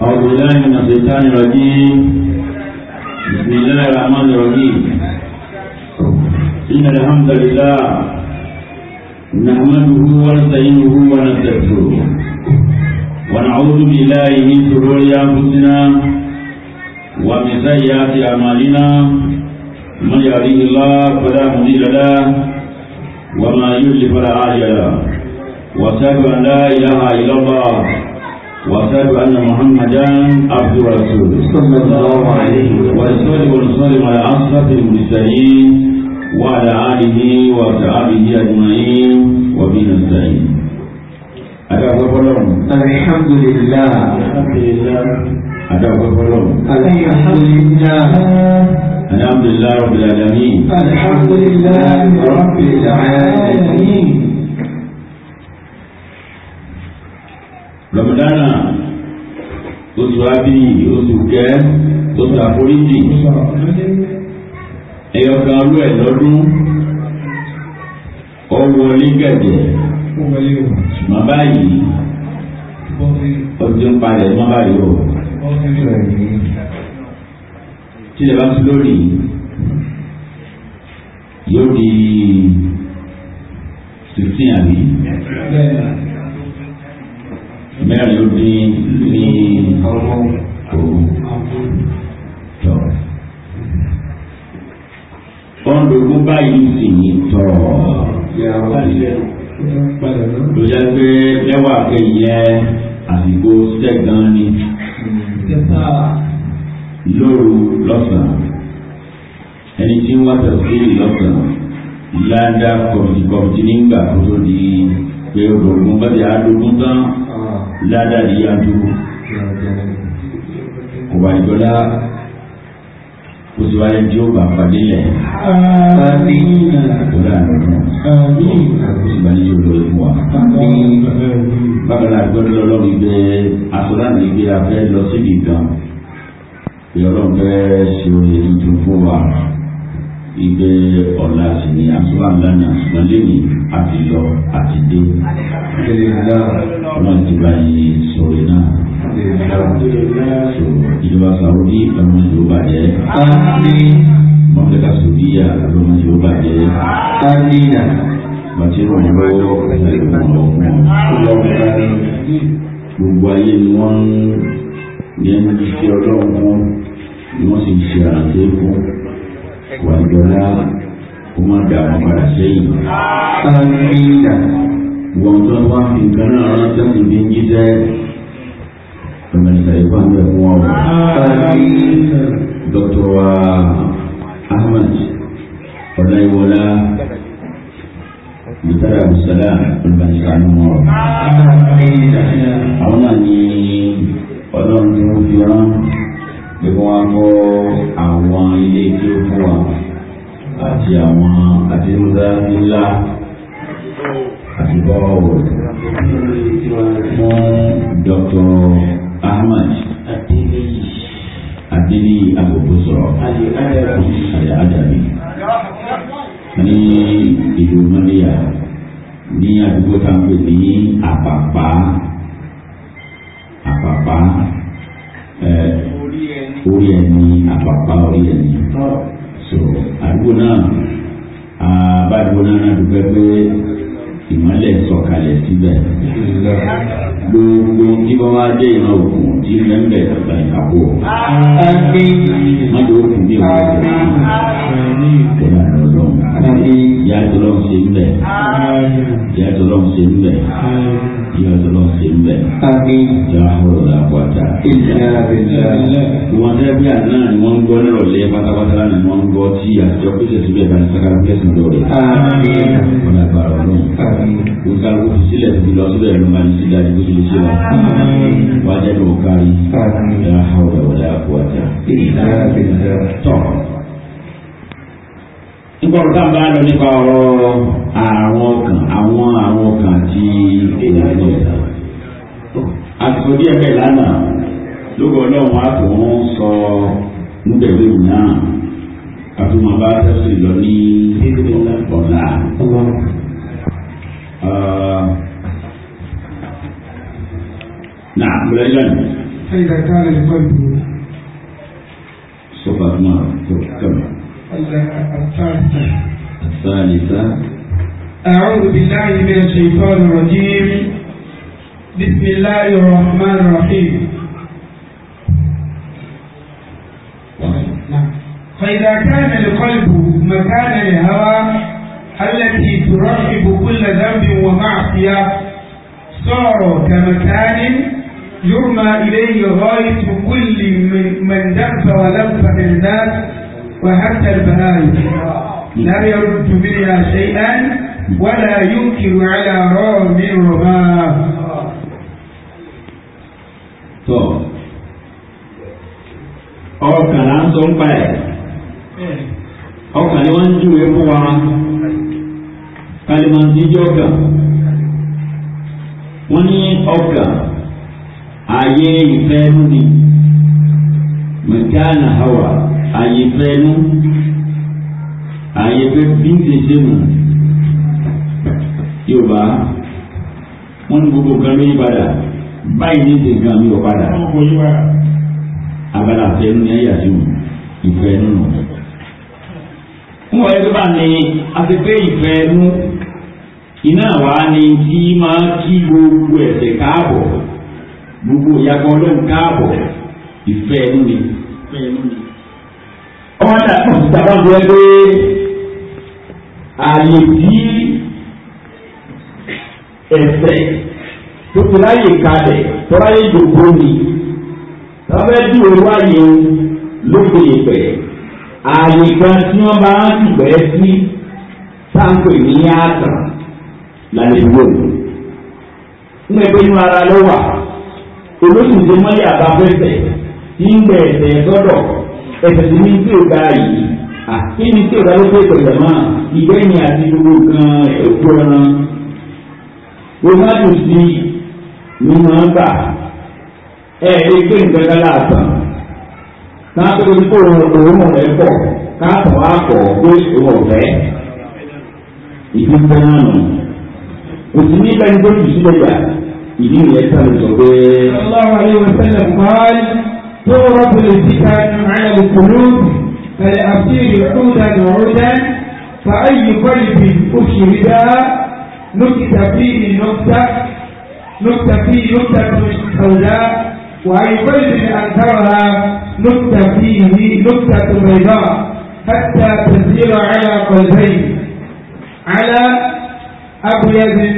أعوذ بالله من الشيطان الرجيم بسم الله الرحمن الرحيم إن الحمد لله نحمده ونستعينه ونستغفره ونعوذ بالله من شرور أنفسنا ومن سيئات أعمالنا من يهده الله فلا مضل له وما يضلل فلا هادي له وأشهد أن لا إله إلا الله وأشهد أن محمدا عبد ورسوله صلى الله عليه وسلم وسلم على أشرف المرسلين وعلى آله وأصحابه أجمعين وبين نستعين الحمد لله الحمد لله الحمد لله الحمد لله رب العالمين الحمد لله رب العالمين rọmọdánà oṣù abí oṣù kẹ oṣù àforíjì ẹyọkan ọlú ẹ lọ́dún ọwọ́ onígẹ̀dẹ̀ ṣùgbọ́n báyìí ọdún palẹ̀ mọ́ báyìí o tí lè bá tún lórí yóò di fifteen mẹ́rin ló dín ní ọgbọ́n òru tọ̀. wọ́n dogun báyìí sì ní tọ̀ ló jẹ́ pé mẹ́wàá kejì yẹn àsìkò sẹ́gàn ni lóru lọ́sàn-án ẹni tí ń wá tẹ̀síìlì lọ́sàn-án ládàá kọ̀mìtìkọ̀mìtì nígbà tó tó di pé òògùn bá ti àádógún tán ládàá ìyá tó kò wà ìjọlá kò sí wáyé tí ó bá pàdé lẹ̀. Ìjọba àná náà kò sí wáyé tí ó lọ fún wa. Bákan náà gbọ́dọ̀ ọlọ́run ibẹ̀ asọ́lá ní ibi abẹ́ lọ síbi kan. Ìyọ̀lọ́run fẹ́ ṣe oye tuntun fún wa ìgbé ọ̀la sì ni asúlám lánàá ṣùgbọ́n lẹ́yìn àti lọ àti dé. ọlọ́run ti bá yín sọ̀rọ̀ náà. ìjọba Saudi ọmọ yóò bàjẹ́. mọ̀lẹ́ka sòdíyà ọmọ yóò bàjẹ́. bàtí ìròyìn bá yọ ọ̀gbìn. gbogbo ayé ni wọ́n ń yẹn ní ti ọlọ́run wọn ni wọ́n sì ń ṣe àdéhùn ọ̀dọ́lá kó má dà wọn padà sẹ́yìn. Amina wọ́n tó wá fi nǹkan náà rántí kò ní yí jẹ́ ọ̀mọ̀nìkà ìfọ̀ àmì ẹ̀fọ́ wọn. Amina Dr. Ahmad Ọláyíwọlá Bùtárà Bùsálà olùbànìkà àánú wọn. Àwọn náà ní ọlọ́run tí wọ́n fi rán pé kí wọ́n kọ́ àwọn ilé tí ó fún wa àti àwọn àdínúdá ńlá àti bọ́ọ̀wọ̀ fún Dr. Ahmad Adéníyì Agbòbòsọ̀ Àyà Ájàbí ní ìlú Mọ́níyà ní àdúgbò táwọn ní àpàpá àpàpá ẹ̀. Urian ni apa-apa urian ni oh. So, aku guna ah, Aku guna nak duga ìmọ̀lẹ̀ sọ̀kalẹ̀ síbẹ̀ gbogbo tí wọ́n wá dé ìran òkun tí ń bẹ́ẹ̀ bẹ́ẹ̀ ìyàwó mọ́tò òkun bí wọ́n wá kọ́lá lọ́lọ́run ìyá tọ́lọ́run ṣe ń bẹ̀ ìyá tọ́lọ́run ṣe ń bẹ̀ ìyá tọ́lọ́run ṣe ń bẹ̀ ìyá ọ̀rọ̀ làpọ̀tà. wọ́n dẹ́bí àná ni wọ́n ń gbọ́ nírọ̀lẹ́ pátápátá ni wọ́n ń gbọ́ tí àjọ pèsè síbẹ̀ bá ń sákàrà pèsè lórí. wọ́n lágbára ọlọ́run òkà òkú sílẹ̀ ti lọ síbẹ̀ ló máa ń ṣe dájú bó ṣe ṣe lọ. á jẹ́ kí òkà rí ìyá àwọn ọ̀dà kó ọjà. tọ́ nígbà tá a bá lọ nípa ọ̀rọ̀ àwọn ọkàn àwọn àwọn ọkàn àti ìlànà ẹ̀dá. àsìkò díẹ̀ bẹ́ẹ̀ lánàá lóko ọlọ́run á tó ń sọ níbẹ̀ lóyún náà àtúmọ̀ bá tẹ̀sí lọ ní ọ̀la. آه، نعم بالعلم فإذا كان القلب صفة ما كم الثالثة الثالثة أعوذ بالله من الشيطان الرجيم بسم الله الرحمن الرحيم نعم. فإذا كان القلب مكان الهوى التي ترحب كل ذنب ومعصية صار كمكان يرمى إليه غاية كل من دب ولف من الناس وحتى البهائم لا يرد منها شيئا ولا ينكر على رام رماه ọkàn là ń sọ ń pa ẹ ọkàn ni wọn ń júwe fún wa kalimanti jẹ́ ọ̀gà wọ́n ní ọ̀gà ayé ìfẹ́nu ni mẹ̀kánà hawa ayé ìfẹ́nu ayé ìfẹ́ bíntì sínú yorùbá wọ́n ní gbogbo kan ló yí padà báyìí ní ti gan mi ò padà abala ìfẹ́nu ni ayé àti ìfẹ́nu nù fún ọ̀rẹ́ tó bá ní afẹ́fẹ́ ìfẹ́ nú iná wa ni tí máa kí gbogbo ẹ̀sẹ̀ káàbọ̀ gbogbo ìyàgbọ́ ọlọ́run káàbọ̀ ìfẹ́ nú ni. ọmọ náà kò sí sábà ń bẹ pé àyè tí ẹ̀sẹ̀ tó ti láyè kalẹ̀ tó láyè gbogbo ni tọ́lá bẹ́ẹ̀ dùn wáyé lókè ìpẹ́ ààyè kan tí wọ́n bá ń tùgbẹ́ sí sáńpè ní àtàn lálejò ń gbẹ bínú ara ló wà olóṣèlú mọ́lẹ̀ àbáfẹ́fẹ́ tí ń gbẹ ẹ̀sẹ̀ sọ́dọ̀ ẹ̀sẹ̀ tí ní tí ò ga yìí àti ní tí ò ga ló pé pẹ̀lẹ́ mọ́ ìgbẹ́yìn àti gbogbo gan ètò ọ̀ràn romatu sí ni wọ́n gbà ẹ̀ẹ́dẹ́gbẹ́ nǹkan kan n'asọ̀rọ̀ nípò òórùn rẹ̀ pọ̀ káàpọ̀ àpọ̀ pé òun ọ̀fẹ́ ìdí ń bẹ́ náà nù. òsì ní bẹ́ẹ̀ ni tó jù sílẹ̀ gbà ìdí ìyẹn sá mi sọ pé. aláwọ̀ ayé wọn sẹ́lẹ̀ báyìí tó wọ́n tó lè ti ká ní àyẹ̀wò kòló ẹ̀rẹ̀ àti ìrìkúta ní ọ̀rọ̀dẹ́ fàáyì kọ́lìbì oṣù rídá lókìtà bí ìnọ́ta lókìtà bí ìnọ́ta tó ṣàwùdá wàá ìkọ́lìbì àǹtàwà نكتة فيه نكتة بيضاء حتى تسير على قلبين على أبيض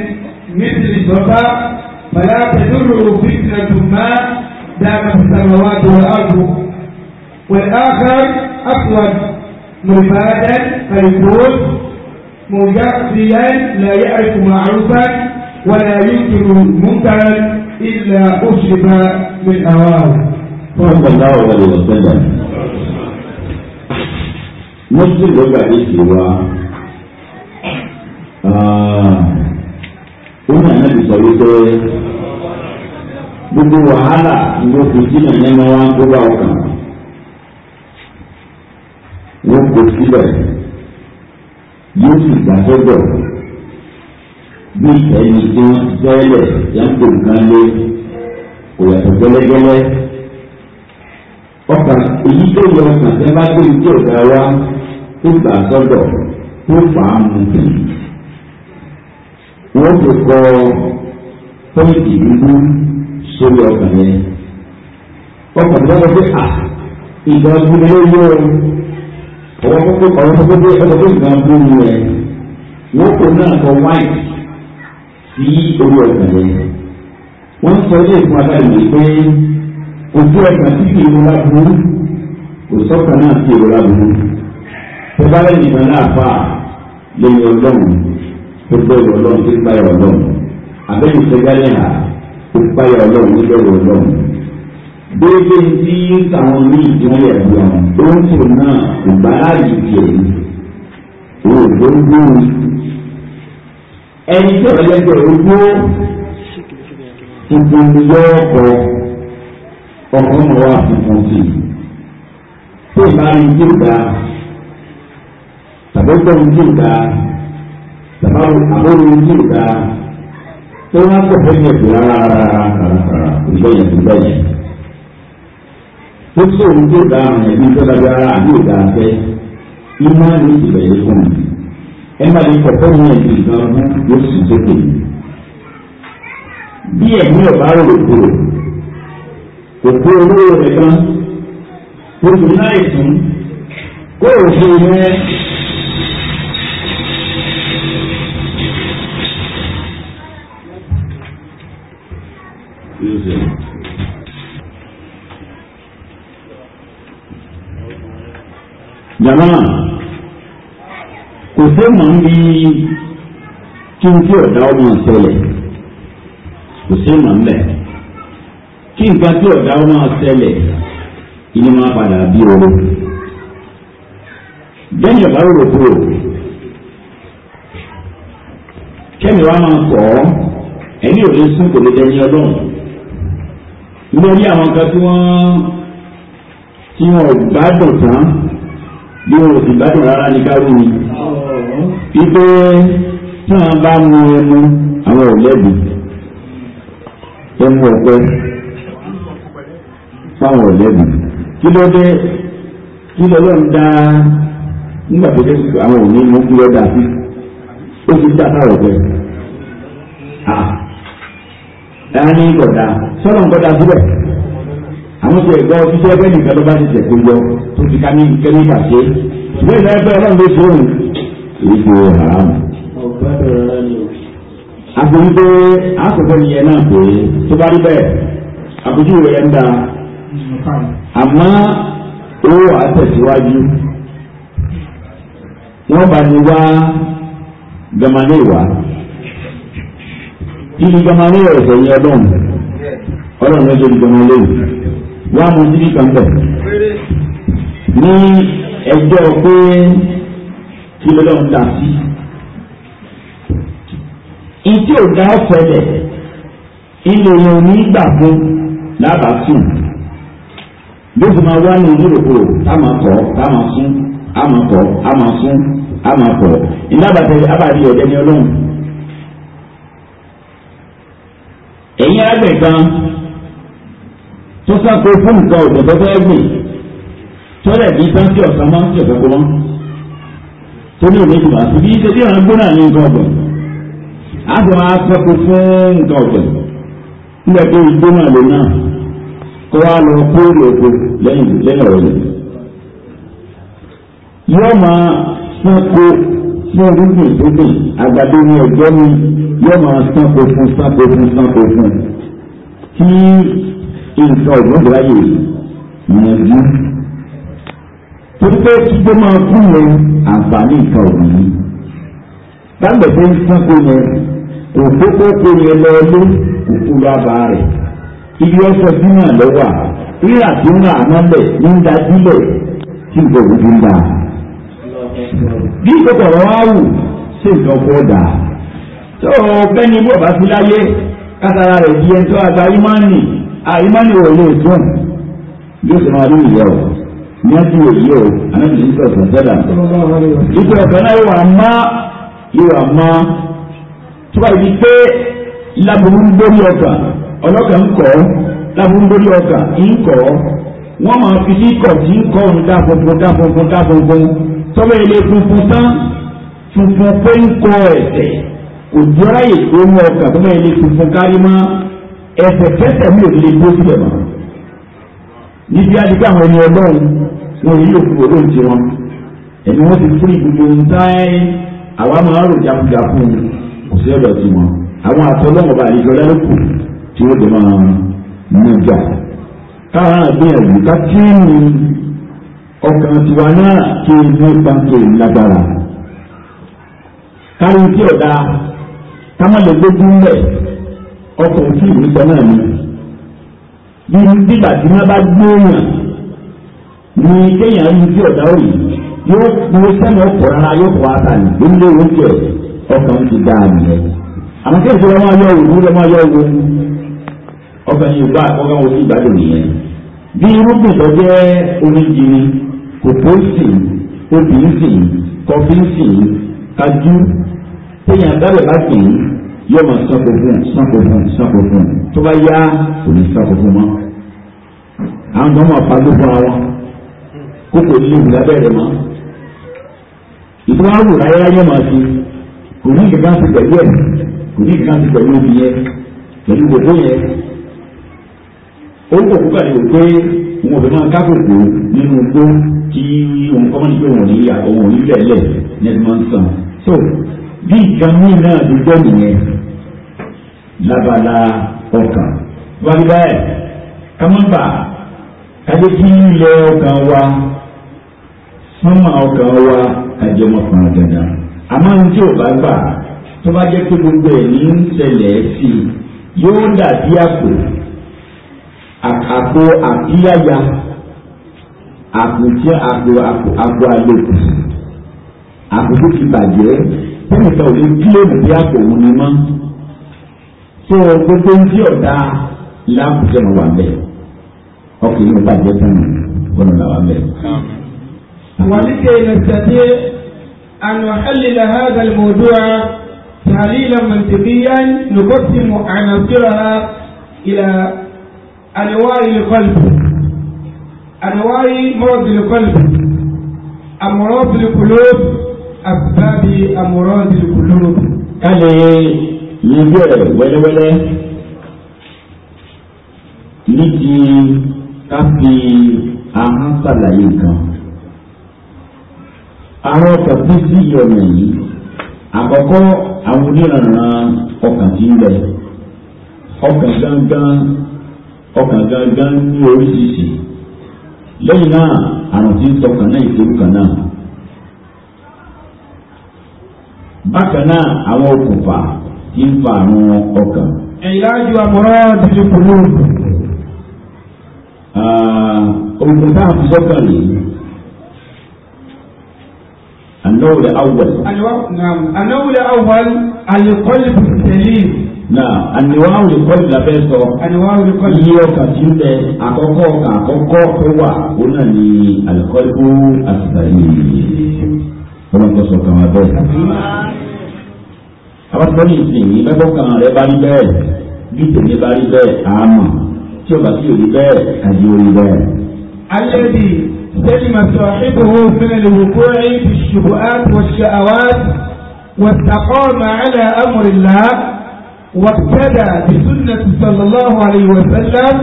مثل البقاء فلا تدره فتنة ما دامت السماوات والأرض والآخر أسود مفادا فيقول مجاسيا لا يعرف معروفا ولا ينكر منكرا إلا أشرب من أواه صلى الله عليه وسلم مسلم ló gbàgbé sí wa ah, ó ní àná ti sọ wípé gbogbo wàhálà ló fi jìnnà nínú wọn tó bá wọn kàn wọn kò síbẹ̀ yóò sì gbà sọ́dọ̀ bí ẹni tí wọ́n tẹ́lẹ̀ yàtọ̀ nǹkan lé kò yàtọ̀ gẹ́lẹ́gẹ́lẹ́ ọkàn èyí tó yẹ ọkàn tẹ bá gbé ìdí ọ̀gá wa tó gbà sọ́dọ̀ tó fà á mú bí. wọ́n ti kọ pọ́ìntì dúdú sórí ọkàn yẹn. ọkàn tó lọ́wọ́ pé à ìgbà gbogbo ló yọ ọwọ́ kókó ọwọ́ kókó bí ọkọ̀ tó gbà gbogbo rẹ̀ wọ́n kò náà kọ wáì sí orí ọkàn yẹn. wọ́n sọ ilé ìfún abáyé pé ojú ẹ̀ka tí kì í wọlá burú kò sọ́kà náà kì í wọlá burú tó bá lẹ́yìn ìgbà náà fà lẹ́yìn ọlọ́run tó bẹ̀rù ọlọ́run tó gbáyà ọlọ́run àbẹ́yìn ìṣẹ́gálẹ̀ hà tó gbáyà ọlọ́run tó bẹ̀rù ọlọ́run déédéé tí táwọn míì tí wọ́n yẹ̀ bí wọn tó ń tò náà kò bá láàyè tiẹ̀ òun ò gbóngbó ẹni tí ọ̀lẹ́gbẹ̀ẹ́ ogbó ìgbòmíyọ́ ọkọ̀ ọkùnrin náà wà fífún sí i tó bá rí ojú ìgbà tàbí gbọ́ ojú ìgbà tàbí àbọ̀rò ojú ìgbà tó wá gbọ́ fẹ́ẹ́ yẹ̀kú rárá rárá rárá ìgbà yẹn ìgbà yẹn tó tó ojú ìgbà àwọn ẹ̀bí tó dábẹ́ ara àbí ìgbà fẹ́ iná ní ìbẹ̀ yẹn fún mi ẹ má lè kọ̀kọ́ ní ẹ̀bí ìgbà ọdún yóò sì dókè bí ẹ̀mí ọ̀bá rò kúrò òkú olówó rẹ̀ gan oṣù náà ìtún kó òfin rẹ̀. jama kò sí mọ̀ ń bí kí n tí ọ̀dà ọmọ ìṣẹ̀lẹ̀ kò sí mọ̀ ń kí nǹkan tí ọ̀dà wọn máa ṣẹlẹ̀ inú máa padà bí oró bẹ́ẹ̀ni ọ̀dà rò kúrò kẹ́mi wa máa kọ́ ẹni ò ní sún kò lè dẹni ọlọ́run nínú orí àwọn kan tí wọ́n tí wọ́n gbádùn tán bí wọn ò sì gbádùn rárá ní káwé ni wípé tí wọ́n bá mu ẹmu àwọn ò lẹ́bi ẹmu ọ̀pẹ fáwọn ọ̀lẹ́bí kí ló dé kí ló lọ́n dá nígbà tó dé àwọn òní mú kí ló dá sí ó fi dá fáwọn ọ̀gbẹ́ ẹ̀rọ ní kọ̀dá sọ́nà kọ̀dá síbẹ̀ àwọn tó ẹ̀gbọ́ fífẹ́ ẹgbẹ́ nìkan ló bá ti tẹ̀sí jọ tó ti ká ní kẹ́míkà ṣe ṣùgbọ́n ìlànà ẹgbẹ́ ọlọ́run ló fóun èyí ti wọ haram. àpò wípé àkọ́kọ́ nìyẹn náà pé tó bá rí bẹ́ẹ̀ àpòjú rẹ̀ ń da àmọ́ owó àtẹ̀síwájú wọ́n bá ní wá gamane wá ibi gamane ọ̀sẹ̀ yẹn ọlọ́run ọlọ́run ló tóbi gamane wá mú síbi kan bẹ̀ ní ẹjọ́ pé kí lọ́lọ́run dà sí ìdí òdà ọ̀fẹ́lẹ̀ ilé yẹn ò ní gbà fún lábàá fún un. bó ti máa wá ní ìdúrókò táwọn akọ táwọn fún àmọ̀ pọ̀ àmọ̀ fún àmọ̀ pọ̀ ìdábàtẹ abàdí ọ̀dẹ́ ni ọlọ́run. ẹ̀yin arábẹ̀ kan tó sáko fún nǹkan ọ̀dọ̀ tó fẹ́ tọ́lẹ̀ bíi táǹkì ọ̀sán máa ń tẹ̀ fẹ́ kọ́mọ́ tó ní òní ìgbà síbi ṣe bí ọ̀ràn gbóná ní nǹkan ọ̀gbìn á máa sáko fún kó wá lọ kóòrè oko lẹ́yìn lẹ́yìn ọ̀rọ̀ yìí. yóò máa fún ko fún rúgbìn tó gbìn àgbàdo ní ọjọ́ mi yóò máa sanko fún sanko fún sanko fún kí nǹkan ọ̀gbọ́n tó ráyè yànjú. torí pé kí tó máa fún yẹn àǹfààní nǹkan ọ̀gbìn yìí. dáńgbẹ̀ tó ń sanko yẹn kò kókó kó yẹn lọ lé kò kú rẹ̀ ilé ọsọ bímọ ló wà rírà tí ń rà mọ́lẹ̀ ní ń da sílẹ̀ tí ń gbòòrò ti ń da. bí ìkókòrò wá wù ṣé nǹkan kọ́ da. tó o bẹ́ni bó bá fi láyé kátàrà rẹ̀ di ẹjọ́ àgbà ìmánì àìmánì ò lè dùn yóò sì máa rí ìyá o ní ẹtí òyì o anábì ní sọ̀tọ̀ sẹ́là. ìgbà ọ̀kan náà yóò má yóò má tó bá yìí pé lábùrú ń gbórí ọgbà ọlọ́kà ń kọ́ lábúndórí ọkà ń kọ́ wọ́n máa fi kíkọ̀ tí ń kọ́ òun dá funfun dá funfun dá funfun tọ́lá ilé funfun tán funfun pé ń kọ́ ẹ̀sẹ̀ kò jọ ààyè tó ń ọkà tọ́lá ilé funfun kárí mọ́ ẹsẹ̀ kẹsẹ̀ mi ò lè dó sílẹ̀ mọ́ níbi adigun àwọn ẹni ọlọ́run wọn yìí òfin olóhùn ti wọn ẹni wọn ti fún ìgbìmọ̀ ohun táyé àwa máa ń rò jáfújáfún kò sí ọ̀dọ̀ tiwọn àwọn àtọ́lọ́mọba àlejò lẹ́lẹ́kùn. tí ó jẹ́ máa níjà káà gbìyànjú ká tí ní ọkàn tiwa náà kí ní pàǹkì lágbára kárí tí ọ̀dà ká má lè gbógun ọkàn tí ìlú sọ náà ni bí nígbà tí wọ́n bá ní kéèyàn ní tí ọ̀dà òyì yóò kú sẹ́ni ọ̀pọ̀ rárá yóò kọ́ oúnjẹ ọkàn ti dáa nìyẹn ọkàn yìí bá àkọ́kọ́ wo sí ìgbádùn nìyẹn bí irúgbìn tó jẹ́ oníjìnnì kòkó sì obì ń sì kọfí ń sì kájú téèyàn dábẹ̀ bá sì yóò máa sanko fún sanko fún sanko fún tó bá yá kò ní sanko fún mọ́ àwọn kan ara wọn kókò ní ìwúlẹ̀ abẹ́rẹ́ mọ́ ìtura wò láyé láyé máa fi kò ní ìgbà kan sí pẹ̀lú ẹ̀ kò ní ìgbà kan sí pẹ̀lú obì yẹn pẹ̀lú gbogbo yẹn orúkọ púpà ni pé wọn fi máa kákòkò nínú igbó kí òun kọ́ ní pé òun ní òun ní lẹ̀lẹ̀ ní ẹni máa ń sàn so bí nǹkan míì náà ti gbọ́ nìyẹn lábala ọkàn wáyé báyìí kámọ́bà kájé kí ilẹ̀ ọkàn wa sọ́mà ọkàn wa àjẹmọ́ kan dandan àmọ́ ní tí ò bá gbà tó bá jẹ́ pé gbogbo ẹ̀ ní ń ṣẹlẹ̀ sí yóò dàbí àpò àpò àpíyáya àpò tí àpò àpò àlò àpò tó ti bàjẹ́ tẹ́nìkan ò lè kílèmù bí àpò òun ni mọ́ tó gbogbo ń tí ọ̀dà láàbùjẹ́ mọ̀ wà bẹ́ẹ̀ ọkùnrin ò bàjẹ́ tán ọ̀nà làwọn bẹ́ẹ̀. ولكي نستطيع أن نحلل هذا الموضوع تحليلا منطقيا نقسم عناصرها إلى أنواع القلب أنواع مرض القلب أمراض القلوب أسباب أمراض القلوب kálẹ̀ yíyọ wẹ́lẹ́wẹ́lẹ́ níbi ká fi ahọ́n ṣàlàyé kan àwọn ọkàn tó sí ìyọ̀nà yìí àkọ́kọ́ àwọn oníranran ọkàn ti ń bẹ ọkàn gángan ọkàn gangan ní oríṣiríṣi lẹ́yìn náà àrùn tí ń tọkàn náà ìṣòro kan náà bákan náà àwọn okùnfà tí ń fa àrùn ọkàn. ìlàjú àmọ́rọ́ dídí kúrú. oògùn tá a fi sọ́kàn yìí. النوع الأول النوع الأول القلب السليم na aniwaawu le kọli la bẹ sọ. aniwaawu le kọli. iye ọkà tí ń bẹ àkọ́kọ́ ọkà àkọ́kọ́ tó wà ó náà ní alikọli kó asitali ọlọmọkọsọ kan wa bẹ́ẹ̀. abatọni ìsìn bẹbọ kan rẹ bá rí bẹ́ẹ̀ bí tèmi bá rí bẹ́ẹ̀ àmọ́ tí o bá tí o rí bẹ́ẹ̀ àyè o rí bẹ́ẹ̀. ayé di sẹ́yìn màsọ̀ ìbòho fẹ́rẹ̀ lè wò kó وابتدى بسنة صلى الله عليه وسلم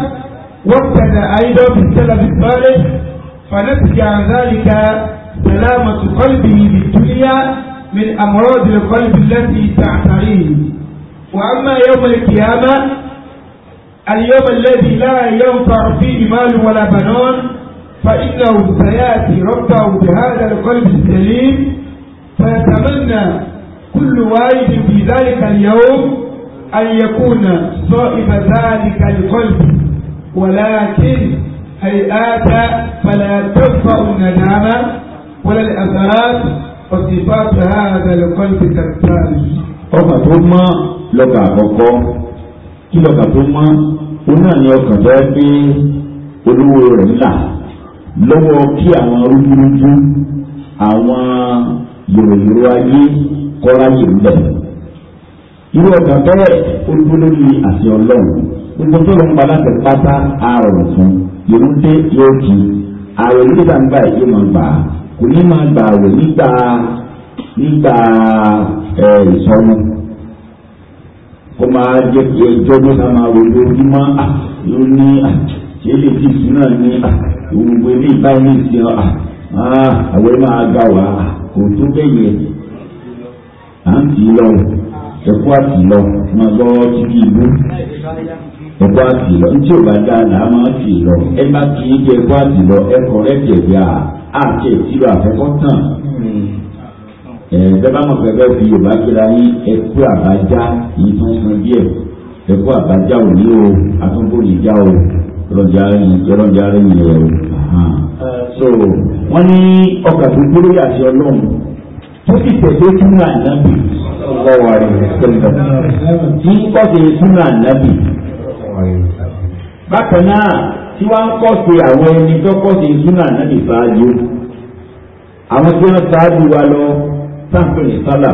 وابتدى أيضا بالسلف الصالح فنتج عن ذلك سلامة قلبه بالدنيا من أمراض القلب التي تعتريه وأما يوم القيامة اليوم الذي لا ينفع فيه مال ولا بنون فإنه سيأتي ربه بهذا القلب السليم فيتمنى كل واحد في ذلك اليوم أن يكون صائب ذلك القلب ولكن هيئات فلا تدفع الندامة ولا الأثرات وصفات هذا القلب كالتالي ọkà tó mọ́ lọ́kà àkọ́kọ́ kí lọ́kà tó mọ́ òun náà ni ọkà tó ẹ pé olówó rẹ̀ ńlá lọ́wọ́ kí àwọn rújúrújú àwọn yòròyòrò ayé kọ́ra yìí ń bẹ̀rẹ̀ irú ọ̀gá bẹ́ẹ̀ ó dúró lórí àti ọlọ́run gbogbo tó lọ ń pa láti pátá àrùn fún yòówù dé yóò kí àrùn nígbà ń gbà yìí máa gbà á kò ní máa gbà àrùn nígbà nígbà ìsọnù kó máa jẹ kí ẹjọ́ ló sá máa ro lójúmọ́ ló ní ṣé lè ti sùn náà ní òǹgbẹ ní ìbáyìí ní ìsìn ọ àwọn máa gbà wá kò tó bẹ́yẹ à ń tì í lọ́wọ́ ẹ̀kọ́ àtìlọ máa gbọ́ títí ìlú ẹ̀kọ́ àtìlọ ntí ò bá dá náà máa tì lọ ẹ bá kì í jẹ ẹ̀kọ́ àtìlọ ẹ̀kọ́ rẹ̀ jẹ̀bi à àti ìtìlọ àfẹ́kọ́ tàn ẹ̀ẹ́dẹ́gbà mọ̀ pẹ̀lú ẹ̀fí yorùbá kíra yín ẹ̀kọ́ àbájá yìí tó ń san díẹ̀ ẹ̀kọ́ àbájá ò ní o àtúntòlì já o ọlọ́jà rẹ̀ yìí rẹ̀ o. so wọ́n ní ọkà tó gbólóyà sí ọlọ́run tó sì tẹ̀lé súnà nábì tí ń kọ́ sí súnà nábì. bákan náà tí wọ́n ń kọ́ sí àwọn ẹni tó kọ́ sí súnà nábì ṣáájú àwọn tí wọ́n ṣáájú wa lọ sáǹpẹ̀ ní sálà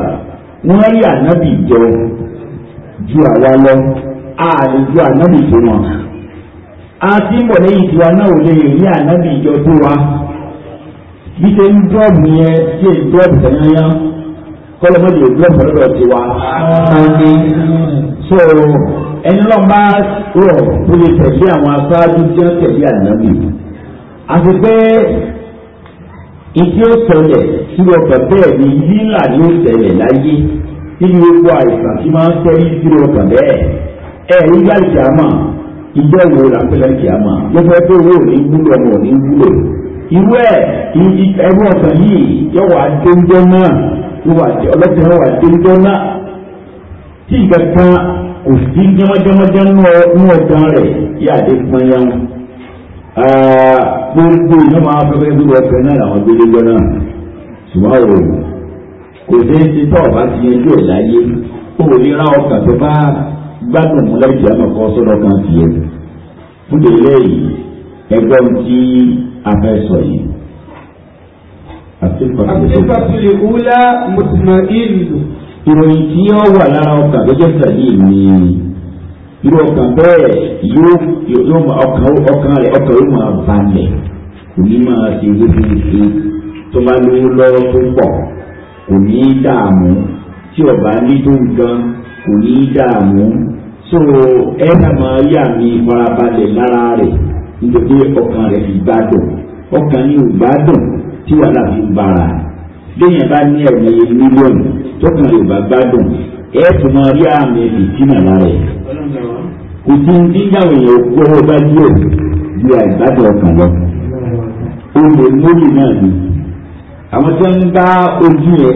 wọ́n rí ànábì jọ ju àwa lọ ààrẹ ju ànábì tó wọn. a ti ń bọ̀ lẹ́yìn tiwa náà ò lè rí ànábì jọ tó wa bí ṣe ń dọ́ọ̀bù yẹn tí èyí dọ́ọ̀bù tẹ̀yányá kọ́lọ́mọ́dé yóò dọ́ọ̀bù lọ́dọ̀ ti wá. so ẹni lọ́n bá rọ̀ tó lè tẹ̀lé àwọn aṣáájú jẹ́ tẹ̀lé ànábì. àti pé ìdí ó tẹ̀lẹ̀ síbi ọkàn bẹ́ẹ̀ ni lílà ni ó tẹ̀lẹ̀ láyé nínú gbogbo àìsàn tí máa ń tẹ́lẹ̀ síbi ọkàn bẹ́ẹ̀ ẹ̀ nígbà ìjàmà ìjọ ìwòrán pẹ̀lẹ́ ìjàmà lọ́fẹ́ pé owó ò ní wúlò ọmọ ò ní wúlò irú ẹ̀ ẹrú ọ̀sán yìí yóò wá déńjọ́ náà ọlọ́sìn yóò wá déńjọ́ náà tí ìgbà kan kò sí jẹ́mọ́jẹ́mọ́jẹ́ nú ọ̀gán rẹ̀ yá àdé pọn yá wọn. gbogbo ìyá máa fẹ́fẹ́ bí wọ́n fẹ́ náà làwọn gbé déńjọ́ náà ṣùgbọ́n o kò sí ti tọ́ ọ̀bá ti yẹn lóò láyé o ò ní ra ọkàn tó bá gbádùn mú lẹ́yìn tí a máa kọ́ sọ́dọ̀ kan tiẹ̀ fún yìí ẹgbẹ́ afẹ́sọ̀ yìí. àtìkọ̀tìlẹ̀ wúlá mùtìmáìlù. ìròyìn tí ó wà lára ọkà tó jẹ́ sàlíì ni irú ọkàn bẹ́ẹ̀ yóò ọkàn rẹ̀ ọkàn yóò máa balẹ̀ kò ní máa ṣe wípé tó bá lówó lọ́wọ́ tó pọ̀ kò ní dààmú tí ọba ní tó ń gan kò ní dààmú so ẹ máa yà mí farabalẹ̀ lára rẹ̀. nítorí ọkàn rẹ̀ fi ọkàn ní ò tí wà láti ń bára lẹ́yìn bá ní ẹ̀mẹ́yẹ mílíọ̀nù tọkàn rẹ̀ bá máa rí àmì lára ẹ̀ kò sí nígbàwọ̀ bá àìgbádùn ọkàn lọ olè náà ni àwọn tí ń bá ojú rí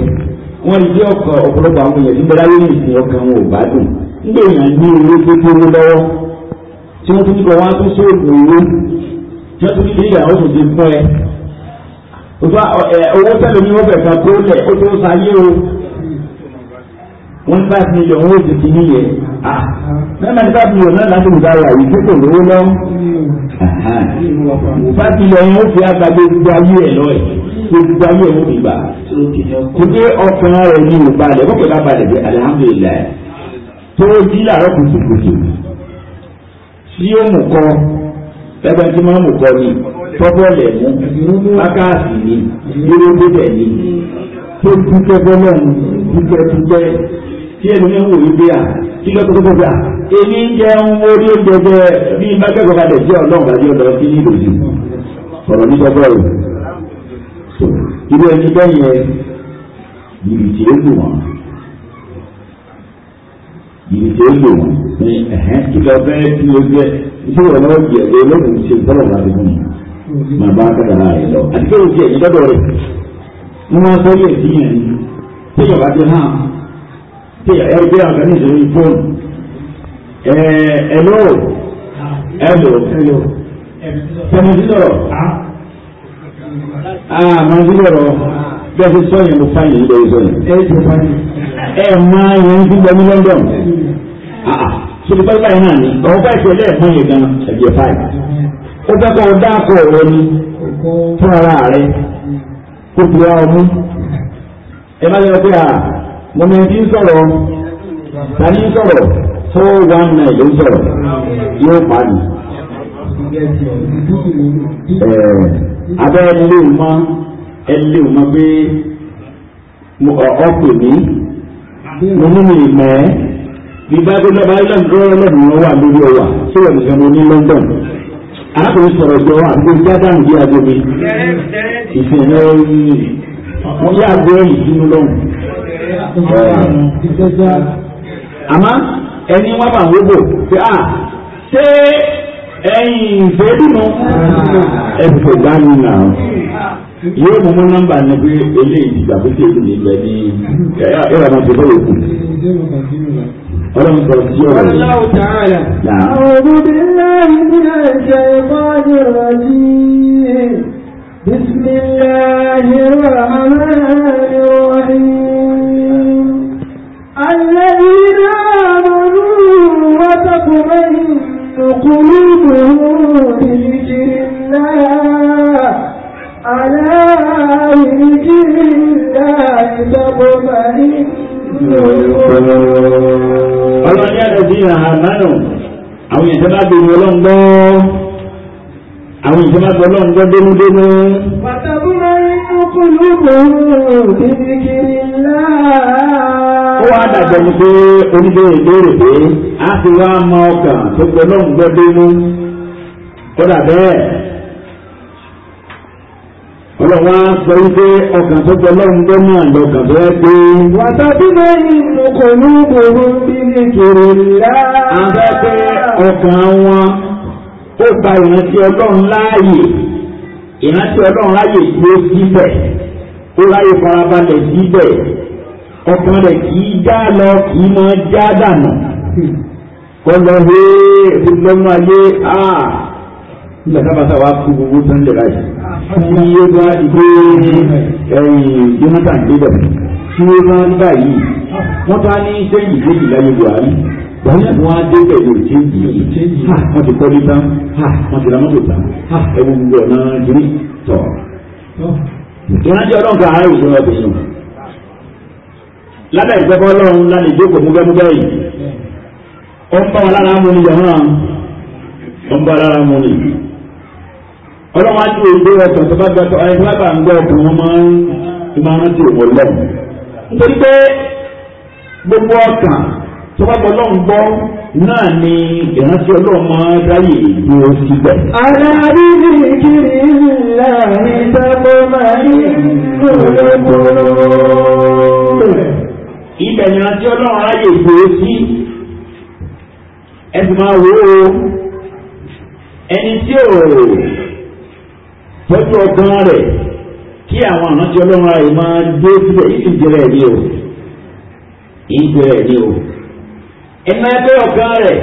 bí àwọn ìsìn ọkàn wọn ò nígbà ní owó tó tó lọ́wọ́ tí wọ́n tún túbọ̀ wọ́n tún sóògùn owó tí wọ́n tún ṣe ìyàwó tó ti fún ẹ. owó tẹ́lẹ̀ ní wọ́n fẹ̀ kan tó lẹ̀ ó tó ń sáyé o wọ́n bá ti yọ owó ti ti níyẹ. mẹ́ta ní bá ti yọ náà láti ìgbà wà yìí tó lówó lọ. bá ti yọ wọn ó fi agbábẹ́ gbogbo ayé ẹ̀ lọ ẹ̀ gbogbo ayé ẹ̀ ó fi gbà. kò dé ọkàn rẹ̀ ní ìbalẹ̀ wọ́n kò bá balẹ̀ bí tí yóò mú kọ́ ẹgbẹ́ tí máa mú kọ́ ni tọ́bọ̀lẹ̀ mú akáàsì ni yóò débẹ̀ ni tó dúpẹ́ bọ́lọ̀ mu dúpẹ́ dúpẹ́ tí ẹni ní wò yí pé kí lọ́tọ́ tó gbà èmi ń jẹun orí oúnjẹ jẹ bí bá kẹ́kọ̀ọ́ balẹ̀ jẹ́ ọlọ́run àti ọ̀dọ́ sí ìlòjì ọ̀rọ̀ ní sọ́gbọ́ rẹ̀ irú ẹni bẹ́ẹ̀ yẹn ó lù wọ́n jìbìtì ó lò wọ́n ní ẹ̀hẹ́n kí lọ bẹ́ẹ̀ tí ó jẹ́ iṣẹ́ wọn wọ́n jẹ ẹ̀rọ lóhùn ṣe gbọ́dọ̀ bá dùn mí mm-hmm. màá bá kàdàrà rẹ̀ lọ. àti pé oṣù ẹ̀yìn lọ́dọ̀ rẹ̀ wọ́n máa sọ yẹ̀ sí yẹn ni tí yàrá ti hàn tí ẹ gbé àgbà ní ìṣòro fóònù ẹ ẹ lò ẹ lò tẹmẹtí lọrọ ah màá sí lọrọ jẹ́sí sọ́yìn mo fáyìn yìí lórí sọ́yìn. ẹ máa yẹn ń gbígbọ́ ní London ṣèlú pẹ́ẹ́lí báyìí náà ni ọ̀hún báyìí tẹ̀lé ẹ̀ mọ́yìn gan ẹ̀jẹ̀ fáyìn. ó fẹ́ kọ́ ọ dáàkọ̀ ọ̀rọ̀ ni fún ara rẹ̀ kó fi wá ọmú. ẹ má yọ pé à mo ní kí n sọ̀rọ̀ ta ní sọ̀rọ̀ four one nine ló ń sọ̀rọ̀ yóò pa ni. abẹ́rẹ́ ilé ìmọ̀. ẹlẹ́ ò mọ̀ pé mo ní mi mọ̀ ẹ́ bí báyìí lọ́ba island rọ́rọ́ lọ́dún wọn wà lórí ọwà tí wọ́n ní London arákùnrin sọ̀rọ̀ wà pé jádàn bí aago mi ìfẹ̀lẹ́ wọ́n yá àgọ́ ẹ̀yìn sínú lọ́hùn. àmọ́ ẹni bá pé à ṣé ẹ̀yìn ìfẹ́ dùnú yóò mú mú nọ́mbà ní eléyìí ti gbà pé kí èdè ní ẹ̀rọ àwọn tó kù. ọlọ́run sọ sí ọ̀rọ̀ rẹ̀. aláwọ̀ tààrà. àwọn obìnrin náà ń ṣe ìbáyé rọ̀jí. بسم الله الرحمن الرحيم الذين آمنوا وتطمئن قلوبهم على رجل الله تطمئن ọlọ́run ní àdàbíyàn àmánù àwọn ìjọba bèrè ọlọ́ngbọ́ àwọn ìjọba bèrè ọlọ́ngbọ́ dénúdénú. wàtàkùnmá inú kùlùkù bíbíkì ńlá. ó wá dàgbẹ́ ni pé oníbèrè béèrè pé bẹ́ẹ̀ ọlọ́wọ́ sọ wípé ọkàn tó jẹ lọ́run tó náà lọ́kàn tó ẹ́ pé. wàtá tí bẹ́ẹ̀ ni ìlúkọ̀ ní ìbòrò bí ní kèrè ńlá. a fẹ́ pé ọkàn wọn ó gba ìrántí ọlọ́run láàyè ìrántí ọlọ́run láàyè gbé síbẹ̀ ó láyè farabalẹ̀ síbẹ̀ ọkàn rẹ̀ kì í já lọ kì í máa já dànù. kọ́ lọ hé ẹ̀ẹ́dẹ́gbẹ́mọ ayé áà. Ah, nígbà tá a bá sá wàá kú gbogbo sunday láì tí ó bá ìgbé jonathan débẹ̀ tí ó bá ń báyìí wọ́n bá ní sẹ́yìn ìgbéjì láyé buhari wọ́n yàtọ̀ wọn adé pẹ̀lú ìkéjì wọ́n ti kọ́lé tán wọ́n ti ra mọ́tò tán ẹ̀wọ̀n gbogbo ọ̀nà ìdílé tọ̀. ìrántí ọlọ́run kan àárẹ̀ òṣèlú ọ̀bẹ yìí lábẹ́ ìgbẹ́kọ̀ ọlọ́run lálẹ́ ìjókòó múgbẹ́múgbẹ́ yìí ó ń bá wọn lára mú ni yọ̀hán ó ń bá lára mú ni ọlọ́wọ́n á ti èdè ọ̀sán tó bá gba tó ayé lábà ń gbọ́ ọkùnrin wọn máa ń máa ń ti ìwọ̀ lọ́wọ́. nítorí pé gbogbo ọkàn tó bá gbọ́ lọ́wọ́ gbọ́ náà ni ìrántí ọlọ́run máa ń ráyè dúró síbẹ̀. aláàbí kiri láàrin sábọ́ máa ń lòlọ́gbọ́. ibẹ̀ ni ìrántí ọlọ́run ráyè dúró sí ẹ̀sìn máa wò ó ẹni tí ò tọ́jú ọgbọ́n rẹ̀ kí àwọn àrántí ọlọ́run ààyè máa dé síbẹ̀ yìí ti jẹrẹ ẹ̀mí o yìí jẹrẹ o ẹ̀mí ẹgbẹ́ ọgbọ́n rẹ̀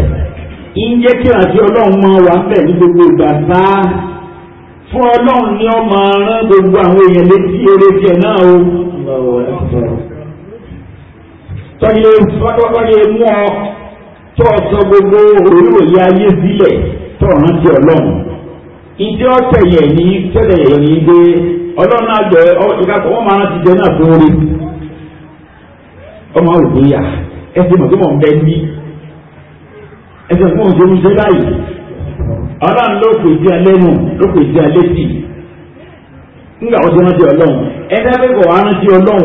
yìí jẹ́ kí ọlọ́run máa wà bẹ̀ ní gbogbo ìgbà fún ọlọ́run ni ọ máa rán gbogbo àwọn èèyàn létí eré tiẹ̀ náà o. gbogbo ayé sílẹ̀ tó ìdí ọ̀tẹ̀ yẹ̀ ní tẹ́lẹ̀ yẹ̀ ní gbé ọlọ́run àgbẹ̀ ọ̀dùkàtọ̀ wọ́n máa ti náà tó rí ọmọ yà ẹsẹ̀ mọ̀ tó mọ̀ ń bẹ ní ẹsẹ̀ mọ̀ tó ń ṣe báyìí ọlọ́run ló ló alẹ́ nígbà wọ́n ti rántí ọlọ́run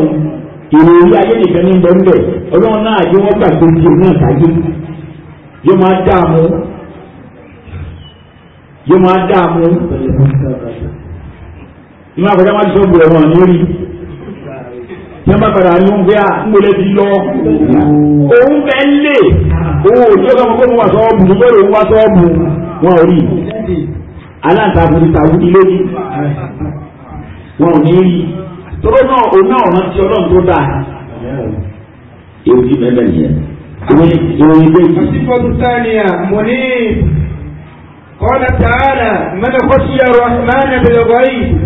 wọ́n rántí ọlọ́run ayé nìkan ní ọlọ́run náà wọ́n gbàgbé yóò máa dààmú ìmọ̀ àkọ́jà máa ti sọ gbòòrò wọn lórí yẹn bá padà ní oúnjẹ à ah, ń wọlé ti lọ òun bẹ ń lè owó òjò kọ́mọ kó mo wà sọ́ọ́bù mo bẹ̀rẹ̀ òun wá sọ́ọ́bù wọn ò rí aláǹtakùn ti tàwọn ilé ní wọn ò ní rí tọ́lọ́ náà òun náà ọ̀nà tí ọlọ́run tó dáa èyí ti bẹ́ẹ̀ bẹ́ẹ̀ nìyẹn ìròyìn ìròyìn bẹ́ẹ̀. àti fọ́tútà ni à mo ní. قال تعالى من خشي الرحمن بالغيب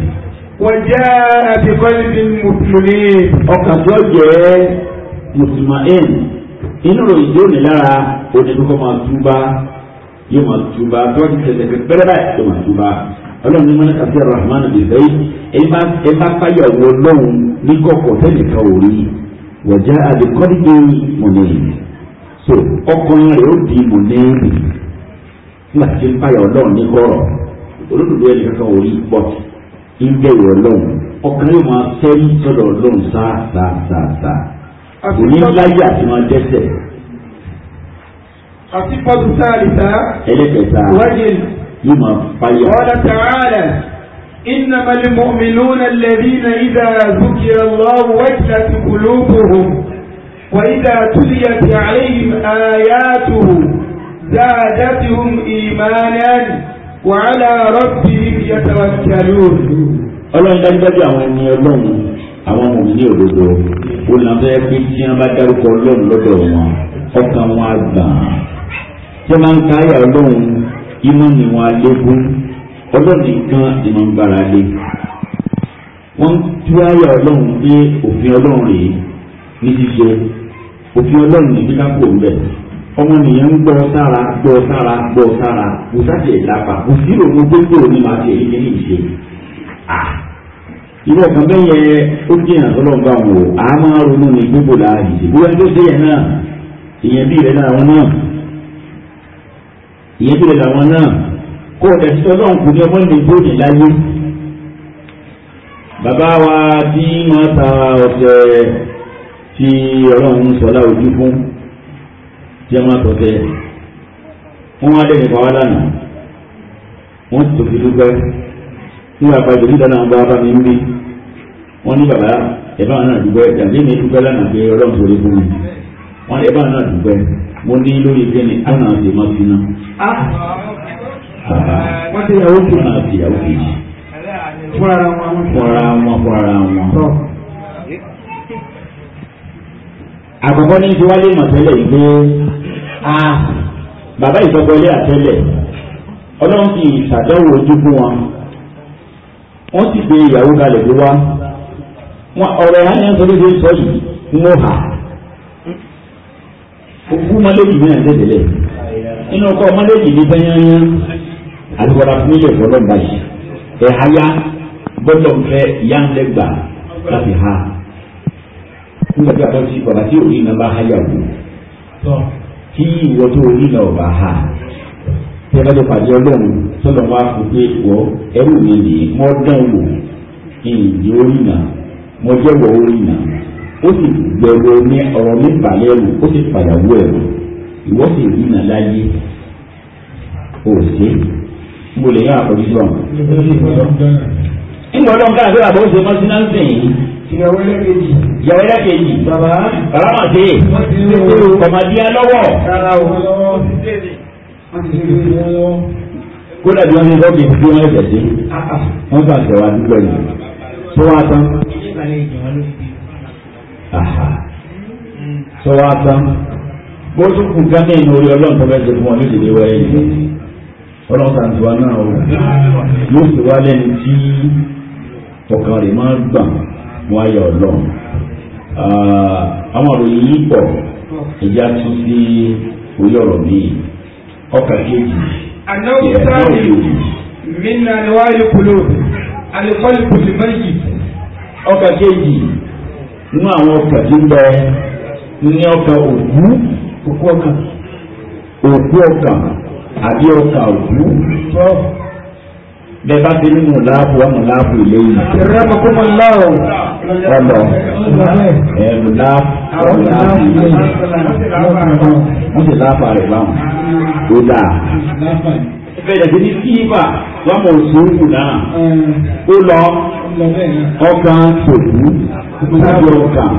وجاء بقلب مطمئن ọkàn tó jẹ́ mùsùlùmáìn inú ròyìn tó ní lára onídùúkọ máa túbá yóò máa túbá tó ti tẹ̀lé pẹ́pẹ́rẹ́ báyìí yóò máa túbá ọlọ́run ní mọ́nà kàfíà rahman bìbẹ́ ẹ bá fáyà wọ lọ́hùn ní kọ̀kọ̀ tẹ́nìkan ò rí wọ̀já mọ̀nẹ́yìn so ọkùnrin rẹ̀ ó di mọ̀nẹ́yìn nígbà tí ń payà ọlọ́run ní kọ̀rọ̀ olódodo ẹni kankan ò rí pọ̀ ń bẹ̀rù ọlọ́run ọkàn yóò máa tẹ́rí sọ́dọ̀ ọlọ́run sáà sáà sáà sáà kò ní láyé àti máa dẹ́sẹ̀. الصفة الثالثة وجل قال تعالى إنما المؤمنون الذين إذا ذكر الله وجلت قلوبهم وإذا تليت عليهم آياته زادتهم إيمانا وعلى ربهم يتوكلون ọlọ́run dájúdájú àwọn ẹni ọlọ́run àwọn ọmọ mi ní òdodo olùlànfẹ́ pé tí wọ́n bá dárúkọ ọlọ́run lọ́dọ̀ wọn ọkàn wọn á gbà á tí wọ́n máa ń káyà ọlọ́run ìmọ̀ ni wọ́n á lékún ọlọ́run nìkan ni wọ́n ń gbára lé wọ́n tú àyà ọlọ́run pé òfin ọlọ́run rèé ní ṣíṣe òfin ọlọ́run ní kíkápò ń bẹ̀ ọmọ nìyẹn ń gbọ́ sára gbọ́ sára gbọ́ sára kò sáàjì ìlápa kò sí ìrònú gbogbo ní màá ṣe èyí ní ìṣe. ìwọ kan bẹ́ẹ̀ yẹ ó jìyàn ọlọ́ọ̀gbà wò á máa ronú ní gbogbo láàyè bóyá tó ṣe yẹn náà ìyẹn bí rẹ̀ làwọn náà ìyẹn bí rẹ̀ làwọn náà kó o dẹ̀ sọ́dọ̀ ọ̀hún ní ọmọ ìdìbò ní láyé bàbá wa tí wọ́n ta ọ̀sẹ̀ tí ọlọ́run sọ láwùjú fún jẹ́mọ́ àtọ́tẹ́ wọ́n wá lẹ́yìn pa wá lánàá wọ́n ti tòkì dúpẹ́ nígbà àpàjọ níta náà bá bá mi ń bí wọ́n ní bàbá ẹ̀bá náà dúpẹ́ ìdàgbé mi dúpẹ́ lánàá pé ọlọ́run tó lè fún mi wọ́n ẹ̀bá náà dúpẹ́ mo ní lórí kíni àwọn àti ẹ̀mọ́ fi náà. wọ́n ti yàwó kí wọ́n àti yàwó kejì fúnra wọn fúnra wọn fúnra wọn. àkọ́kọ́ ní ti wálé mọ̀tẹ́lẹ̀ yìí pé a ah. bàbá ìjọba ilé àtẹ́lẹ̀ ọlọ́run fi ìṣàdánwò ojú fún wọn wọ́n sì gbé ìyàwó kalẹ̀ ló wá wọn ọ̀rọ̀ ẹ̀ ayé ń sọ déédéé sọ yìí ń wọ́n hà ogún mọ́lẹ́jì ní àtẹ́tẹ̀lẹ̀ nínú ọkọ̀ mọ́lẹ́jì ní bẹ́yányán àdìbọ̀dà fún ilé ìfọ̀lọ́ báyìí ẹ̀ háyá gbọ́dọ̀ ń fẹ́ ìyá ń lẹ́gbà láti ha nígbà tí a bá ti bàbá tí òbí náà bá háyà wò tí ìwọ tó o nílò ọba ha tẹ bá lè pàdé ọlọ́run sọ́dọ̀ wá fún pé ìwọ ẹrù mi lè mọ́ dán wò ìyè orí nà mọ́ jẹ́wọ́ orí nà ó sì gbẹ̀rọ ní ọ̀rọ̀ mi balẹ̀ rò ó sì fàyàwó ẹ̀ rò ìwọ sì rí nà láyé ó sí mo lè yá àkọ́jú sọ̀rọ̀. ń gbọ́dọ̀ nǹkan àti àbọ̀ ó ṣe mọ́ sí yìí ìyàwó ẹlẹ́kejì. ìyàwó ẹlẹ́kejì. bàbá. bàbá mà dé. wọ́n ti lé o. kọ̀mọ̀díà lọ́wọ́. rárá o. wọ́n ti lé o. kódà bí wọ́n ti lọ́ọ́ kí n gbé wọn ẹ̀jẹ̀ sí. wọ́n bá àṣẹ wa dúpẹ́ yìí. tó wá tán. tó wá tán. bó tún kù gánà ìnú orí ọlọ́run tó bẹ́ẹ̀ ṣe fún wọn ní ìdílé wẹ́rẹ́ yìí. ọlọ́run kan tiwa náà o. yóò sì wá lẹ́ni tí ọkàn rẹ̀ máa ń gbà wọn ayọ̀ ọlọ́run ah, àwọn òròyìn yìí pọ̀ ìjà tún sí orí ọ̀rọ̀ míì ọkà kejì ìyàtọ̀ òjò. minna ni wàá yẹ kulo alikọ́lì kùtì mẹ́yì. ọkà kejì nínú àwọn ọkà tí ń bẹ ní ọkà òkú òkú ọkà òkú ọkà àbí ọkà òkú bẹ́ẹ̀ bá ti ní mùláàfù wà mùláàfù ilé yìí. ìrẹ́ mọ̀kó mọ̀ ńlá o. ọlọ ẹ mùláàfù wà mùláàfù ilé yìí. wọ́n ti láàfà rẹ̀ báwọn. ó dáa. bẹ́ẹ̀ ti ní kílífà wà mọ̀ òṣèlú náà. ó lọ ọkàn tòkú sábẹ̀ ọkàn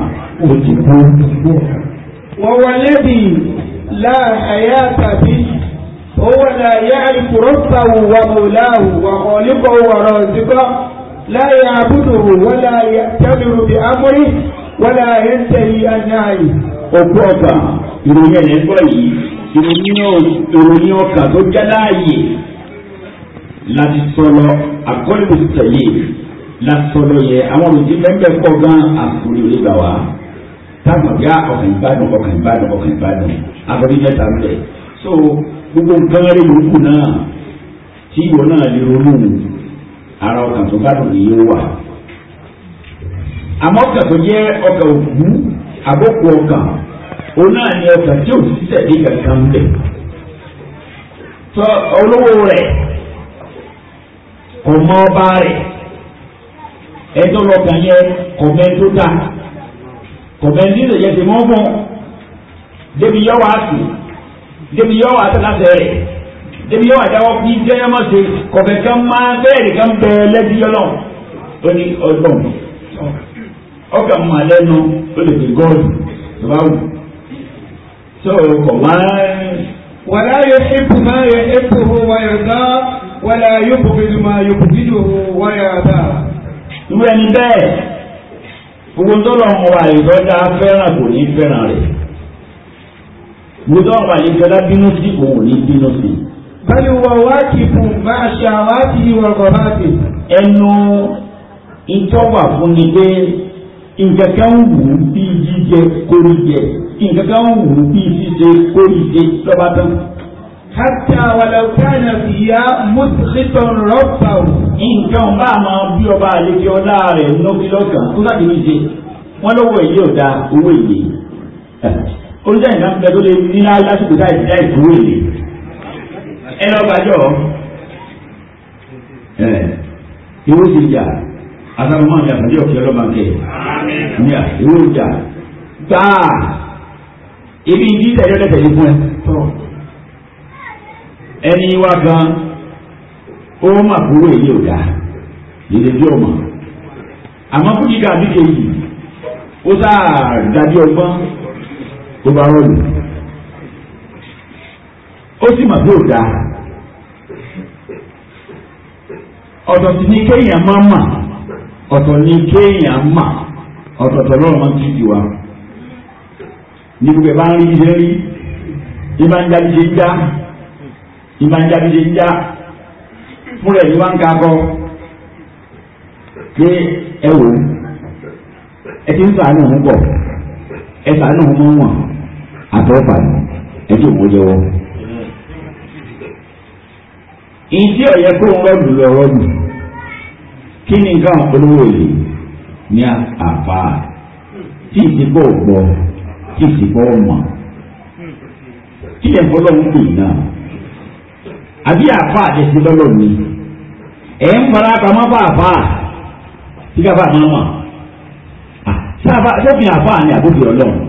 òjìkú. wọ́n wọlé bíi láàyè àtàbí. هو لا يعرف ربه ومولاه وخالقه ورازقه لا يعبده ولا يأتمر بأمره ولا ينتهي عن نهيه ọ̀pọ̀ ọba ìròyìn ẹ̀lẹ́gbọ́ yìí ìròyìn ọkà tó já láàyè láti sọ̀rọ̀ àkọ́lù tẹ̀lé láti sọ̀rọ̀ yẹ àwọn olùdí mẹ́mbẹ́ kọ́ gan àkùrẹ́ ìgbà wa táwọn ọ̀gá ọ̀kàn ìbàdàn ọ̀kàn ìbàdàn ọ̀kàn ìbàdàn abọ́bí mẹ́ta ń bẹ̀ so gbogbo nǹkan rẹ̀ yòókù náà tí ìwọ náà lè ronú ara ọkàn tó bá dùn yìí wà. àmọ́ ọkàn tó jẹ́ ọkàn òkú àbókù ọkàn òun náà ni ọkàn tí ò sí tẹ̀lé kankan bẹ̀. tọ olówó rẹ̀ ọmọ ọba rẹ̀ ẹjọ́ lọ́kàn yẹ kọ̀mẹ́ tó dá kọ̀mẹ́ nílẹ̀ yẹ ti mọ́ fún débi yọ wá sí i débi yọ wà sẹ́lá sẹ́rẹ̀ débi yọ wà dáwọ́ kí jẹ́yẹ́ má ṣe kọ̀fẹ́ kan máa bẹ́ẹ̀ nìkan bẹ́ẹ̀ lẹ́bi yọlọ́ tó ní ọgbọ́n ọkà máa lẹ́nu ó lè fi gọ́ọ̀dù tó bá wù tó kọ̀ wá. wàlá yóò ébù máa yẹ ébù wáyà dá wàlá yóò bùbìlù máa yóò bùbìlù wáyà dá. irú ẹni bẹ́ẹ̀ gbogbo tó lọ́mọ àìsọ́jà fẹ́ràn kò ní fẹ́ràn rẹ̀ gbọ́dọ̀ wà ní gbọ́dọ̀ bínú sí òun ní bínú sí. bẹ́ẹ̀ni wọ́n wá kí fún máa ṣe àwádìí ìwọ̀n kọ̀ bá ti. ẹnu ìtọ́wà fún ni pé nǹkan kan wù ú bí jíjẹ kórì jẹ nǹkan kan wù ú bí ṣíṣe kórì ṣe lọ́ba tán. Hátà wàlàkánà fìyà mùsùlùmí rọ́bà ò. Nǹkan bá máa bí ọba àlejò ọlá rẹ̀ nọ́bí lọ́kàn tó sáà kìí ṣe. Wọ́n lọ́wọ́ èyí ò da owó èyí oníṣẹ́ ìgbà bẹ tó lè ní lásìkò táì sí láì dúró èlé ẹ lọ gbàjọ ẹ ìwé ti jà asagunmọ àti àfàdé ọkẹ ọlọmọkẹ ní à ìwé ìjà gbáà ibi ìdí ìtẹjọ lẹsẹ fún ẹ ẹni wá gan ó mà kúrò èyí ò dáa yìí bí ọmọ àmọ́ fún yíga àbí kejì ó sáà dájú ọgbọ́n. tó bá rọ̀ lù ó sì mà bí ò dáa ọ̀dọ̀ sì ni kéèyàn máa mà ọ̀tọ̀ ni kéèyàn mà ọ̀tọ̀ọ̀tọ̀ lọ́rọ̀ máa ń tìjú wa ní gbogbo bá ń rí iṣẹ́ rí ìbá ń jáde ń já ìbá ń jáde ń afẹ́fà ni ẹjọ́ òkú jẹ́wọ́. ìdí ọ̀yẹ́ kó rọ́ọ̀lù lọ rọ́ọ̀lù kí ni nǹkan olówó yìí ní àfà tí ìdìbò gbọ́ tí ìdìbò mọ̀ kí lè fọlọ́ pè náà àbí àfà lọ́lọ́ ẹ̀ ń fara pamọ́ bá àfà tí káfà máa mọ̀ sábà sẹ́fìn àfà ni ọlọ́run.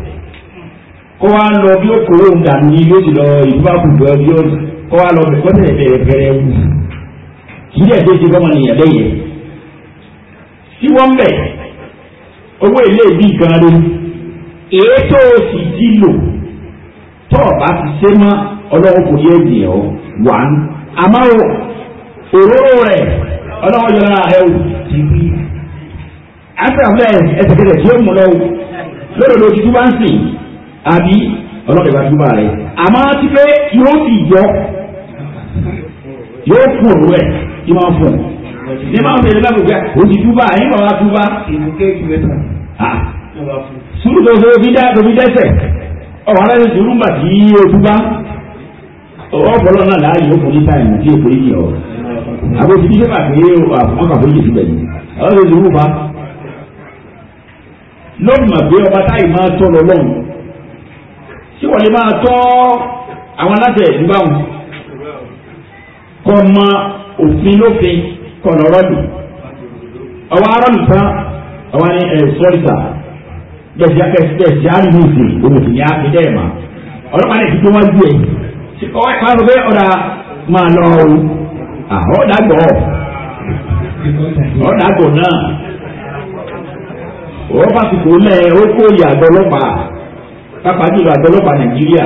kó wá lọ bí ó kóró ń ní yóò ti lọ bí ó kó lọ bẹ̀rẹ̀ bẹ̀rẹ̀ bẹ̀rẹ̀ bẹ̀rẹ̀ wù kì í dẹ̀ ti nìyẹn lẹ́yìn tí wọ́n ń bẹ̀ owó ilé ti lò tó ti ṣe mọ́ kò ọ òróró rẹ̀ ti rí tí ó mú àbí ọlọ́dẹ̀ bá dúpọ̀ rẹ̀ àmọ́ ti pé yóò sì yọ yóò fún òru ẹ̀ kí máa fún ní máa fún ẹ̀rọ lágbègbè o ti dúpọ̀ àyìn bàbá dúpọ̀. sùúrù tó fẹ́ bí dá tó fi dẹ́sẹ̀ ọ̀hún aláìsí sùúrù gbà tí o dúpọ̀ ọ̀pọ̀lọ́ náà láàyè ó fún ní táìmù tí o kò yí ọ̀ àbò ti dídé pàdé ọkọ̀ àbójì síbẹ̀ yìí ọ̀hún aláìsí sùúrù bá lọ́ọ̀mà pé ọba táì máa tọ́ lọ lọ́hùn tí wọ́n lè máa tọ́ àwọn aláṣẹ ìlú báwọn kọ mọ òfin lófin kọ lọ́rọ́ lù ọwọ́ arọ́lù tán ọwọ́ ni ẹ̀ ma ọlọ́pàá náà ti tó wájú ẹ̀ ọwọ́ ẹ̀ pàrọ̀ bẹ́ẹ̀ ọ̀dà máa lọ náà kò pápá jùlọ àjọ ọlọ́pàá nàìjíríà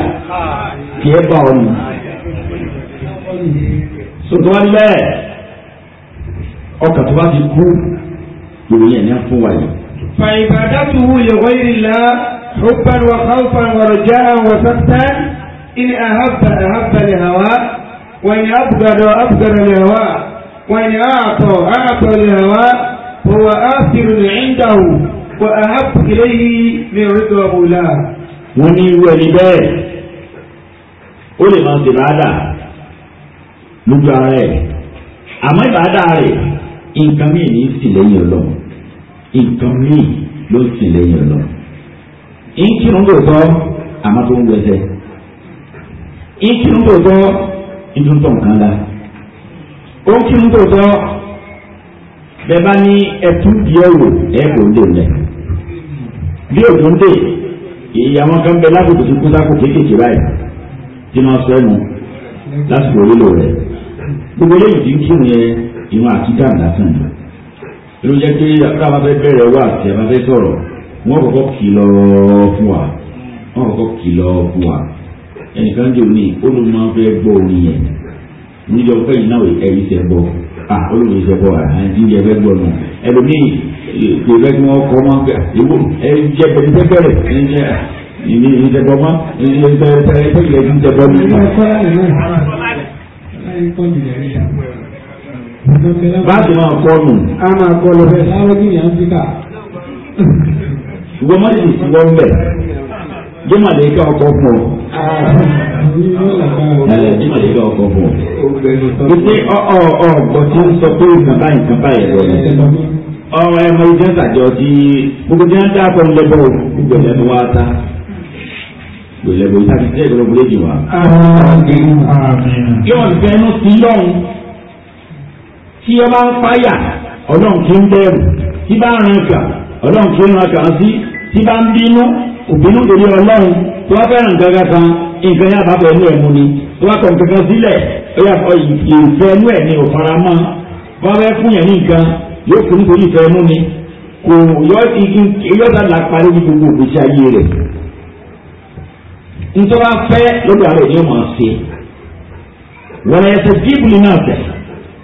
kì í bá ọ̀nà. sọ̀tọ̀ wá níbẹ̀ ọkà tó bá ti kú ìròyìn ẹ̀yàn fún wa yìí. فعبادته لغير الله حبا وخوفا ورجاء وسكتا إن أهب أهب لهواه وإن أبغض أبغض لهواه وإن أعطى أعطى لهواه فهو آثر عنده وأهب إليه من رضا مولاه wọ́n ní irú ẹni bẹ́ẹ̀ ó lè máa ṣe bàádà lójú ara ẹ̀ àmọ́ ìbàádà rẹ̀ nǹkan míì ní sì lẹ́yìn ọlọ́run nǹkan míì ló sì lẹ́yìn ọlọ́run ìkírun kò tọ́ àmọ́ tó ń gbẹsẹ̀ ìkírun kò tọ́ ìdúntọ̀ nǹkan la ó kírun kò tọ́ bẹ́ẹ̀ bá ní ẹtú díẹ̀ wò ẹ̀ kò ń dè lẹ̀ bí òdùn dè èyí àwọn kan bẹ lákòókò tí kú sákò kéékèèké báyìí tí wọ́n sọ ẹnu lásìkò orílò rẹ̀ gbogbo eléyìí ti ń kírun yẹn ìwọn àkíkà lásán ni ló jẹ́ pé ká bá fẹ́ bẹ̀rẹ̀ wá àti ẹ̀ bá fẹ́ sọ̀rọ̀ wọ́n kọ́kọ́ kìlọ̀ fún wa wọ́n kọ́kọ́ kìlọ̀ fún wa ẹnìkan jò ní olùmọ̀ fẹ́ gbọ́ orin yẹn níjọ pẹ́yìn náà ẹ̀rí tẹ̀ gbọ́ à olùdí ìṣẹ̀kọ̀ àìjíjẹ fẹ́ gbọ́ nù ẹlòmíì kò fẹ́ kí wọ́n kọ́ máa ń gbà ìwọ ẹ̀jẹ̀ pẹ̀lú pẹ́pẹ́rẹ́ ìní ìṣẹ̀kọ̀ mọ́ ìṣẹ̀kọ̀ ìṣẹ̀kọ̀ mi. báàgì máa kọ́ nù. a máa kọ́ lọ bẹ́ẹ̀ láwọn kìnìún áfíríkà. ṣùgbọ́n má ti ti wọ́n bẹ̀ jọ́mọ̀lẹ́ ká ọkọ̀ fún ọ. Ìmọ̀ ìgbà ọkọ̀ fún ọ. Wípé ọ̀ ọ̀ ọ̀gbọ̀n tí ń sọ pé ìjàmbá ìjàmbá yẹn lọ ni. Ọ̀rọ̀ ẹ̀mọ ìjẹ́ ìtàjọ tí gbogbo jẹ́ ń dáàbọ̀ ń lẹ́bọ̀ ìgbẹ̀lẹ́ ni wá ta. Ìgbẹ̀lẹ́bọ̀ ìtàkì sílẹ̀ ìgbẹ̀lẹ́ ògbólé jì wá. Yọ̀ọ̀ ìfẹ́nu ti lọ́hùn. Tí ẹ bá ń fáyà, Ọlọ́run kì í bẹ̀rù. Tí bá ń rìn kà, Ọlọ́run kì í rìn kà sí tí bá ń bínú òbínú torí ọlọ́run tó wá fẹ́ràn gangan kan nǹkan yàtọ̀ àbọ̀ ẹnu ẹ̀ mú ni tó wá kọ̀ nǹkan kan sílẹ̀ ó yàtọ̀ ìfẹ́ ẹnu ẹ̀ ni ò fara mọ́ wọ́n fẹ́ fún yẹn ní nǹkan yóò fún nítorí ìfẹ́ ẹnu ni kò yọ ìyọ́ta là parí ní gbogbo òkúta ayé rẹ̀ nítorí wọ́n fẹ́ lọ́dọ̀ àrẹ̀ yóò máa ṣe wọ́n ẹ̀sẹ̀ bíbélì náà bẹ̀rẹ̀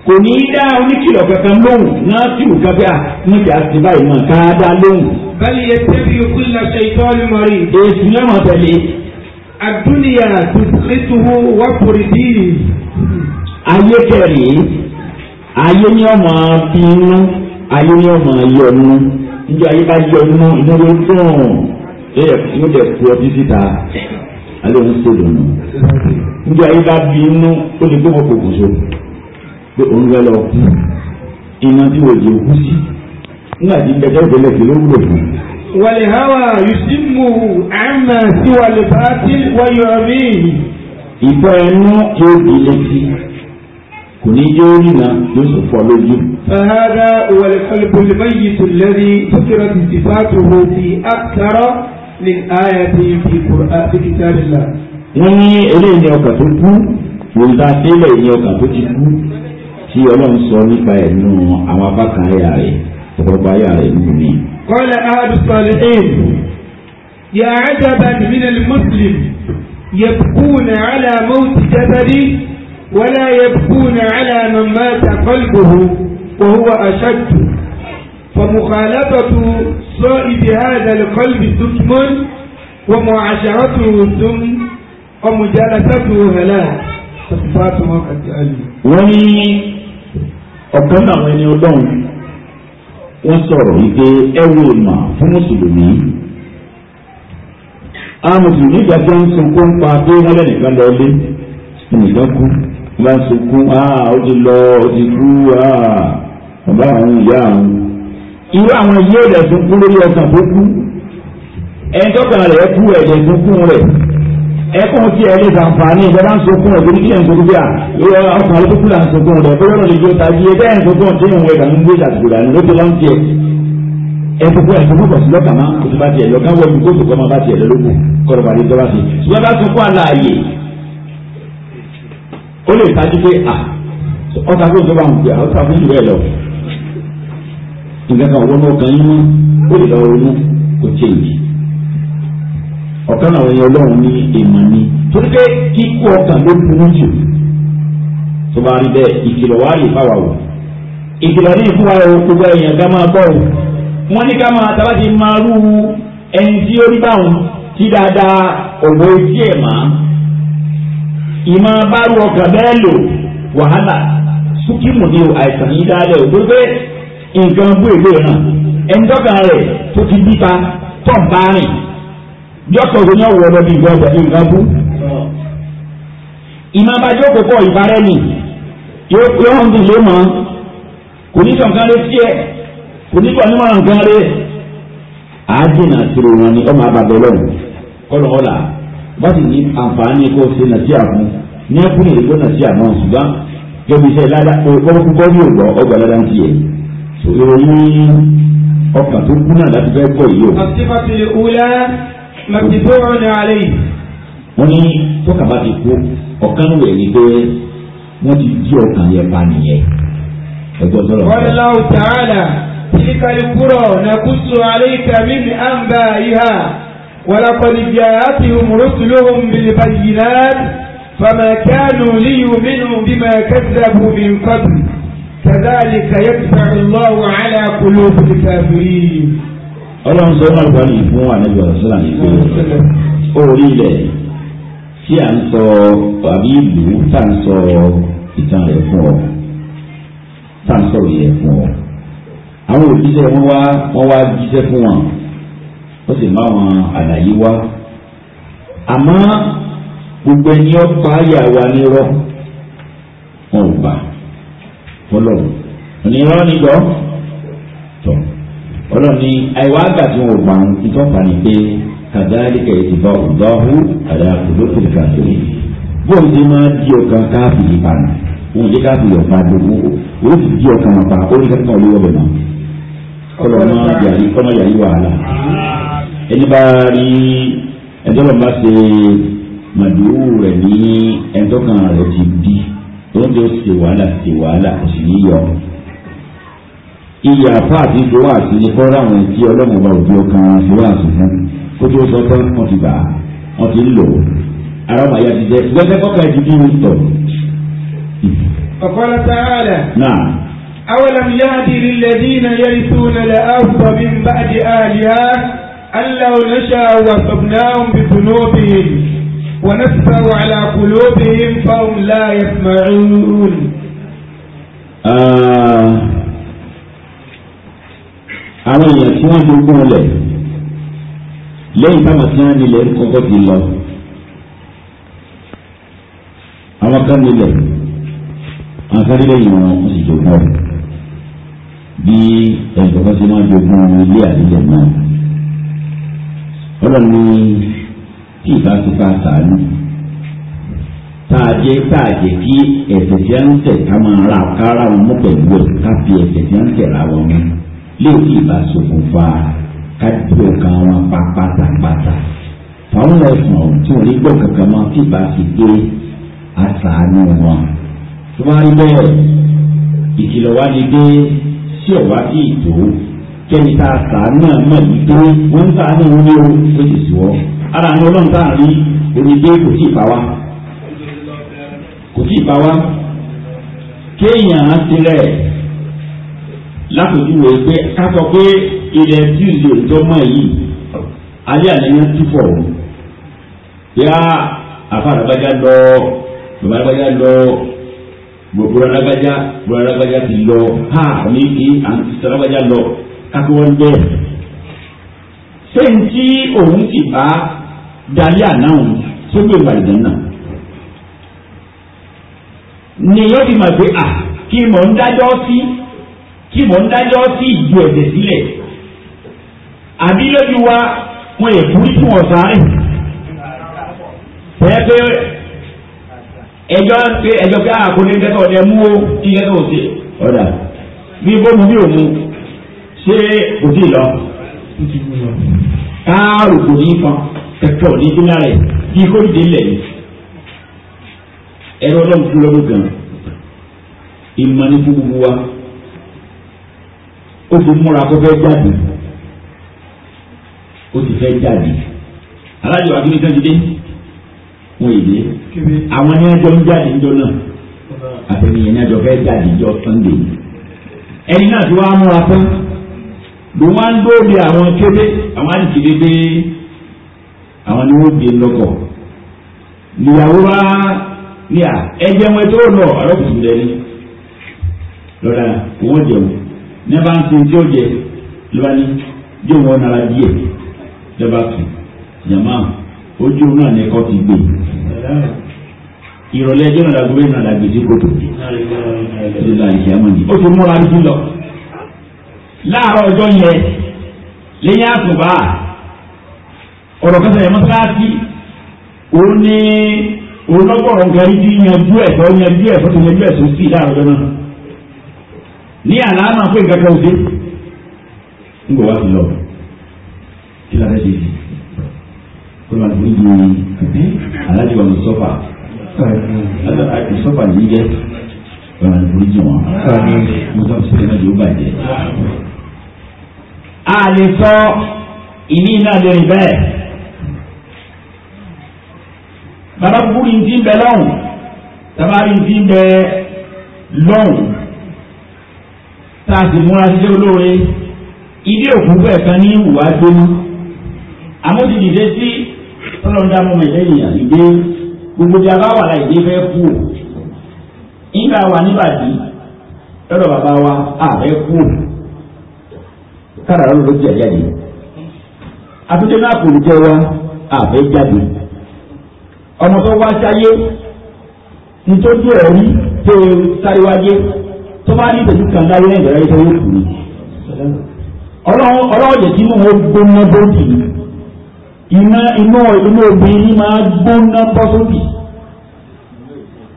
kò ní í dá oníkìlọ̀ kankan lóhùn náà sì wù kábíà níjà sí báyìí mọ̀ ká dá lóhùn. bali yẹ tẹ́bi òkú làṣẹ ìtọ́ni mọ́rí. èsì náà máa tẹ̀lé. àdúnyà tùtùkìtùwò wà pòrì díì. ayé kẹrì ayé ni ọ máa fi inú ayé ni ọ máa yọ inú níjọ ayé bá yọ inú inú ló dùn ẹ yóò dẹ kú ọtí síta alẹ́ òun ṣe níjọ ayé bá bí inú ó lè gbé pé òun fẹ́ lọ kú iná tí wò jẹ kú sí nígbà tí gbẹjọ́ ìbílẹ̀ tí ló wúlò fún. wàlíhàwà yusimu àmà sí wàlíbàtì wáyọ̀mí. ìfẹ́ ẹnu yóò di létí kò ní yóò rìnà yóò sì fọ́ lójú. fàhádà wàlíkọ́lùkù lẹ́yìn ìtòlẹ́rì fúkìrọ̀ tìtì fàtòwò ti àkàrọ̀ ní àyàtì fi kùrọ̀ àti kìtàbílà. wọ́n ní eléyìí ni ọkà tó kú yorùbá sílẹ̀ ní ọkà tó ti kú tí ọlọ́run sọ nípa ẹ̀ nínú àwọn abákan ayà rẹ̀ ọ̀pọ̀lọpọ̀ ayà rẹ̀ nínú mi. qala ahadu salihin ya ajaban min al-muslim yabkuna ala mawti jabali wala yabkuna ala man mata qalbuhu wa huwa ashaddu فمخالفة صائب هذا القلب سكم ومعاشرته سم ومجالسته هلاك صفات ما قد تعلم ọ̀kan náà ẹni ọlọ́run wọ́n sọ̀rọ̀ wípé ẹ wo ìmọ̀ fún mùsùlùmí àwọn mùsùlùmí ìgbà tí wọ́n ń sunkún pa pé wọ́n lẹ́nu ìgbà lọ lé nìkan kú wọ́n sunkún áà ah, ó ti lọ ó ti kú áà ah, bàbá àwọn ìyá àwọn. irú àwọn ilé ẹ̀dẹ̀ sunkún lórí ọ̀sán tó kú ẹni rẹ̀ kú ẹ̀dẹ̀ sunkún rẹ̀ ẹkún tí ẹ lè sàǹfààní ìjọba ń sọkún ọ̀gbìn kí ẹ ń sọkún bí à ọkùnrin alókùnkùn là ń sọkún rẹ bóyá ọ̀rọ̀ ìjọ tàbí ẹ bẹ́ẹ̀ ń sọkún tí ìwọ̀n ẹ̀dá ń gbé ìdàgbòrà ní lókè lọ́n tiẹ̀ ẹ̀fọ́fọ́ ẹ̀fọ́fọ́ pọ̀ sí lọ́kà máa kò tó bá tiẹ̀ lọ́kà wọ́n kó tó kọ́ máa bá tiẹ̀ lọ́lọ́kù kọ́rọ̀ bá rí tọ́ bá ti ṣùgbọ́n bá sọkún àlàyé ó lè tajú pé à ọ̀tá kó tó bá ń gbé ọ̀tá fún ìwé lọ nǹkan kan ọ̀kan àwọn ẹ̀yẹ ọlọ́run ní èèmọ̀ ni torí pé kíkú ọkàn ló burú jù tó bá rí bẹ́ẹ̀ ìkìlọ̀ wá rí fáwa o ìkìlọ̀ ní ìfúnwa o gbogbo èèyàn ká máa bọ̀ o wọ́n ní ká máa tabájí máa rú ẹni tí ó rí báwọn tí dáadáa òwò ojú ẹ̀ máa ìmọ̀ bá ọkàn bẹ́ẹ̀ lò wàhálà súkìmù ni àìsàn yìí dáadáa o torí pé nǹkan bú èlò ìràn ẹni tọ́kàn rẹ̀ tó ti dípa tọ̀ bá rìn jọ́sọ̀ ògùn yóò wọ̀ lọ́bí ìgbà ọ̀gbà nǹkan bú. ìmọ̀ abájọ́ kókó ìbárẹ́ nì yóò pé wọ́n ti lé mọ́ kò ní sọ̀kan lé sí ẹ̀ kò ní sọ̀ nímọ̀ nǹkan lé. àádìnà sèrè wọn ni ọmọ abàbẹ̀ lọ́wọ́ kọ́lọ̀ ọ̀la wọ́n sì ní àǹfààní kó ṣe nà sí àmú ní ẹkùnrin ìgbó nà sí àmú ṣùgbọ́n jọbi iṣẹ́ ládà ọkọ̀ ọkàn tó kú náà láti fẹ́ gbọ́ yìí o. àti fàtìlì wúlẹ́ màtìtò ọ̀rẹ́ alẹ́ yìí. wọ́n ní tọ́ka bá ti kú ọ̀kan rẹ̀ ni pé wọ́n ti di ọkàn yẹn pa nìyẹn. ẹgbọ́n sọ̀rọ̀ wọn. wọ́n lọ́wọ́ tààlà tìlíkàlì kúrọ̀ nàkútù alẹ́ kàmí ní àǹbá ìhà wàlàkọ̀lì jẹ́ àti mùrùsùlùhùn bìlìbàyìnàd fàmà kánù líyù mínú bímà kẹ́sìdàbù min qabl kàdáàlì kàyẹ́tìfà ọlọ́run sọ náà wà ní fún ànábì ọ̀sán àyè pé orí ilẹ̀ tí à ń sọ àbí ìlú tá à ń sọ ìtàn rẹ̀ fún ọ tá à ń sọ ìyẹ̀ fún ọ. àwọn òjíṣẹ́ wọn wá wọn wá jíṣẹ́ fún wọn ó sì má wọn àlàyé wá. àmọ́ gbogbo ẹni ọkọ̀ ayé àwa nírọ̀ wọn ò gbà fọlọ́ onírọ́ nígbọ́ tọ̀ ọlọ́ni àìwá àgbà tí wọn ò gbà ń tó fà ní pé kàdáríkà ètò bá ọ̀dọ́hù àdàkù ló tẹ̀lé káàkiri bóun ti máa di ọkàn káàkiri ìpànà òun ti káàkiri ọ̀pá àdókò òun ti di ọkàn ọ̀pá òun ti káàkiri ọ̀lẹ́wọ̀ bẹ̀ mọ́ kọlọ ọmọ yàrá kọmọ yàrá wàhálà ẹni bá rí ẹjọ́ lọ́ba ṣe màdúró rẹ̀ ní ẹjọ́ kan rẹ̀ ti di òun ti ṣe wàhálà ṣe wàhálà kò sì iye àfa àti ìjọ wà sí ní fọ́nrán àwọn ẹ̀tí ọlọ́run ọba òbí ọkàn wọn sí wà sí fún kó tó sọ pé wọ́n ti bà á wọ́n ti ń lò ó ara ọmọ ayá ti jẹ gbẹ́sẹ̀ kọ́kọ́ ẹ̀jú bí wọ́n tọ̀. ọ̀pọ̀lọpọ̀ ta'ala. náà. awalam yahdi lilladhina yarithuna al-ardha min ba'di ahliha an law nasha'u wasabnahum bidhunubihim wa nasbaghu ala qulubihim fahum la yasma'un. Ah àwọn èèyàn tí wọ́n dogun lẹ̀ lẹ́yìn táwọn tí wọ́n nílẹ̀ kọ́kọ́ ti lọ àwọn kan nílẹ̀ àwọn kan nílẹ̀ yìí wọ́n sì dogun rẹ̀ bí ẹ̀sùn kan ti máa dogun ilé àdúgbò náà ọlọ́ni tí ìbá ti fa sàánú tààjẹ tààjẹ kí ẹ̀sẹ̀ tí a ń tẹ̀ ká máa ra kára wọn mú pẹ̀lú ẹ̀ ká fi ẹ̀sẹ̀ tí a ń tẹ̀ ra wọn mú lè kí ìbá ṣokùnfà kájú ọ̀kan wọn pa pátápátá fáwọn ẹ̀sùn ọ̀hún tí wọ́n lè gbọ́ kankan mọ́ kí ìbá fi dé àṣàánú wọn. tó bá rí bẹ́ẹ̀ ìkìlọ̀ wá ní dé sí ọ̀wá sí ìtò kẹ́ni tá a ṣàánú àmọ́ ìtò wọ́n ń ṣàánú wọn ní o ó sì sí wọ́n. ara àwọn ọlọ́run tá a rí onídé kò tí ì pa wá kò tí ì pa wá kéèyàn á sílẹ̀ látòjúwe pé kásọ pé ilẹ̀ tíìlì tó mọ̀ yìí ayé àlẹ́yìn tún pọ̀ o yá àfàràbájá lọ bàbáragbájá lọ bùrọ̀dàgbájá bùrọ̀dàgbájá ti lọ ha ní kí àǹtìsàràgbájá lọ kápẹ́ wọ́n bẹ́ẹ̀. sẹ́yìn tí òun sì bá dalí ànáhùn tó gbé ìbàdàn náà ni yóò fi mọ̀ pé à kí mò ń dájọ́ sí tí mò ń dájọ́ sí ìju ẹ̀jẹ̀ sílẹ̀ àbí lójú wa wọn èkú tí wọn sáré bẹ́ẹ̀ pé ẹjọ́ pé ẹjọ́ pé àkóní ah, kẹ́kọ̀ọ́ ọ̀dẹ mú o kí kẹ́kọ̀ọ́ sí ọ̀dà bí bómi bí òmu ṣé kò sí lọ káàrò kò ní kan kẹ́kọ̀ọ́ ní sínú rẹ̀ bí kò dé lẹ̀ ẹ̀rọ ọlọ́run fún lọ́dún kan ìmọ̀ ní gbogbo wa ó ti múra kó fẹ́ jáde ó ti fẹ́ jáde alájọ àbí nìkan ti dé wọn èdè àwọn ní ẹjọ ń jáde ńjọ náà àtẹnìyàn ní ẹjọ fẹ́ jáde ńjọ Sunday ẹni náà ti wá múra tán ló wá ń dóòdì àwọn kéde àwọn àdìsílẹ̀ pé àwọn ni wọ́n gbé e lọ́kọ̀ níyàwó wa ní à ẹjẹ wọn tó lọ àrọ́kùnrin lẹ́ni lọ́dà wọ́n jẹun ní bá ń sin tí ó jẹ ló bá ní jó wọn nara díẹ̀ lọba tù jàmá ojú náà ní ẹkọ ti gbé ìrọ̀lẹ́ ẹjọ́ náà dàgbé náà dàgbé sí kòtò ìdílé àìsàn ní. ó ti múra ní sílọ láàárọ̀ ọjọ́ yẹn lẹ́yìn àtùbà ọ̀rọ̀ kẹsàn yẹn mọ́sálásí ó ní onogbọrọ nǹkan yìí ti yanjú ẹ̀ tó yanjú ẹ̀ tó ti yanjú ẹ̀ tó sí láàárọ̀ ọjọ́ náà ní àlámà pé nǹkan kan ò dé ń bọ̀ wá sí lọ kí ló dé dé kó ló ń bọ̀ ní alájọ ọ̀nà sọ́fà alájọ sọ́fà yìí jẹ́ ọ̀nà ìbòjì wọn mọ́tò sọ́fà náà yóò bàjẹ́. a lè sọ ìní náà lè bẹ́ẹ̀ bàbá búburú yìí ti ń bẹ lọ́hùn tàbá yìí ti ń bẹ lọ́hùn. tá a sì múra sí olóore ilé òkú bẹ́ẹ̀ ní ìwà gbóná àmọ́ sí tọ́lọ́dá mọ́mọ́ ìlẹ́yìn àdìgbé gbogbo tí a bá wà láì dé fẹ́ kú o nígbà wà níbàdí wa àbẹ́ kú o kára ló ló jẹ jáde àtúndé náà kò jẹ wa àbẹ́ jáde ọmọ tó wá sáyé nítorí ẹ̀rí tó tó bá ní ìtẹ̀sí kan láyé náà ìdẹ̀rẹ́ yóò kù ní. ọlọ́wọ́ jẹ́ kí inú wọn gbóná bóòtì iná inú inú obìnrin máa gbóná bọ́sọ́tì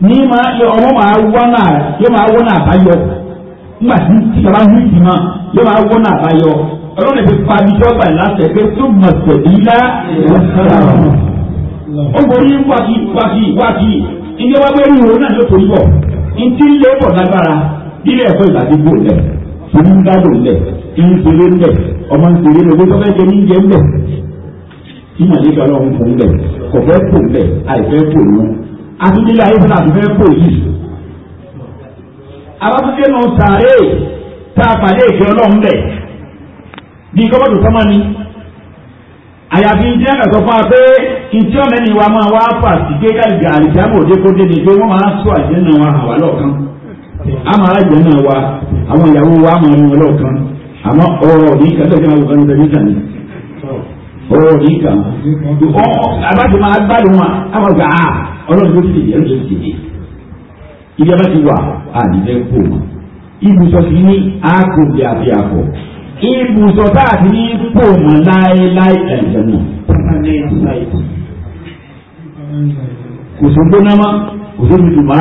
ní máa ọmọ máa náà yóò máa náà báyọ̀ nígbà tí tí bàbá ń yóò máa náà báyọ̀ ọlọ́run pa ilé ẹ̀kọ́ ìbàdí bò lẹ̀ fún ń dá bò lẹ̀ ń ṣeré lẹ̀ ọmọ ń ṣeré lẹ̀ gbogbo ẹgbẹ́ ní jẹ́ lẹ̀ tí màlẹ́kà ọlọ́run fún lẹ̀ kò fẹ́ bò lẹ̀ àìfẹ́ bò lọ. atúndílé ayé fún àtúfẹ́ bò yìí. abáfíkẹ́ náà sàárè tá a pàdé ìfẹ́ ọlọ́run lẹ̀ bí gọ́mọ̀tò sọ́mọ́ ni àyàfi ìdí ẹ̀ka sọ fún wa pé ìtí ọ̀nà ni wa máa wá fà sí gbé gàlìgà àlìjáàmù òde kó dé ni pé wọ́n máa sọ àjẹ́ náà wà hàn wá àmọ́ alájọ náà wa àwọn ìyàwó wa àmọ́ ẹni o lọ́ọ̀kan àmọ́ ọ̀rọ̀ òní kẹsẹ̀ kí wọn kọ́ ní tẹ̀lé tẹ̀lé ọ̀rọ̀ òní kan o máa gbádùn wọn àwọn ọ̀gá ah, ọlọ́run tó ti dè ẹ̀rọ tó ti dè ibi abá ti wà àdìbẹ́ kó wọn ibùsọ̀ sí ní àkó bí àfi àkọ́ ibùsọ̀ tá a ti ní kó wọn láéláé ẹ̀jẹ̀ náà kò sí gbóná mọ́ kò sí bìtùmá.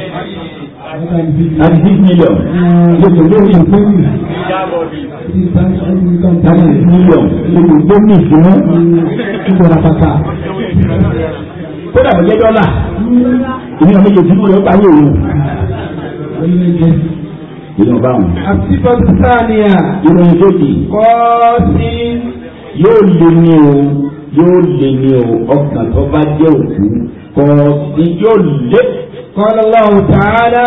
àti six million gbogbo lórí ìfúnni àti six million gbogbo lórí ìfúnni ìjọba pátá kódà kò jẹ́ dọ́là ìyẹn àwọn méjèèjì ló ń parí òun. ìyẹn bá wọn. àtibọ̀ sáníà. ìròyìn kejì. kọ́ọ̀sì. yóò lé ní o yóò lé ní o ọkàn tó bá jẹ́ òkú kọ́ọ̀sì yóò lé. قال الله تعالى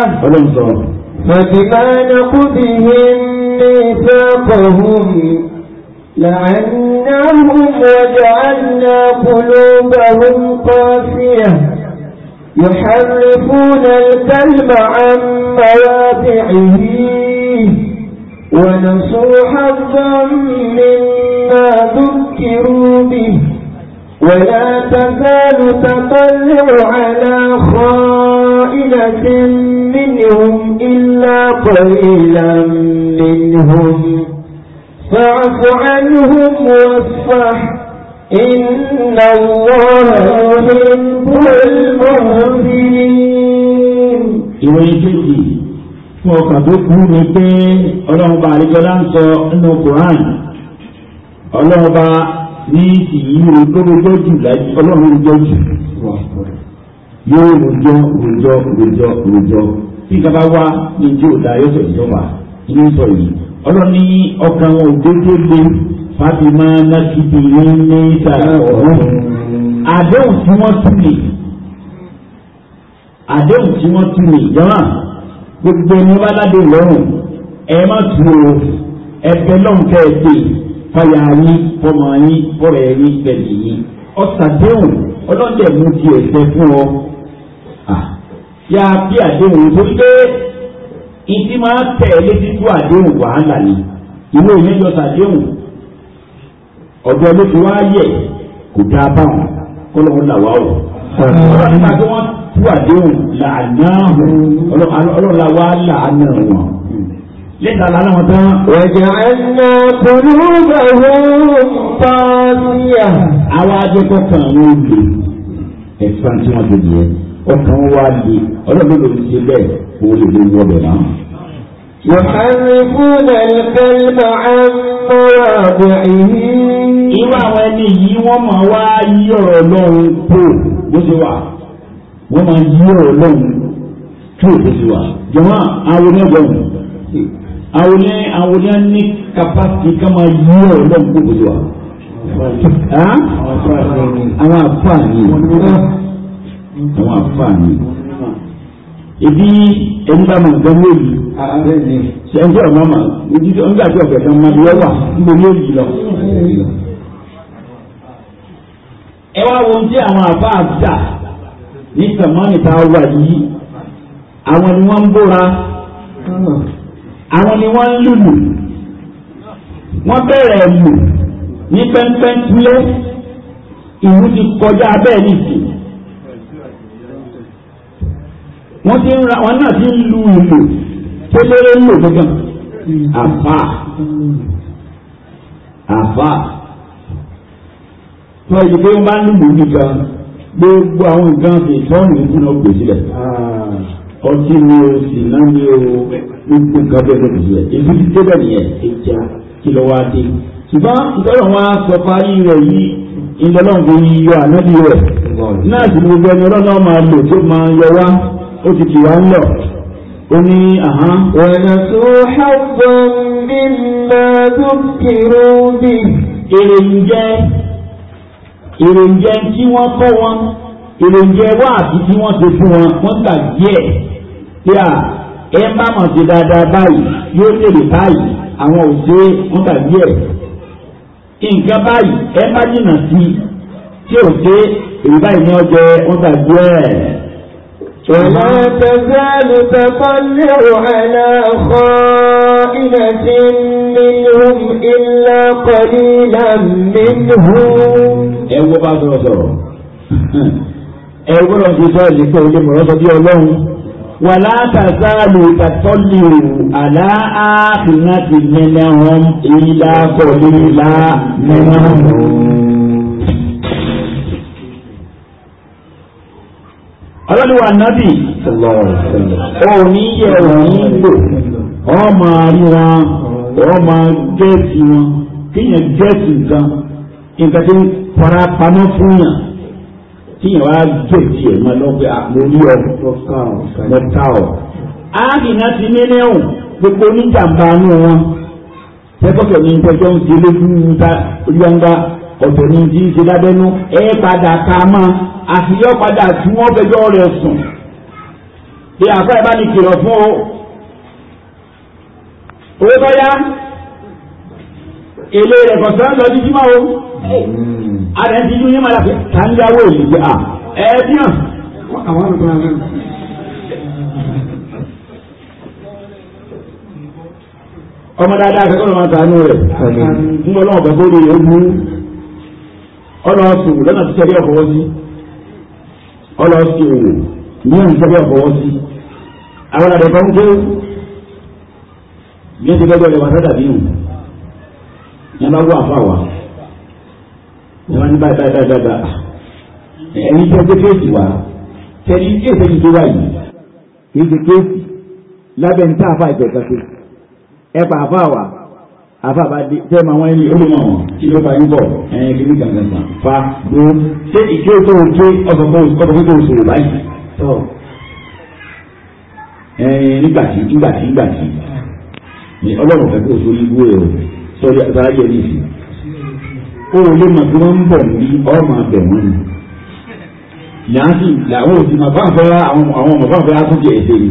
فبما نقضهم ميثاقهم لعناهم وجعلنا قلوبهم قاسية يحرفون الكلم عن مواضعه ونسوا حظا مما ذكروا به ولا تزال تطلع على خاص واحدة منهم إلا قليلا منهم فاعف عنهم واصفح إن الله يحب المحسنين ìròyìn kejì fún ọkàn tó kú ni pé ọlọ́run bá àlejòlá ń sọ nínú Quran ọlọ́run bá ní ìyí rẹ̀ gbogbo jù láti ọlọ́run jẹ́ jù yóò rojọ́ rojọ́ rojọ́ rojọ́ tí ìjọba wá ní ìjọ òdà yóò sọ ìjọba ilé sọ yìí ọlọ́ni ọkàn wọn ò dédé lé Fatima nákìdí ní sàrà ọ̀hún àdéhùn tí wọ́n tún lè àdéhùn tí wọ́n tún lè jọ́nà gbogbo ẹni wá ládé lọ́rùn ẹ má tu o ẹbẹ lọ́nkẹ́ ẹ dé fàyà yín fọmọ yín fọrẹ yín bẹ̀rẹ̀ yín ọ̀sàdéhùn ọlọ́dẹ̀ mú tiẹ̀ fẹ́ fún ọ. Ah. yá bí àdéhùn tó ń gbé ìdí máa tẹ̀lé títú àdéhùn wàhálà ni ìwé ìyẹ́jọ́ sàdéhùn ọjọ́ ló fi wá yẹ kò dáa báwọn kó lóun là wá o. ọ̀rọ̀ nípa tí wọ́n tú àdéhùn làánà ọlọ́ọ̀la wá làánà wọn. lẹ́tà lánàá wọn tán. ẹ̀jẹ̀ ẹ̀nà pẹ̀lú ìbẹ̀rù pàṣẹ. àwa adé kọkàn àwọn olè ẹ̀fọn tí wọ́n ti di yẹn ọkàn wa lè ọlọ́run ló ń ṣe bẹ́ẹ̀ kó lè lè wọ bẹ̀ náà. يحرفون الكلم عن مواضعه irú àwọn ẹni yìí wọ́n máa wá yí ọ̀rọ̀ lọ́hùn kó bó ṣe wà wọ́n máa yí ọ̀rọ̀ lọ́hùn kó bó ṣe wà jọ̀wọ́n àwọn onígbọ̀n àwọn ní àwọn ní ní kapásítì ká máa yí ọ̀rọ̀ lọ́hùn kó bó ṣe wà. àwọn àfáà yìí àwọn àfààní. Ebi ẹni bá mọ̀ nǹkan lórí. Ṣé ẹni tí ọ̀gá mà ojú tí ọ̀gá tí ọ̀gá kan máa lọ wà níbo lórí lọ. Ẹ wá wo tí àwọn àbá àgbà ní sàmánì tá a wà yìí. Àwọn ni wọ́n ń bóra. Àwọn ni wọ́n ń lùlù. Wọ́n bẹ̀rẹ̀ lù ní pẹ́ńpẹ́ńkulé. Ìlú ti kọjá bẹ́ẹ̀ nìsín wọ́n ti ń ra wọn náà ti ń lu ìlò tó lérè ń lò gbọ́ngàn àfà àfà tó ẹ̀jẹ̀ pé wọ́n bá ń lùlù nìkan gbogbo àwọn nǹkan fi tọ́ọ̀nù ìfúnná gbè sílẹ̀ ọtí ni o sì náà ni o gbogbo nǹkan bẹ́ẹ̀ ló gbè sílẹ̀ èyí ti dé nìyẹn ìjà kí ló wá dé ṣùgbọ́n ìtọ́lọ̀ wọn sọ parí rẹ̀ yìí ìlọlọ́ngbò yíyọ ànábì rẹ̀ náà sì gbogbo ẹni ọlọ́run máa lò tó máa yọ wá ó ti tì wá ń lọ ó ní àhán. wẹ̀nàtú ṣàbọ̀ mímọ́ dúkìrú bí. èròǹjẹ èròǹjẹ tí wọ́n kọ́ wọn èròǹjẹ wà àti tí wọ́n ti fún wọn wọ́n gbà díẹ̀ pé à ẹ má mọ̀ sí dáadáa báyìí yóò tèrè báyìí àwọn òṣèré wọ́n gbà díẹ̀ nǹkan báyìí ẹ má jìnnà sí tí òṣèré èyí báyìí ni ọjọ́ wọ́n gbà díẹ̀. ولا تزال تطلع على خائنة منهم إلا قليلا منهم ẹwọ́ bá sọ̀rọ̀ sọ̀rọ̀ ẹwọ́ lọ́sí sọ́ọ̀ lè pẹ́ olè mọ̀rọ́ sọ bí ọlọ́run wà látàzá lè tàtọ́lì àlàáfínà ti mẹ́lẹ́hàn ìlà kọ̀ọ̀lẹ́lá mẹ́lẹ́hàn. ọlọ́lùwà nábì òní yẹ òní lò wọ́n máa rí wọn wọ́n máa gẹ́ẹ̀tì wọn kíyàn gẹ́ẹ̀tì nǹkan nǹkan tí ń fara pamọ́ fún yàn kíyàn wá gẹ́ẹ̀tì ẹ̀ máa lọ pé àpò orí ọ̀ mẹ́ta ọ̀ áàgìnà ti nílẹ̀ ọ̀hún gbogbo oníjàmbá ní wọn tẹ́kọ̀tọ̀ ní ìtẹ́jọ́ ń ṣe lójú ìta orí ọ̀ǹda ọ̀tọ̀ ní ti ṣe lábẹ́nú ẹ̀ padà ká máa àfihàn padà tí wọ́n fẹjọ́ rẹ̀ sùn bí àfẹ́ bá ní kìlọ̀ fún o owó tó yá èlé rẹ̀ kọ̀sán lọ sí jímọ̀ o àrẹ ti yún yín máa dàpẹ́ ká ń dáwọ́ èyí pé à ẹ bí hàn àwọn àlùkò àlẹ́ ọmọ dáadáa akẹ́kọ̀ọ́ ló máa tàánú rẹ̀ ń bọ́ lọ́wọ́ bàbá olè yẹn bú ọlọ́ọ̀sùn lọ́nà tó ṣẹlẹ̀ ọ̀fọwọ́sí ọlọ sí òwò ní ìṣẹ́gbẹ́ ọ̀fọwọ́ sí àwọn àrẹ kan tó bí ó ti gbẹ́gbẹ́ rẹ̀ wà sọ́dà bí hùn ní bá wà fà wà ní wọ́n ní báyìí báyìí báyìí báyìí ẹni tó gbé kéèsì wá tẹ̀lé kéèsì yìí tó wà yìí kéèsì kéèsì lábẹ́ ní tá àfa ìjẹ̀kẹ́ sí ẹ pa afabade tẹ ma wọn ẹni ọmọ wọn kí ló fa yín bọ ẹn kí ní gangan kan fa do ṣé ìké tó o ké ọkọ̀kọ̀ tó o sòrò báyìí tọ ẹn nígbà tí nígbà tí nígbà tí ni ọlọ́run fẹ́ kó o sórí ibú rẹ o sọrí àtàlájẹ ní ìsìn o ò lè mọ̀ pé wọ́n ń bọ̀ ní ọmọ abẹ wọn ni yàtì làwọn òsì máa fáfẹ́ àwọn ọmọ fáfẹ́ akókè ẹ̀sẹ̀ ni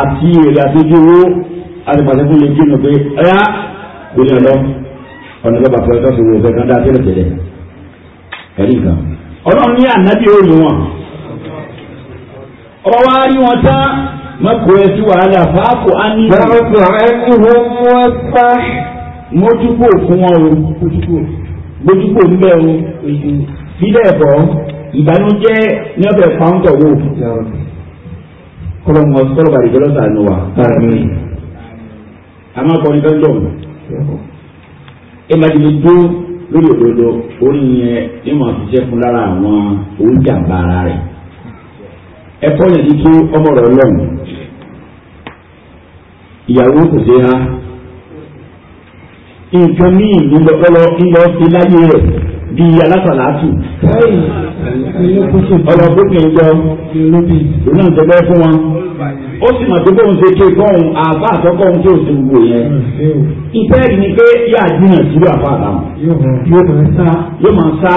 àti èrè àtòjú owó alùpàṣẹ fún mi kí ni pé ẹ̀yà kò ní ọlọ ọ̀nà lọ́ba fún ẹjọ́ fún òfin kan dá tẹ́lẹ̀ tẹ́lẹ̀ ẹ̀rí kan ọlọ́run ní ànábì ó lù wọn ọwọ́ wa rí wọn tán mọ́kò ẹ sí wàhálà fáàkù á ní. báwo ni ẹ ní wọn mú ẹ pa. mójúkò fún wọn o mójúkò mójúkò ń bẹ o bílẹ̀ bọ̀ ìbànújẹ́ ní ọbẹ̀ pàǹtọ̀ wò. kọ́lọ́ mọ́ sọ́lọ́ bàdìjọ́ lọ́sàn wa a máa kọrin tọ́jọ́ ọ̀nà ẹ bá ti lè dó lórí òdodo orin yẹn ní màá ṣiṣẹ́ fún lára àwọn oníjàmbá ara rẹ̀ ẹ kọ́ yẹn títú ọmọ rẹ̀ lọ́nà ìyàwó kò sí ha nǹkan míì ńlọpọlọ ńlọ sí láyé rẹ̀ bí alásàlátù ọlọ́gbọ́n kìí jọ òun náà ń tẹ́lẹ̀ fún wọn. ó sì mọ̀ pé bóun ṣe ké kọ́hún àbá àtọ́kọ́ ohun tí ò ti yẹn ìfẹ́ rí ni pé yóò àdínà sílùú àfa àdámù yóò máa sá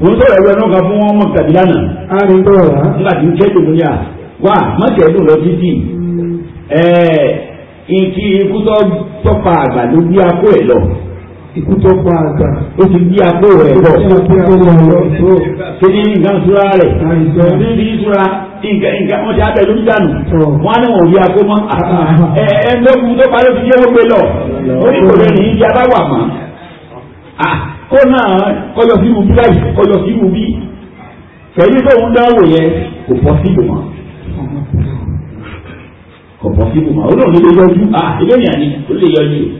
òun sọ̀rọ̀ ẹgbẹ́ náà fún wọn mọ̀ nígbà tí ń kẹ́dùn wá má lọ títì hmm. ẹ̀ẹ́ ìkí ikú tọ́pa àgbà bí ikú tó pa àgbà. ó ti gbé àpò rẹ̀ bọ̀. ó ti gbé àpò rẹ̀ bọ̀. ṣé ní nǹkan ìṣúra rẹ̀. ní ibi ìṣúra nǹkan nǹkan wọ́n ti abẹ́ lórí dànù. wọ́n á ní wọ́n rí àgbo mọ́. Ah, ah, ah. ẹ ẹ lókun tó parí fi jẹ́ wọ́n gbé lọ. ó ní kò lè ní ibi abáwà mọ́. kó náà kọyọ sí ibu bí láì kọyọ sí ibu bí. fẹ̀yí tó ń dánwò yẹn kò bọ́ sí ibù mọ́. kò bọ́ sí ibù mọ́. lè yọjú. ah ilé ìyàní ó lè yọjú.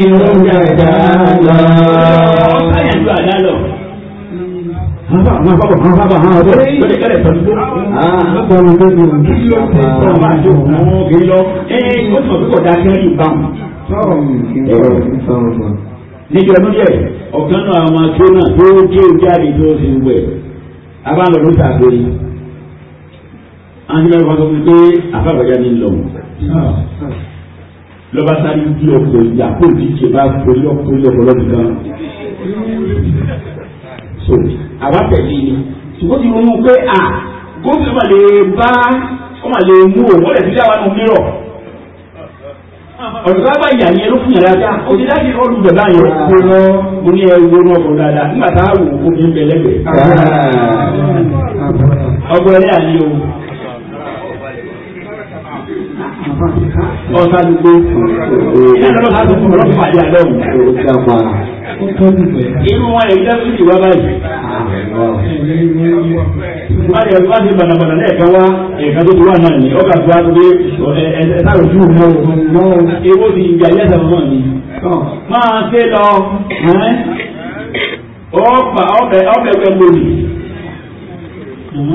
ju dada lọ. Káyà ju àdá lọ. Mọ̀fà mọ̀fà bọ̀ mọ̀fà bọ̀ hàn ọ̀dọ́. Lọ́dẹ̀ kẹ́lẹ̀ pẹ̀lú. Àá sọ̀rọ̀ ló di wọn. Kí ló ti sọ̀rọ̀ máa jó wọn kì í lọ? Ẹ ó sọ pé kọ̀dá kí wọ́n yìí bá wọn. Sọ̀rọ̀ mi kì í sọ̀rọ̀ sọ̀rọ̀. Níjọ́ ọdún díẹ̀, ọ̀kan náà àwọn akérò náà tó dé jáde tó ti wẹ̀. Abáàlọ́ ló tàgbé anjumẹ kọsọ fún mi pé àfàgbàjá ni lọ lọ́ba sáré bí ọkọ̀ ìyá kó ìdíje bá forí ọkọ̀ ilé ọkọ̀ lọ́dún kan. so àwa tẹ̀lé ni ṣùgbọ́n ti ronú pé à gómìnà máa lè bá ọmọ lè mú òun ó lè fi dáwà nù mírọ̀ ọ̀dọ̀ bá bá ìyá yẹn ló fún yàrá dá òde láti rọ́ọ̀lù bàbá yẹn kó lọ mo ní ẹrú wọn ọkọ̀ dáadáa nígbà tá a wò ó mi ń bẹ lẹ́gbẹ̀ẹ́. ọgbọ́n ẹlẹ́yà ọ̀sánilé irú wọn yẹ jẹ́ fúdì wá báyìí. wọ́n yẹ wá sí bànàbànà lẹ́ẹ̀kan wá ẹ̀ka tó ti wà náà ní ọkà tó wá tó dé ẹ̀ẹ́dẹ́gbẹ̀rún fún un. èwo ti ìjà yẹ́sẹ̀ mọ́ ni. máa ké lọ ọ̀pá ọ̀bẹ̀ ọ̀bẹ̀ wẹ̀ mọ́ni.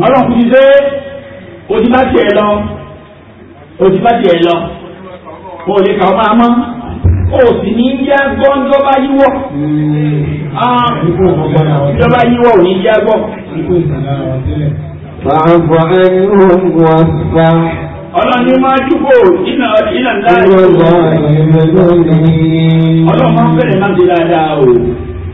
ọlọ́kùnrin ṣe o ti bá tiẹ̀ lọ òtí bá tiẹ̀ lọ kò lè kà ọ́ máa mọ́ kò sì ní yá gbọ́ ńjọba yíwọ́ ńjọba hmm. ah. yíwọ́ ò ní yá gbọ́. Fàáfà ẹnu wà fà. Ọlọ́ni máa dúpọ̀ iná iná ńlá yìí. Ọlọ́run máa ń fẹ́rẹ̀ máa ń ṣe dáadáa o.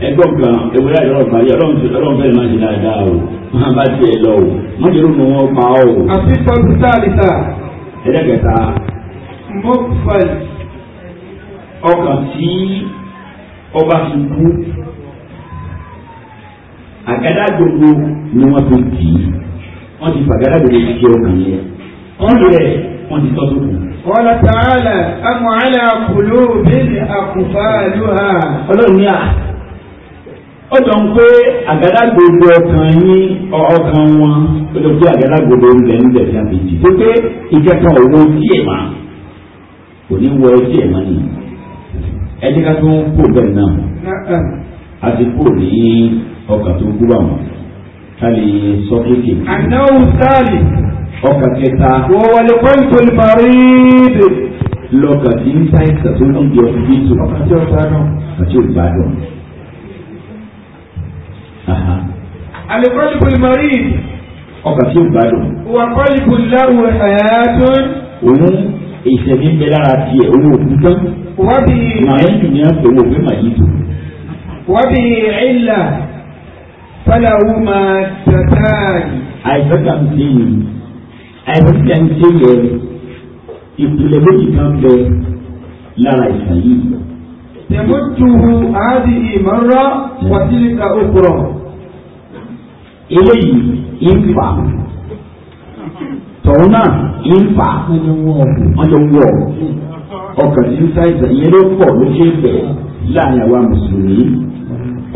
Ẹgbọ́n kan ewúrẹ́ àìlọ́rọ̀ parí ọlọ́run fẹ́rẹ̀ máa ń ṣe dáadáa o. Máa bá tiẹ̀ lọ o. Mọ̀jẹ̀rù ni wọ́n pa ọ́ o. Àfi pọ́ńtù sáà lè ta ẹlẹ́gbẹ̀ta mọ́fàl ọkàn tí ọba ṣubú àgádá gbogbo ni wọ́n tó dì í wọ́n ti fàgádá gbogbo ti jẹ́ ọkàn yẹn wọ́n lẹ̀ wọ́n ti tọ́ tó kù. Wọ́lá tààlà, àmọ̀ àlà kùlù bí àkùfà lóha. Ọlọ́run ní à ó jọ ń pé àgádágodo ọkàn yín ọkàn wọn ó jọ pé àgádágodo ńlẹ̀ ńlẹ̀ ní àbèjì tó pé ìkẹta òwò díẹ̀ mà kò ní wọ díẹ̀ mà ni ẹ ká tó ń kó bẹ́ẹ̀ náà a ti kó ní ọkàn tó kú bá wọn ká lè sọ kéèké. àná òsàlì. ọkàn kẹta. wọ́n wọlé pọ́ńtò ní paríìdì lọ́kàn tí ń sáyẹ́sì tó ń di ọ̀sibítù àti ọ̀gbádùn. alikọ́lùkù marid. ọkàn tí ó gbádùn. wà kọ́lùkù láwù ẹ̀yàtún. òun ìṣẹ̀lẹ̀ ń bẹ lára tiẹ̀ owó òkú tán. wábì. màáyìtù ni wọn pè wọ́n pé màáyìtù. wábì ìlà fàlàwù máa tàtààyè. àìsàn kan ṣe yìí àìsàn kan ṣe yẹ ìpìlẹ̀ méjì kan bẹ lára ìṣàn tẹ̀mọ́tù àádìí ìmọ̀ràn wàtílíkà òkúrọ̀ eléyìí ìfà tọ̀hún náà ìfà ọjọ́ wọ̀ ọkàn tí ń ṣàìsàn ìyẹn ló pọ̀ ló ṣe bẹ̀ láàrin àwa mùsùlùmí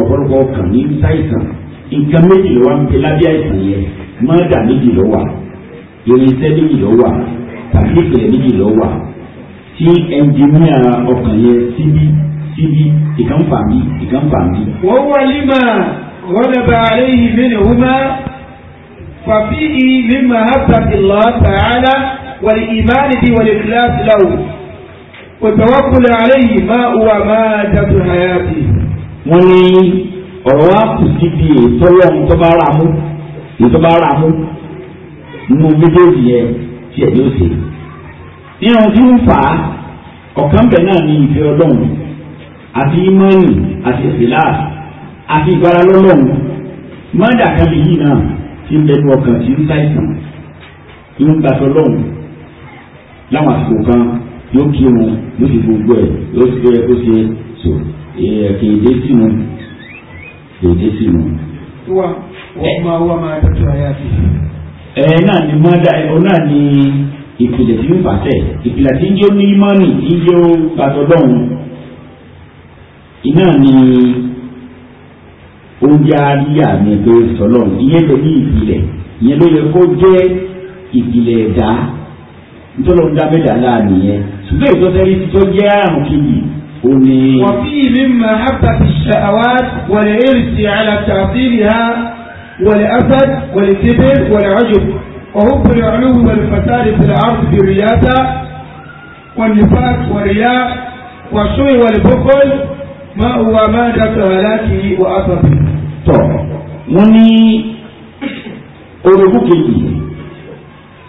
ọ̀pọ̀lọpọ̀ ọkàn ní ṣàìsàn nǹkan méjì ló wà ń pe lábẹ́ àìsàn yẹn mọ́dà méjì ló wà irinṣẹ́ méjì ló wà tàbí ìpìlẹ̀ méjì ló wà tí ẹnjìníà ọkàn yẹn síbí síbí ìkànfà mi ìkànfà mi. wọ́n wọlé máa. وجب عليه منهما ففيه من محبة الله تعالى والإيمان به والإخلاص له والتوكل عليه ما هو مادة حياته wọ́n ní ọ̀rọ̀ wa kù síbi ìtọ́lọ́ ìtọ́bára mú ìtọ́bára mú nínú méjèèjì yẹn tí ẹ̀ yóò ṣe. nínú tí ń fà á ọ̀kan bẹ̀ náà ní ìfẹ́ ọlọ́run àti ìmọ̀ọ́nì àti ìfìlà àti ìgbára lọ́lọ́run mọ́dà kábí yìí náà ti ń bẹnu ọkàn tí ń ṣàìsàn ló ń gbàtọ́ lọ́run láwọn àsìkò kan yóò kí wọn yóò sì gbogbo ẹ̀ yóò sì fẹ́ kó ṣe sọ kéde sí wọn kéde sí wọn. wà wọ́n máa wọ́n máa tọ́jú ayé àti. ẹ náà ni mọ́dà ẹ náà ni ìpìlẹ̀ tí ń fàtẹ̀ ìpìlẹ̀ tí ń jẹ́ onímọ́nì tí ń jẹ́ gbàtọ́ lọ́run iná ni ó yá rí àmì pé sọlọ́run ìyẹn lè ní ìpìlẹ̀ ìyẹn ló yẹ kó jẹ́ ìpìlẹ̀ ẹ̀dá nítorí ọ̀dá mẹ́ta láàánú yẹn ṣùgbọ́n ìtọ́sẹ́rí ti tó jẹ́ àrùn kejì ó ní. wọ́n fi ìlú mahabbat ash-shahawat wal irsi ala ta'tilha wal asad wal kibr wal ujub wa hubb al-'uluw wal fasad fil ard bi riyata wal nifaq wal riya wa shu'i wal bukhl máa wà máa dàtọ̀ láti wà á sọ̀tì. tọ́ wọ́n ní orogún kejì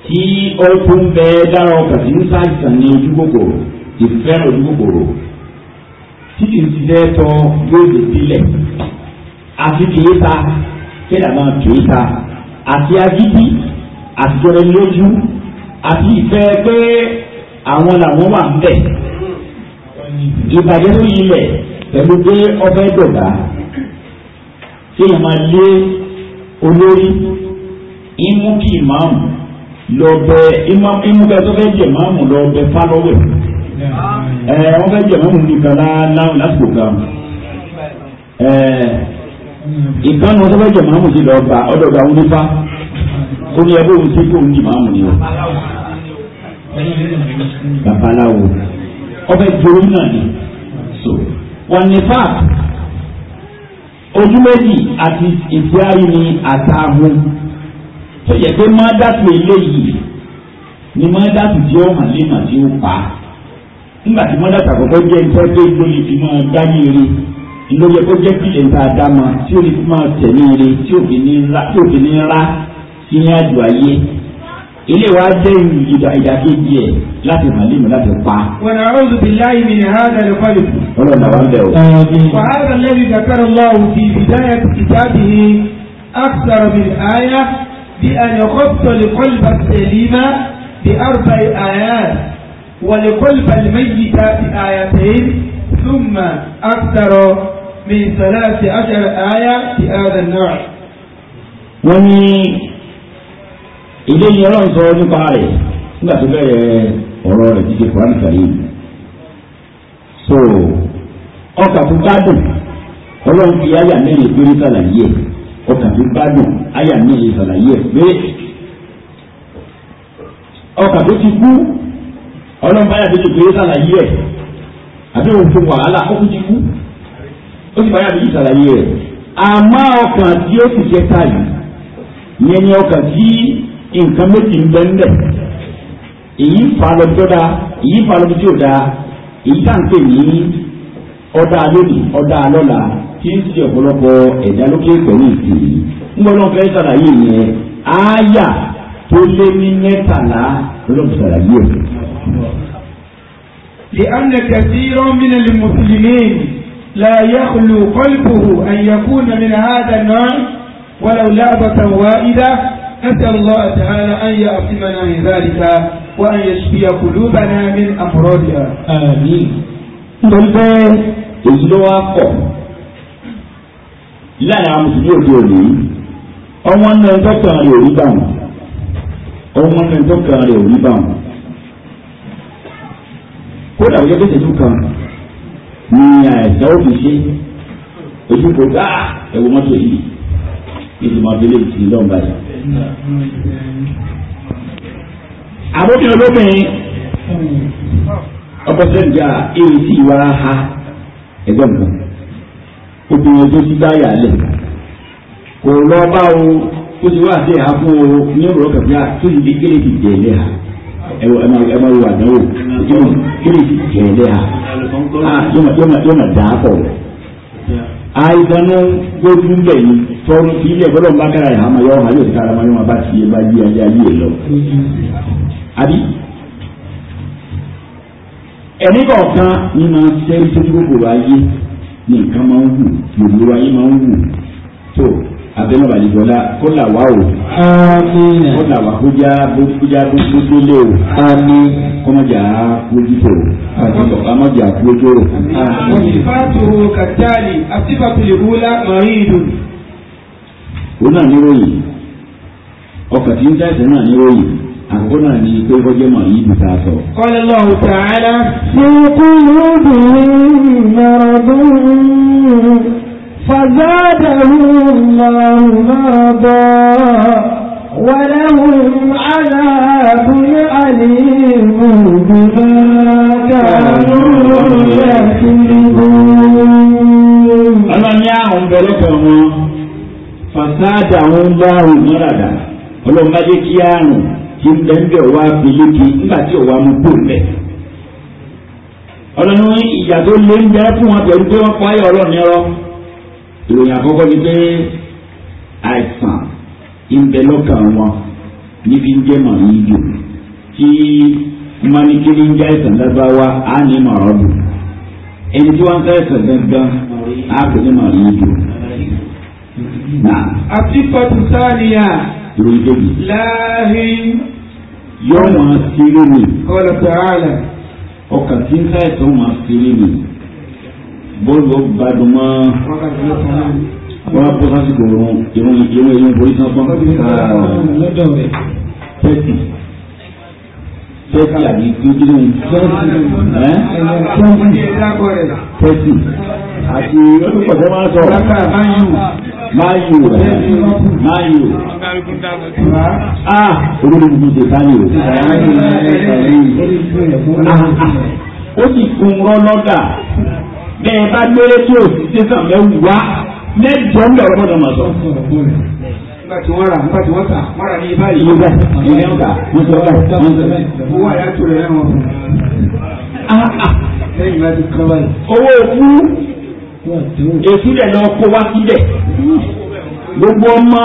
tí ọkọ̀ ń bẹ dára ọkọ̀ tí ń ṣàìsàn ní ojú kòkòrò ìfẹ́ ojú kòkòrò títí ti fẹ́ tọ́ yóò lè sílẹ̀ àti kìí ta kéèyàn máa kìí ta àti agídí àtijọ́rẹ́ lójú àti ìfẹ́ pé àwọn làwọn wà ń bẹ̀ ìbàjẹ́ tó yí lẹ̀ pẹ̀lú pé ọbẹ̀ dọ̀gba tí èèyàn máa lé olórí lọ bẹ ìmú bẹ tó fẹ́ jẹ ìmáàmù lọ bẹ fálọ́wẹ̀ ẹ wọ́n fẹ́ jẹ ìmáàmù nìkan lásìkò ẹ ìkànnì wọn tó fẹ́ jẹ ìmáàmù sí lọ gba ní ẹgbẹ́ òun ni o ọbẹ̀ náà wọnifak ojú méjì àti ìfúráyì ni àtàwọn tó yẹ pé mọ́dàtú eléyìí ni mọ́dàtú tí ó hàn lẹ́nà tí ó pa nígbà tí mọ́dàtú àkọ́kọ́ jẹ́ nǹkan tó lóye fi máa dáyé rè lórí ẹ̀kọ́ jẹ́ kílẹ̀ ń ta dáma tí ó lè fi máa tẹ̀lé rè tí ò fi ní rá ìrìn àjò ayé ilé wa jẹ́ ìdá ìdákéjì ẹ̀ láti màlímù láti pa. wọn àwọn olùbíláyì mi ní hàdà lè kọ́ lùkù. ọlọ́run náà wà ń bẹ̀ o. wà á rà lẹ́bi zakar lọ́wọ́ fi ìdáyà ìjáde ní aksara bin aya bí ànyàkọ́tọ̀ lè kọ́lùbà sẹ̀límà bí arba àyà wà lè kọ́lùbà lẹ́yìíta bí àyà tẹ̀yìn súnmà aksara min sàlá ti àṣàrà àyà bí àdà náà. wọ́n ní èdè yìí ọlọ́run sọ nípa rẹ̀ nígbà tó bẹ̀rẹ̀ ọ̀rọ̀ rẹ̀ jíjẹ kúránì kàlíyìn so ọkà tó gbádùn ọlọ́run fi àyà mẹ́rin péré sàlàyé ẹ̀ ọkà tó gbádùn àyà mẹ́rin sàlàyé ẹ̀ péré ọkà tó ti kú ọlọ́run báyà méjì péré sàlàyé ẹ̀ àbí òun fún wàhálà ó ti kú ó sì báyà méjì sàlàyé ẹ̀ àmọ́ ọkàn tí ó ti jẹ́ táyì yẹn ni ọkàn tí nǹkan méjì ń bẹ ń bẹ èyí fa lọ tó dáa èyí fa lọ tó dáa èyí tá à ń pè ní ọ̀dà lónìí ọ̀dà lọ́la tí ń ṣe ọ̀pọ̀lọpọ̀ ẹ̀dá lókè pẹ̀lú ìsìn yìí ń bọ́ lọ́n fẹ́ ṣàlàyé yẹn ááyà tó lé ní mẹ́tàlá lọ́n ṣàlàyé ẹ̀. bí anna kathiran mina al-muslimin la yakhlu qalbuhu an yakuna min hadha an-nar walaw la'batan wa'ida. نسأل الله تعالى أن يعصمنا من ذلك وأن يشفي قلوبنا من أمراضها آمين tọ́lẹ́ òjìlówá pọ̀ láàrin àwọn mùsùlùmí òde òní ọmọ náà ń tọ́ka rẹ̀ òrí bà wọ́n ọmọ náà ń tọ́ka rẹ̀ òrí bà wọ́n kódà òjò bẹ́sẹ̀ tó kan ní àìsàn òfin ṣe ojú kò dá ẹ̀wọ̀n mọ́tò yìí ní ìdìbò abẹ́lé ìtì lọ́nba àbókin olóbìnrin ọkọ sẹ́ńdà èyí tí ìwà ha ẹgbẹ́ nǹkan obìnrin ojú ti bá yà kò lọ bá o ti wá fún o ní kẹfìlá tó ti di ha ẹ máa wo àdánwò kílè ti ya na ha ah, yóò máa dáa pọ̀ rẹ̀. àìdáná gbójú ń bẹ̀ ni tọrọ ti ilé ẹ̀fọ́ lọ́nà ọha yà á máa yọ ọ́ àyè òsìkà àràmọ́ yọ̀ọ́ bá ti yé bá yé ayé ayé lọ. àbí ẹni kọ̀ọ̀kan ni máa ni nǹkan máa ń abẹ́lẹ̀ bàlẹ́jọ́lá kó là wá o. àmín. kó là wá kó já kó já kó délé o. àmín. kó má jà kójú tó o. àmín. kó má jà kójú o. àmín. wọ́n ti fàtúrò kàtàlì àtìfàtúlè wúlá mọ̀rìndùn. ó náà níròyìn ọkàn tí ń dá ẹ̀sẹ̀ náà níròyìn àkókò náà ni pé kọjá mọ̀ yìí ti ta sọ. Qala Allahu ta'ala. ṣé kúló bìnrin mọ̀rọ̀ bẹ́ẹ̀. فزاده الله مرضا ولهم عذاب أليم بما كانوا يكذبون ọlọ́run bá òun mọ́ràdà kí àrùn tí ń wá fi nígbà tí mú lẹ̀. ọlọ́run ìyà tó lé ń jẹ́ fún wọn pẹ̀lú pé wọ́n ọlọ́run ìròyìn àkọ́kọ́ ni pé àìsàn ìbẹ̀lọ́kàn wọn níbi ń jẹ́ màmí ìdò tí mmanikiri ń jẹ́ àìsàn lágbáwá á ní màrọ́ dùn ẹni tí wọ́n ń sẹ́sẹ̀ gangan á pè ní màmí ìdò. àti pàtó sáàníyà. láàrin. yóò máa ṣeré mi. ọlọ́pàá tí ń sáyẹ̀ tó máa mi bọ́ọ̀lù ó gbádùn mọ́ wọ́n á bó sásìkò òun ìrún ìrún ìrún borí sáfọ́n tẹ́tì tẹ́tì àbí gbígbínú tẹ́tì àti olùkọ́sẹ́ máa sọ máyù rẹ̀ máyù ah olórí mi ti sáyù ah, ah. ó sì kún rọ́ lọ́dà bẹ́ẹ̀ bá gbélé tó òsì sísan mẹ́wù wá mẹ́jọ ń bẹ̀rẹ̀ bọ́dọ̀ mọ̀ ah, ah. owó òkú èsù rẹ̀ lọ kó wá síbẹ̀ gbogbo ọmọ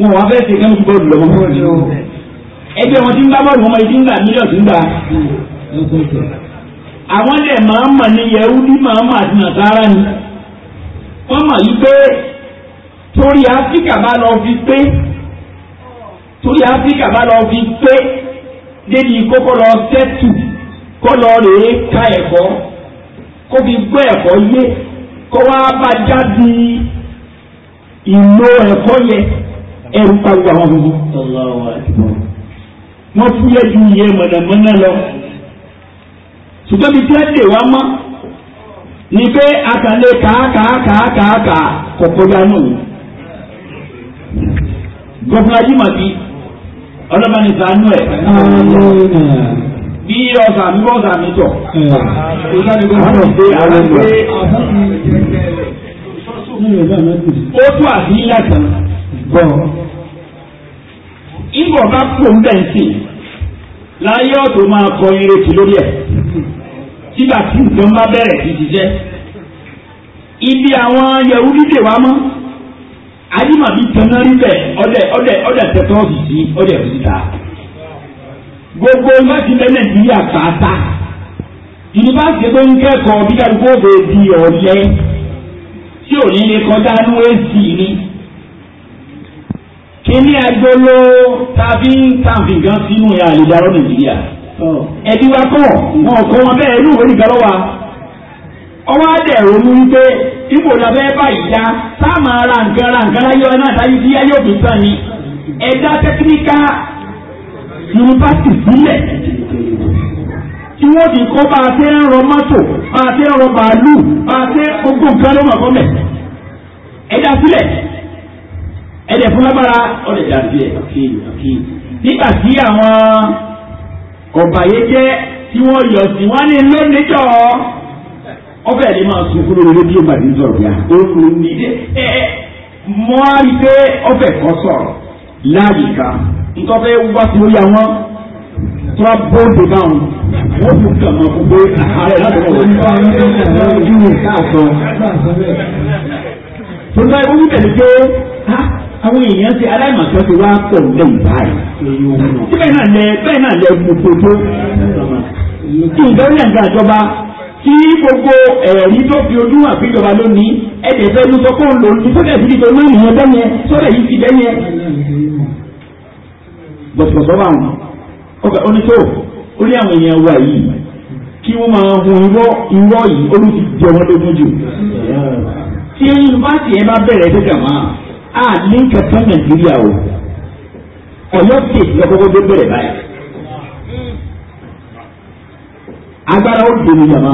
wọn wá fẹ́ ṣe kẹ́mi bọ́ọ̀lù lọ́wọ́. ẹgbẹ́ wọn ti ń gbá bọ́ọ̀lù wọn mọ ibi ń gbà mílíọ̀nù ń gbà àwọn lè máa mọ̀ ní yẹ̀wúdí máa mọ̀ àti nàzára ni wọ́n mọ̀ yí pé torí áfíríkà bá lọ fi pé torí áfíríkà bá lọ fi pé débi kókó lọ sẹ́tù kó lọ rèé ka ẹ̀kọ́ kó fi gbọ́ ẹ̀kọ́ yé kó wá bá jáde ìlò ẹ̀kọ́ yẹ ẹ̀rù pariwo àwọn wọ́n fúyẹ́ ju iye mọ̀nàmọ́ná lọ nítorí tí wọ́n dè wá mọ́ ni pé àtàlẹ́ kàákàákàákàá kò kọjá nù. gọ́fúnà ọlọ́mọdé sànú ẹ̀ bí ọ̀sán mi bọ́ mi tọ̀ ó tún àfihàn kan gbọ́ ìgbọ̀ bá kó ń bẹ̀ ń sìn láyé ọ̀tún máa kọ ireti lórí ẹ̀ sígbà tí nǹkan bá bẹ̀rẹ̀ sí ti jẹ́ ibi àwọn yahudi dè wá mọ́ ayimabi tẹ̀lé rí bẹ́ẹ̀ ọdẹ ọdẹ ọdẹ tẹ̀tọ́ ọ̀sìsì ọdẹ òsìta gbogbo yunifásitì nàìjíríà pàápà yunifásitì tó ń kẹ́kọ̀ọ́ bí kálukú òde di ọ̀lẹ́ tí ò ní lè kọjá ní èsì ni kíní agolo tàbí tàbí gan sínú ìhàlẹ̀ ìdárọ̀ nàìjíríà. ẹbí wa kọ̀ wọn kọ́ wọn bẹ́ẹ̀ inú ìwé nìkan lọ́wọ́ ọwọ́ adẹ̀rù ń wípé ibò làbẹ́ báyìí dá ara nǹkan ara nǹkan láyé ọ̀nà àtàyè tí yáyé òbí sàn ni ẹ̀dá tẹkíníkà yunifásitì tí ti bá a ti ń rọ bá a ti ń rọ bàálù bá a ti gbogbo nǹkan ló kọ̀bàyé jẹ́ tí wọ́n yọ̀ sí wọ́n ní lónìjọ́ ọbẹ̀ yẹn máa sun kúrò lórí bí ìgbà tí ń sọ̀rọ̀ bíi àkókò ní ilé ẹ mọ́ á rí pé ọbẹ̀ kọ́ sọ̀rọ̀ láàyè kan nǹkan fẹ́ wá sí orí àwọn tó bá bóde báwọn wọ́n fi kàn mọ́ gbogbo ààrẹ látọ̀rọ̀ wọ́n. tó ń bá ewu bẹ̀rẹ̀ pé ah, àwọn èèyàn ti aláìmọ̀tọ́ ti wá pọ̀ lẹ́yìn báyìí tí bẹ́ẹ̀ náà lẹ bẹ́ẹ̀ náà lẹ gbogbo tó tí ìdánwò yàn ga ìjọba tí gbogbo ẹ̀rí tó fi ojú hàn fi ìjọba lónìí ẹ̀jẹ̀ fẹ́ ló sọ pé òun lòun ti sọ́dẹ̀ sí ìjọba náà nìyẹn bẹ́ẹ̀ yẹn sọ́dẹ̀ yìí ti bẹ́ẹ̀ yẹn. bọ̀sibọ̀sọ́ bá wọn ọkọ̀ onítò ó ní àwọn èèyàn wa yìí kí wọ́n máa hun irọ́ irọ́ yìí olú ti jẹ wọn lógún jù tí yunifásitì yẹn bá bẹ̀rẹ̀ dé kàmáà a ní kẹfẹ́ nàìjíríà o ọ̀yọ́ sì lọ́kọ́kọ́ tó bẹ̀rẹ̀ báyìí. agbára ó dè mí jàmá.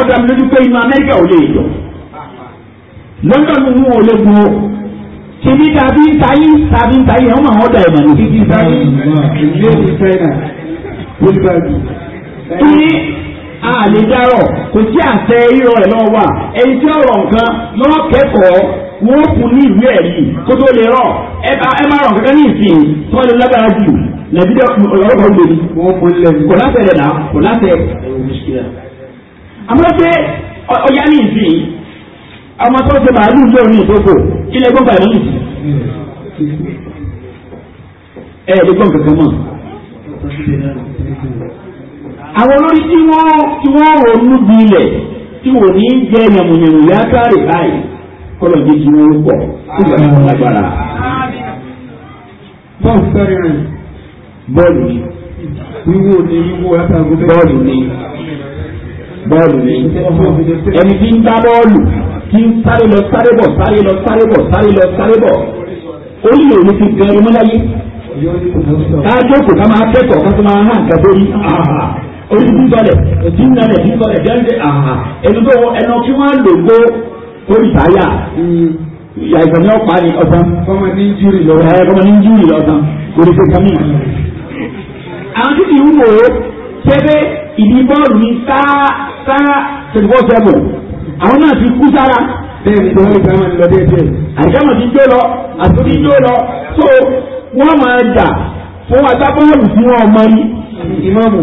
ọ̀dà mi lójú pé inú amẹ́ríkà ò lè jọ london ń wọ́n ò lè gun o tìbí tàbí ntayí tàbí ntayí ọmọ àwọn ọ̀dà ìmọ̀ nìyí. tìbí tàbí ilé ìfẹ́ náà. torí a lè dárọ̀ kò sí àṣẹ irọ́ rẹ̀ náà wà ẹni tí ọ̀rọ̀ nǹkan lọ́wọ́ kẹ́kọ̀ọ́ wọ́n fún ní ìwé ẹ̀rí kó tó lè rọ̀ ẹ máa rọ̀ kankan ní ìsìn tí wọ́n lè lágbára jù nàìjíríà ọ̀rọ̀ kan lè ní wọ́n fún lẹ́nu kò láṣẹ rẹ̀ náà kò láṣẹ. àmọ́ pé ọ̀yá ní ìsìn ọmọ tó ṣe màálù ló ní ìdókò ilé gbọ́ngàn ìlú nìsín. ẹ ẹ lè gbọ́n àwọn olórí tí wọ́n tí wọ́n ronú bí ilẹ̀ tí wọ́n ní jẹ́ yàmùyàmù látàrí báyìí kọ́lọ̀ jẹ́ kí wọ́n pọ̀ tó gbà ní wọn lágbára. bọ́ọ̀lù fẹ́rẹ̀ rẹ̀. bọ́ọ̀lù ni. wíwò ni wíwò látàgò bẹ́ẹ̀. bọ́ọ̀lù ni bọ́ọ̀lù ni ẹni tí ń gbá bọ́ọ̀lù tí ń sáré lọ sáré bọ̀ sáré lọ sáré bọ̀ sáré lọ sáré bọ̀ orí òní ti bẹ̀rù mọ́láyé. ká jókòó ká máa kẹ́kọ̀ọ́ ká tó máa hàn kàdórí orí ti balẹ̀ ti ń nalẹ̀ ti ń balẹ̀ jẹ́rìndẹ̀ àhà ẹni tó ẹnu kí wọ́n lò gbó orí táyà àìsàn ní ọ̀pá ni ọ̀sán. kọ́mọ ní júrì lọ. ẹ kọ́mọ ní júrì lọ ọ̀sán orí ti kàmí. àwọn tí kì í wò ó ṣẹ́fẹ́ ìdí bọ́ọ̀lù ní sáà sáà twenty four seven àwọn náà ti kú sára. bẹ́ẹ̀ni tí wọn lè fẹ́ràn lọ déédéé. àìsàn ti jó lọ àti ti jó lọ tó wọn máa jà fún agbábọ́ọ̀lù tí wọn mọ ní ìmáàmù.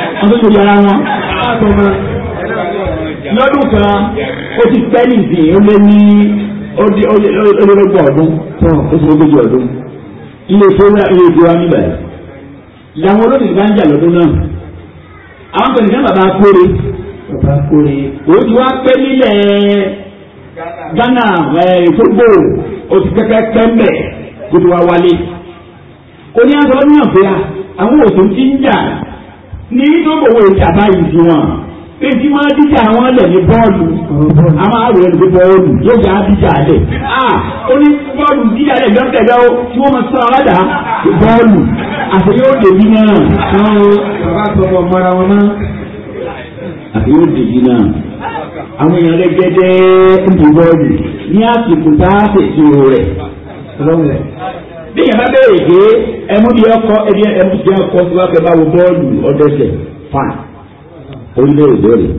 àtúntò yàrá wọn lọ́dún kan ó ti pẹ́ nìsín ó lé ní olórúgbọ̀n ọdún ó ti ogójì ọdún ilé ìfowópamọ́ níbẹ̀ làwọn olóṣèlú bá ń jà lọ́dún náà àwọn kan nìkan bàbá kóre bàbá kóre òun ti wá pẹ́ nílẹ̀ Ghana ìfúgbò oṣù kẹ́kẹ́ pẹ́ńbẹ̀ kó ti wá wálé kò ní àtọ́lọ́dún náà fẹ́ ya àwọn òṣèlú ti ń jà ní ìdókòwò ìjàmbá yìí sí wọn èyí máa díjà àwọn ẹlẹ̀ ní bọ́ọ̀lù àwọn àrùn ẹni bọ́ọ̀lù yóò jẹ́ àdíjà alẹ̀ ó ní bọ́ọ̀lù díjà alẹ̀ yóò tẹ̀lé o tí wọ́n máa sọ aládà bọ́ọ̀lù àti yóò dèbí náà. àwọn bàbá àtọmọ mara wọn náà. àti yóò dèbí náà àwọn èèyàn rẹ gẹ́gẹ́ ń bu bọ́ọ̀lù ní àsìkò tá a ṣètò rẹ̀ bí yẹn bá bẹ̀rẹ̀ pé ẹmu di ọkọ ẹni ẹmu di ọkọ tí wọn kẹ bá wo bọ́ọ̀lù ọdẹsẹ̀ fan ó lé ìbéèrè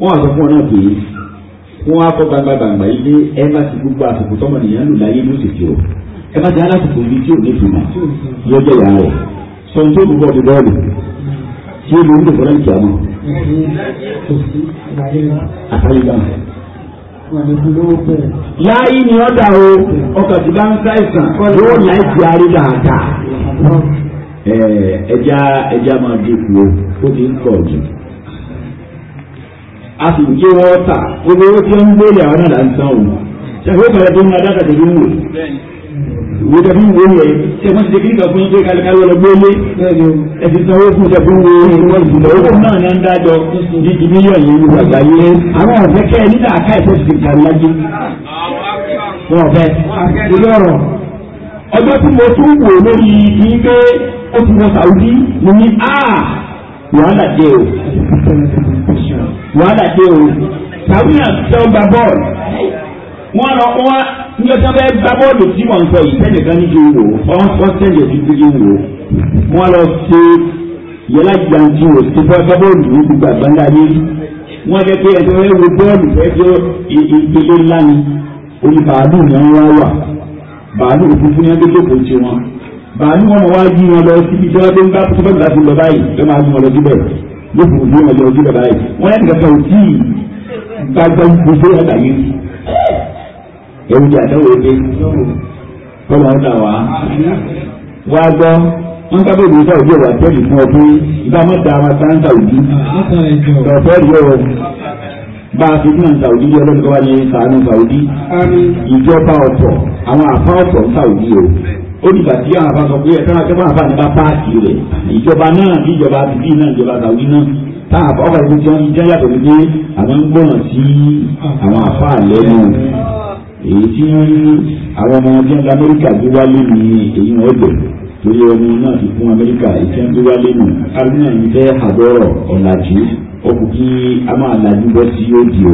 wọn àti fún ọ náà pé wọn á gbangba gbangba yìí ní ẹ má ti gbogbo àsìkò tọmọ nìyẹn lò láyé ló sì fi o ẹ má ti alásìkò yìí tí ò ní fi mọ jẹ ìyá rẹ sọ ní tó dùbọ̀ ọdún bọ́ọ̀lù tí ó lè ń dùbọ̀ lẹ́yìn tí àtàlẹ́ gbàgbọ́. láyé ni ọ dà o ọkọ̀ tí bá ń ṣàìsàn yóò dáadáa. ẹja ẹja o ó ti ń jù a sì ń gé wọ́n gbogbo owó tí wọ́n ń àwọn náà là ń san o ṣàfihàn tó ń wo tẹ fi wo yẹ sẹfọn ti kiri ka fún ṣe kálí kálí wọlé gbélé ẹsì sanwó fún tẹ fún wo owó náà ní ń dájọ ní ti mílíọ̀nù yìí wà gbáyé àwọn ọ̀fẹ́ kẹ́ ẹ nígbà aká ẹ̀fọ́ ti kàrí lájé wọn ọ̀fẹ́ ìlú ọ̀rọ̀ ọjọ́ tí mo tún wò lórí ní pé ó ti wọ sàwùdí mo ní a ah, wàhálà o o wọ́n lọ wọ́n ní ọjọ́ bẹ́ẹ̀ gbá bọ́ọ̀lù tí wọ́n ń sọ yìí sẹ́nìkan ní kí n wò wọ́n sọ sẹ́nìkan ní kí n wò wọ́n lọ ṣe yẹlá jantí o ti fọ́ gbá bọ́ọ̀lù ní gbogbo àgbáńlá yé wọ́n jẹ́ pé ẹjọ́ ẹ wo bọ́ọ̀lù fẹ́ jẹ́ ìpele ńlá ni orí bàálù náà wá wà bàálù òfurufú ní ẹgbẹ́ tó kò ń ṣe wọn bàálù wọn wá yí wọn lọ síbi tí wọ́n bá tó bá gbàgbé lọ báyìí lọ́ máa yí wọn lọ síbẹ̀ lófurufú wọn lọ síbẹ̀ báyìí wọ́n yẹn nìkan kan ò tíì gbàgbọ́ gbogbo àgbáyé ewu ti àdánwò ebi kọ́lá ń dà wá. wá gbọ́ wọ́n ká bèbè ìta òjò wà tẹ́lì fún ọ pé ìbá mẹ́ta ara ta ń ta òjì. ọ̀fẹ́ yọ ọ bá a fi fún ọ̀n sàwùdí yọ lọ́dún kọ́wá ní sàánú sàwùdí. ìjọba ọ̀tọ̀ àwọn àfa ọ̀tọ̀ ń sàwùdí o. ó ní bàtí àwọn àfa sọ pé ẹ̀ka àjọba àfa nípa páàkì rẹ̀ ìjọba náà ìjọba bíbí náà ìjọba sàwùdí náà táà ọkọ̀ ìgbésí wọn ti jẹ́ yàtọ̀ wípé àwọn ń gbọ́nà èyí tí àwọn ọmọ tí wọn gba amẹ́ríkà bí wálé ní èyí ndị gbẹ torí ọmọ náà ti fún amẹ́ríkà gụwa tí wọn bí wálé nù arúgbó yìí fẹ́ àgọ́rọ̀ ọ̀làjú ọkùn kí a máa làjú bọ́ sí òdì o.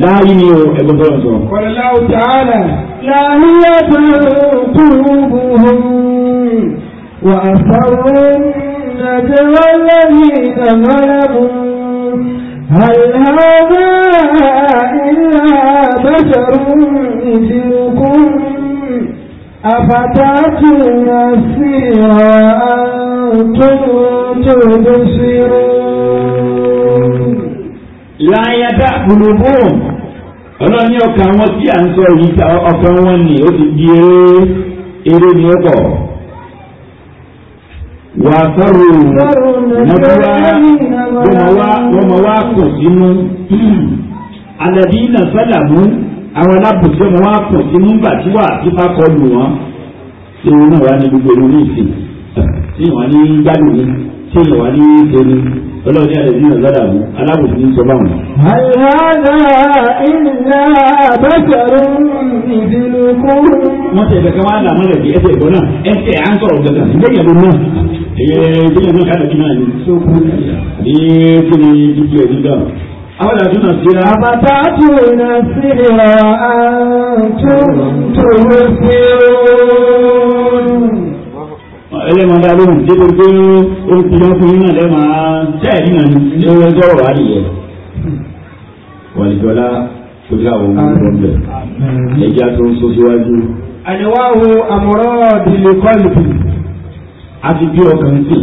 láàyè ni o ẹgbẹ́ bọ́lá sọ. هل هذا إلا بشر مثلكم أفتأتون السير وأنتم تبصرون لا يدع قلوبهم ọlọ́run ní ọkàn wọn tí à ń sọ yìí wàásọ̀rọ̀ nàdúrà wọ́mọ wá pọ̀ sínú alẹ́bí náà fẹ́lá mú àwọn alábùsí ọmọ wá pọ̀ sínú gbà tí wà fífa kọ lù wọ́n tí wọ́n náà wá ní gbogbo ìlú ní ìsìn tí wọ́n ní gbádùn tí wọ́n ní ìsìn ọlọ́run ní àdébí náà lọ́dà mú alábòsí ní sọ́bà wọn. àyàdá ìlà àbẹ́sẹ̀rọ̀ ìdílé kún. wọ́n tẹ̀ ẹ̀fẹ̀ wọn àdàmọ́ rẹ̀ bí ẹsẹ̀ ìbọn náà ẹsẹ̀ à ń sọ̀rọ̀ gbẹ̀gbẹ̀ ìgbéyàwó náà ìgbéyàwó náà kàdàkì náà ní sókú ní kíni dídú ẹ̀ dídá. àwọn àdàtú náà sí ra. àbàtà tó na sí ra àtúntò sí ẹlẹ́mọ̀ dá lóhùn débi pé ó ti lọ́ fún iná lẹ́mọ̀ á sẹ́ẹ̀dì náà ní lórí ẹjọ́ ọ̀rọ̀ àdìyẹ. wàlìjọ́lá kójú àwọn ọmọ ọdún bẹ̀ ẹja tó ń so síwájú. àníwáwo àmọ̀rọ̀ ìdílé kọ́lùkù. a ti gbé ọkàn sí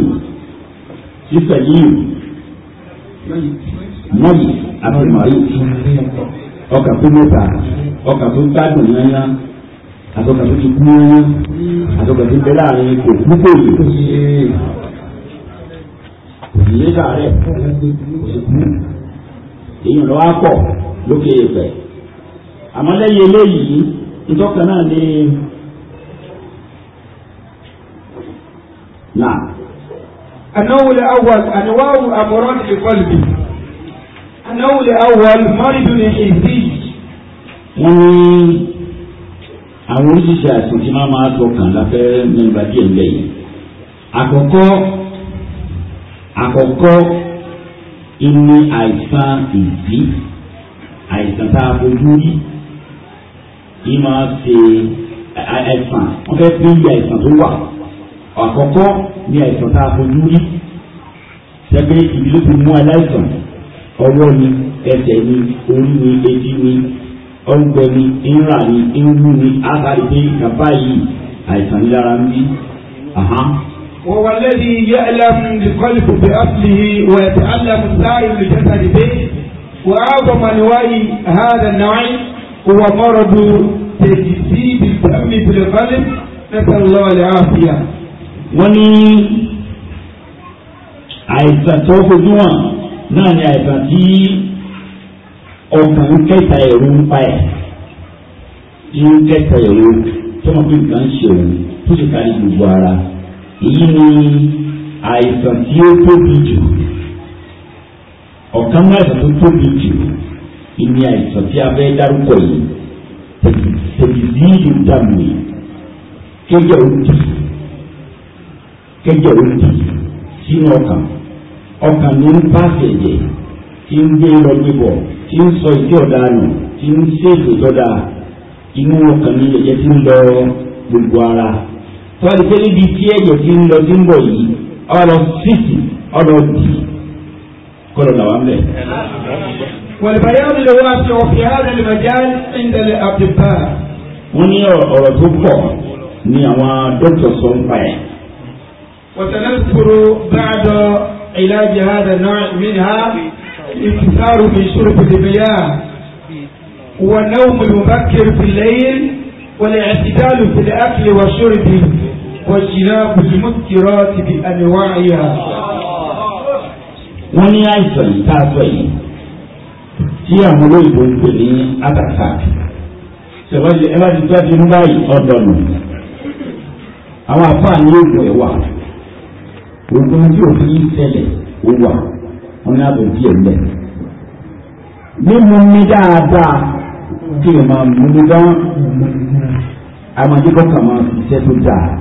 sísẹ yìí mọ́yì àti màrí ọkàn tó mẹ́ta ọkàn tó gbádùn yányá àtọkàtà ti kú àtọkàtà ti bẹ láàrin kò púpọ̀ yìí òyìnbó sàárẹ̀ èèyàn lọ́wọ́ pọ̀ lókè ìfẹ́ àmọ́ lẹ́yìn eléyìí ntọ́ka náà ni náà. النوع الأول أنواع أمراض القلب النوع الأول مرض حسي àwọn oríṣiríṣi àìsàn tí máa máa tọkàn lábẹ́ mẹ́ta díẹ̀ ńlẹ̀ yìí. àkọ́kọ́ àkọ́kọ́ ìní àìsàn ìdí àìsàn tá a fojú rí ìmọ̀ ṣe àìsàn wọ́n fẹ́ pín iye àìsàn tó wà àkọ́kọ́ ní àìsàn tá a fojú rí sẹ́gbẹ́ ìdílé ti mú aláìsàn ọwọ́ ni ẹsẹ̀ ni orí ni etí ni ọ̀nbẹ ni ìnra ni ìlú ni ákàrí pé kàbá yìí àìsàn ní lára ń bí. wọ́n wà lẹ́ni yẹ ẹlẹ́mu ní kọ́lìkù bí ọ́fìlì wọ̀ ẹ̀tẹ̀ ẹlẹ́mu sáàyè lè jẹ́ta dìde wọ́n á bọ̀ mọ̀nìwáyì hàdà náà wọ́n mọ̀rọ̀ du tèjì sí bìtẹ́mì bìlẹ̀kọ́lì nẹ́tẹ̀ lọ́ọ̀lẹ̀ àfíà. wọ́n ní àìsàn tó fojú wọn náà ni àìsàn tí ọkàn kẹta ẹ̀rù ń pa ẹ̀ inú kẹta ẹ̀rù tọ́mọ pé nǹkan ń ṣe òun tó sì kárí gbogbo ara èyí ni àìsàn tí ó tóbi jù ọ̀kan náà àìsàn tó tóbi jù ìní àìsàn tí a fẹ́ dárúkọ yìí tẹ̀sí sí ìlú dàmì kéjọ òdì kéjọ òdì sínú ọkàn ọkàn ló ń bá fẹ̀jẹ̀ tí ń gbé lọ níbọ̀ tí ń sọ ìdí ọ̀dà nù tí ń ṣètò tọ́da inú ọkàn mi ẹ̀jẹ̀ ti ń lọ gbogbo ara. tọ́wádìí pé níbi tí ẹ̀jẹ̀ ti ń lọ sí ń bọ̀ yìí ọ̀rọ̀ sísì ọ̀rọ̀ dì kọ́lọ̀ làwọn ń wọ́n ní ọ̀rọ̀ tó pọ̀ ni àwọn dókítà sọ ń pa ẹ̀. وسنذكر بعض علاج هذا النوع منها الاكثار من شرب المياه والنوم المبكر في الليل والاعتدال في الأكل والشرب واجتناب المسكرات بأنواعها wọ́n ní àìsàn yìí tá a sọ yìí tí àwọn olóyìnbó ń pè ní abasa ṣèwádìí ẹ bá ti tó àti inú báyìí ọ̀dọ̀nù àwọn àfáà ní oògùn ẹ̀wà oògùn tí òfin ń ṣẹlẹ̀ ó wà wọn ní àbò díẹ̀ lẹ̀. mímu mi dáadáa kí lè máa mú mi dán amadikọ kan máa ṣiṣẹ́ tó dáa.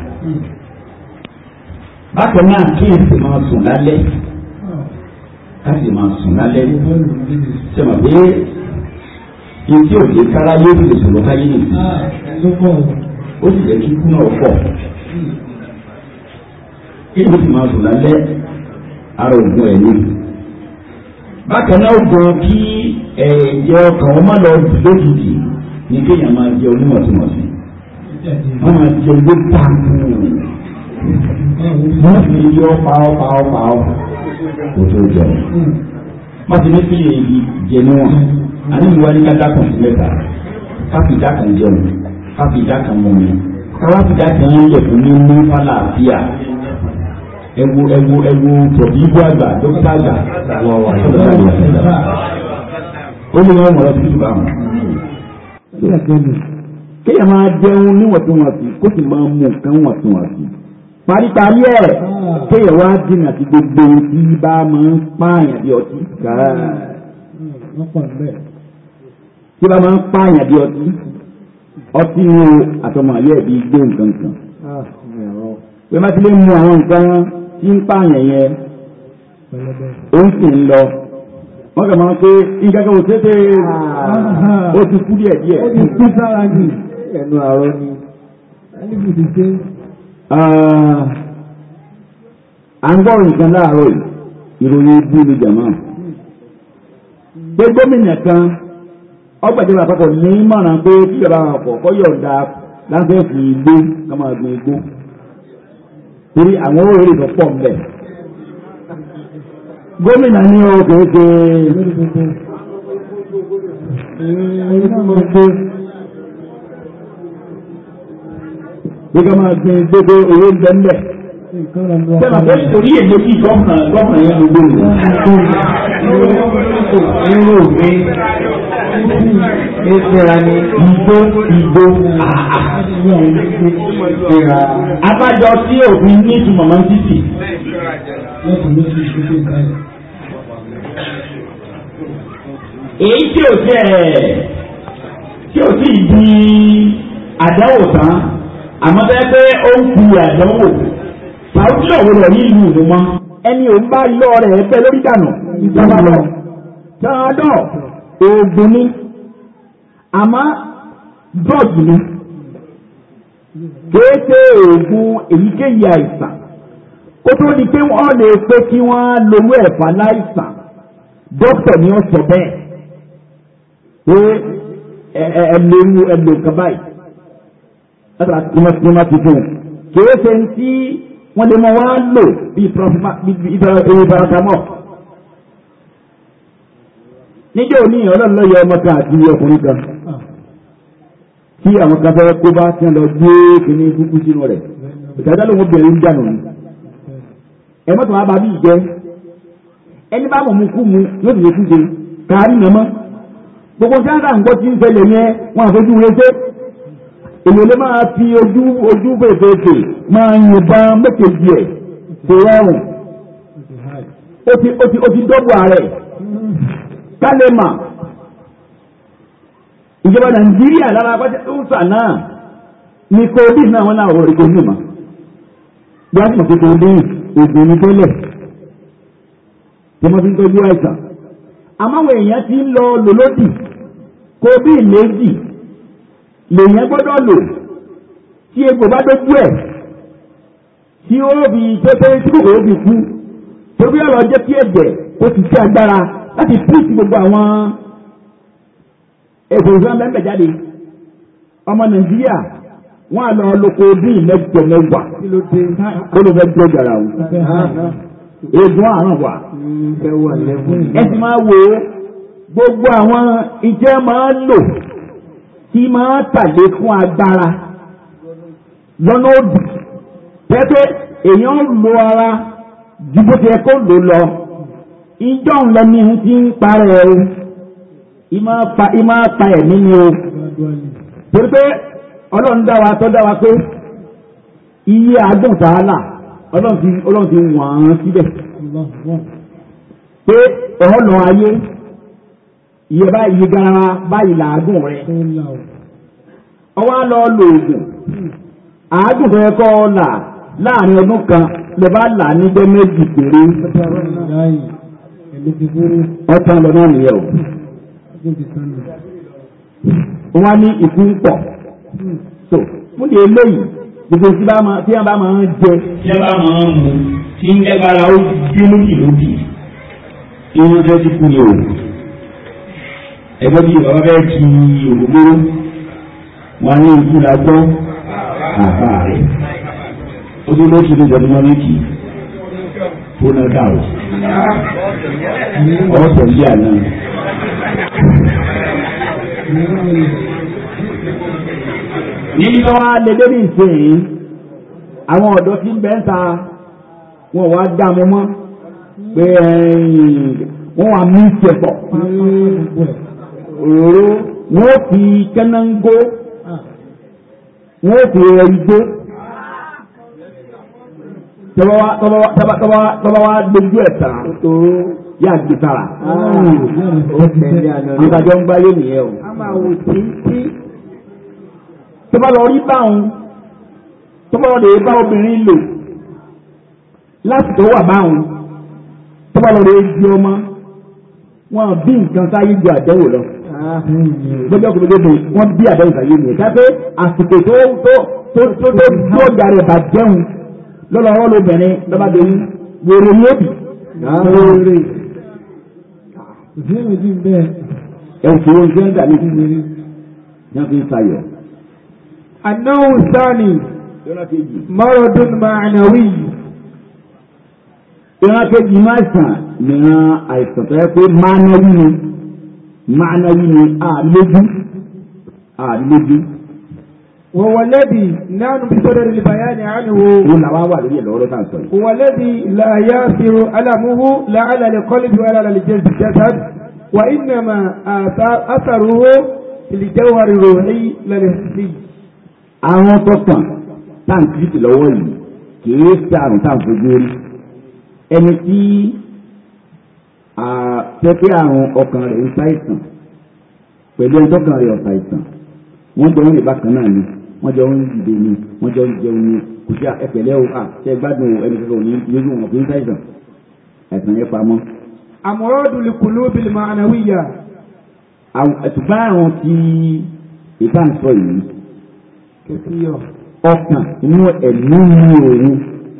bákan náà kí n sì máa sùn lálẹ́ ká sì máa sùn lálẹ́ ṣe mọ̀ pé etí òde kára yóò fi lè káyé nìyí ó sì jẹ́ kíkú náà pọ̀ kí ló sì máa sùn lálẹ́ ara òògùn ẹ̀ ní bákan náà gan kí ẹ̀jẹ̀ ọkàn wọn má lọ lójijì ní kéèyàn máa jẹ onímọ̀tìmọ̀tì wọ́n máa jẹ ilé pààkì wọ́n fi yọ pàápàápàá kò tó jẹ wọ́n ti ní fílẹ̀ ibi jẹnu wọn àníwá ní ká dákun sí mẹ́ta káfí dákun jẹun káfí dákun mọ́ni káfí dákun yẹn yẹ fún mi ní fàlàáfíà ẹwo ẹwo ẹwo pọ̀bí ibú àgbà dókítà àgbà wà wà sọ́dọ̀dọ̀ àgbà sẹ́dá. ó ní wọn wọ̀rọ̀ títí bá wọn. kéèyàn máa jẹun níwọ̀ntúnwọ̀nsì kó sì máa mú nǹkan wọ̀ntúnwọ̀nsì paríparí ẹ̀ kéèyàn wá dínà sí gbogbo tí bá máa ń pààyàn bí ọtí. tí bá máa ń pààyàn bí ọtí ọtí wo àtọmọ ayé ẹ̀ bí gbé nǹkan kan. Ah. pé má ti lè mú àwọn nǹkan tí ń pààyàn yẹn ó ń sì ń lọ wọ́n kàn máa ń pé nǹkan kan ò tètè ah. ó ti kú díẹ̀ díẹ̀. ó ti kú sára jù ẹnu àárọ̀ ni ti ṣe. Ah. à ń gbọ́ nǹkan láàárọ̀ ìròyìn ibú ni pé gómìnà kan ọgbàjọba àpapọ̀ ní torí àwọn owó èrè lọ́pọ̀ ń bẹ̀. gómìnà ní o kò ṣe gbígbà máa gbin gbogbo owó ń bẹ̀ ń bẹ̀. Bẹ́ẹ̀ni àpò nítorí èdè kí gómìnà gómìnà yẹn ló gbé ìpera ni igbó igbó àwọn ìpera. abájọ tí òbí ní ìtumọ̀ máa ń títì. èyí tí ò jẹ́ tí ò sì di àdáwò tán àmọ́ bẹ́ẹ̀ pé ó ń ku àdánwò tàbí ọ̀wọ́ rẹ̀ ní ìlú ìlú mọ́. ẹni ò bá lọ rẹ̀ pẹ́ lórí dànù ìjọba lọ. dáadọ́ oògùn ni àmọ́ dọ́ọ̀gì ni kìí ṣe oògùn èyíkéyìí àìsàn kó tó di pé wọ́n lè pé kí wọ́n lowó ẹ̀fà láìsàn dókítà ni ó sọ bẹ́ẹ̀ pé ẹlẹ́rú ẹlò kan báyìí látara tí wọ́n ti wọ́n ti fún un kìí ṣe ń tí wọ́n lè mọ wá lò bí ìfaratamọ́ níjẹ́ òní ọlọ́run ló yọ ọmọ kan àti ọkùnrin kan tí àwọn kan fẹ́ kó bá tí wọ́n lọ gbé kínní kúkú sínú rẹ̀ ìtajà ló ń bẹ̀rẹ̀ ń dànù ni ẹ mọ́tò wa bá bí ìjẹ́ ẹni bá mọ̀ mú kú mu yóò tún lè kú ṣe kárí nà mọ́ gbogbo sáńsà nǹkan tí ń ṣẹlẹ̀ yẹn wọn àfojú wọn ṣe èmi ló máa fi ojú ojú fèfèèfè máa yìnbọn mékèèjì ẹ̀ kò rọrùn ó ti ó ti ó ti dọ́gbọ̀ ààrẹ. kálẹ̀ mà ìjọba nàìjíríà lára abájá tó ń sà náà ní kóòdì náà wọn náà mà bí a sì mọ̀ pé kóòdì ògùn ní tẹ́lẹ̀ tí wọ́n fi ń tọ́jú àìsàn àmọ́ àwọn èèyàn ti ń lọ lòlódì kóòdì méjì lèèyàn gbọ́dọ̀ lò tí egbò bá dójú ẹ̀ tí ó fi tó láti píìsì gbogbo àwọn ètò ìfẹ́ mẹ́mẹ́ jáde ọmọ nàìjíríà wọn àlọ́ lóko bí mẹ́jọ mẹ́wàá kó ló fẹ́ jẹ́ jàrà o egun àrùn wà ẹ sì máa wò ó gbogbo àwọn ìjẹ́ máa ń lò tí máa tàlé fún agbára lọ́nà òdì pẹ́pẹ́ èèyàn lo ara ju bó ti yẹ kó lò lọ. ìjọ ńlẹ́ni ti ń parẹ́ o ìmọ̀ pa ìmọ̀ ni o torí pé ọlọ́run dá wa tó dá wa pé iye àádùn tààlà ọlọ́run ti wọ̀n síbẹ̀ pé ayé iye báyìí iye garama báyìí làágùn rẹ ọwọ́ á lọ lo oògùn àádùn tó yẹ kọ́ ọ là láàrin ọdún kan lè bá là ọtá lọ náà nìyẹn o wọ́n ní ìpín pọ̀ so fún di eléyìí gbogbo tí bá máa tí a bá máa jẹ. tí a bá máa ń mu tí ń dẹ́gbàrà ó dé lókè lókè inú fẹ́ ti kú ni o ẹgbẹ́ bíi bàbá bẹ́ẹ̀ ti ògógóró wọn ní ikú la gbọ́ àbá rẹ̀ ó dé lókè lójọ́ ní wọn ní fúnà dà o ọ̀sẹ̀ yìí àná. níbi tó wá lédè ní ìsìn àwọn ọ̀dọ́ tí ń bẹ́ ń ta wọn wá dá mi mọ́ pé wọ́n tọ́ba wa dojú ẹ̀ tán yà gbé tara. àgbàjọ ń gbáyé nìyẹn o. tọ́ba lọ rí báwọn tọ́ba lọ lè bá obìnrin lò láti tó wà báwọn tọ́ba lọ lè di ọmọ wọn bí nǹkan sáyé ju àdánwò lọ. gbẹ́jọ́ kò gbẹ́jọ́ wọn bí àdánwò sáyé nìyẹn. káfíń àsìkò tó tó tó tó tó gbàrẹ̀ bàjẹ́hùn lọ́lọ́ ọwọ́ lóbìnrin lọ́ba doyún wèrè ní òbí. wèrè zéèrè ti bẹ́ẹ̀. ẹ̀sùn oúnjẹ ń dàbí fún mi ní fi ń sayọ̀. anáwó sáni mọ́rọ̀dún màánáwí. ìran kejì máa sàn nìran àìsàn tó yẹ pé màánáwí ni màánáwí ni àlejò àlejò. ووالذي نحن بصدد البيان عنه ووالذي لا يأثر ألمه لا على القلب ولا على الجسد وإنما أثره للجوهر الروحي للحسي àwọn tọ́tàn táǹkì ti lọ́wọ́ yìí kìí ṣe àrùn táǹfojú rí ẹni tí pẹ́pẹ́ àrùn ọkàn rẹ̀ ń ṣàìsàn pẹ̀lú ẹni tọ́kàn rẹ̀ ọ̀ṣàìsàn wọ́n jọ ń lè bákan náà ni wọ́n jọ ń dìde ni wọ́n jọ ń jẹun ni kò sí ẹ̀pẹ̀lẹ́ o à ṣe gbádùn ẹni kankan ò ní yóò wọ̀n fún sẹ́sàn ẹ̀sán yẹn pamọ́. àmọ́rọ́ dùlùkùlù bìlì máa nà wíyà. ẹ̀tùbá àwọn ti ìbá ń sọ yìí. kẹsíyọ. ọkàn inú ẹ̀mí ní òun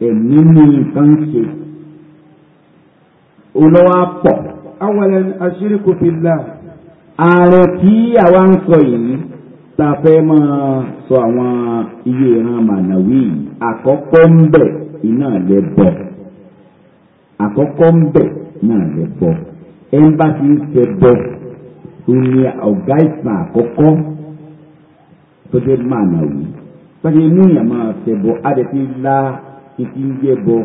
ẹ̀mí ní nǹkan ṣe. olówó pọ̀. awọlẹ̀ àṣírí kò fi là. ààrẹ tí àwa ń sọ yìí tá a fẹ́ máa sọ àwọn iye ìran mànàwí àkọ́kọ́ ń bẹ̀ iná lẹ bọ̀ àkọ́kọ́ ń bẹ̀ náà lẹ bọ̀ ẹ̀ńbàṣì ń fẹ́ bọ̀ òní ọ̀gá ìsàn àkọ́kọ́ tó dé mànàwí pẹ̀lú inú yẹn máa fẹ́ bọ̀ adẹ́tí la títí ń jẹ́ bọ̀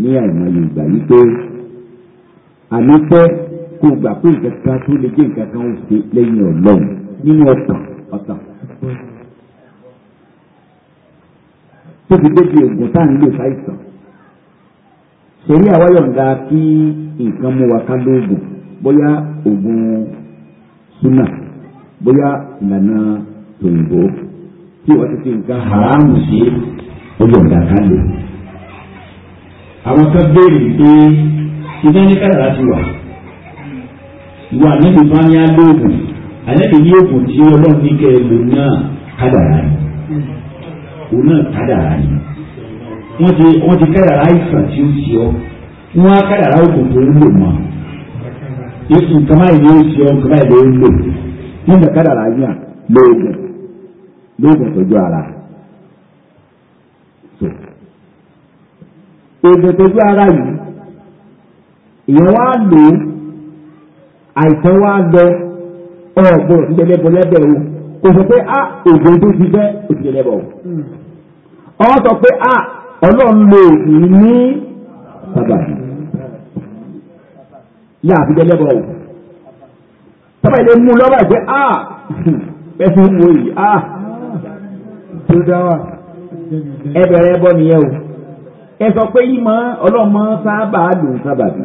ní àìmọye ìgbà yìí pé àmì fẹ́ kó gbà pé nǹkan kan tó lè jẹ́ nǹkan kan ó ṣe lẹ́yìn ọlọ́run nínú ọ̀tàn ọ̀tàn. tó fi gbé di oògùn tá à ń lò fáìsàn sẹ̀rí àwáyọ̀ǹda kí nǹkan mú wa ká lóògùn bóyá oògùn súnà bóyá ìlànà tòyìnbó tí wọ́n ti fi nǹkan haramu ṣe ọyọ̀ǹda ká lò. àwọn kan béèrè pé ti wà níbi ànábì ní oògùn tí ọlọ́run ní kẹ́ ẹ náà kádàrá ni òun náà kádàrá ni wọ́n ti wọ́n ti kádàrá ìsàn tí ó ti ọ́ wọ́n á kádàrá oògùn tó ń lò mọ́ èsì nǹkan báyìí ló ń ọ́ nǹkan báyìí ló ń lò nígbà kádàrá yà lóògùn lóògùn tọ́jú ara oògùn tọ́jú ara yìí èèyàn wá lò àìsàn wá lọ ọ̀gbọ̀n ìdẹ́lẹ́bọ̀ lẹ́bẹ̀ o kò sọ pé a ah, òjò tó ti fẹ́ òtìlẹ́bọ̀ o. ọwọ́ sọ pé a ah, ọlọ́run lè ní ní bàbá yà á fi dẹ́lẹ́bọ̀ o. sábà ilé mú lọ́wọ́ ìgbé ah, a pẹ̀sì mú yìí a ẹ bẹ̀rẹ̀ bọ́ nìyẹn o. ẹ sọ pé yìí mọ ọlọ́mọ sábà lò sábà bí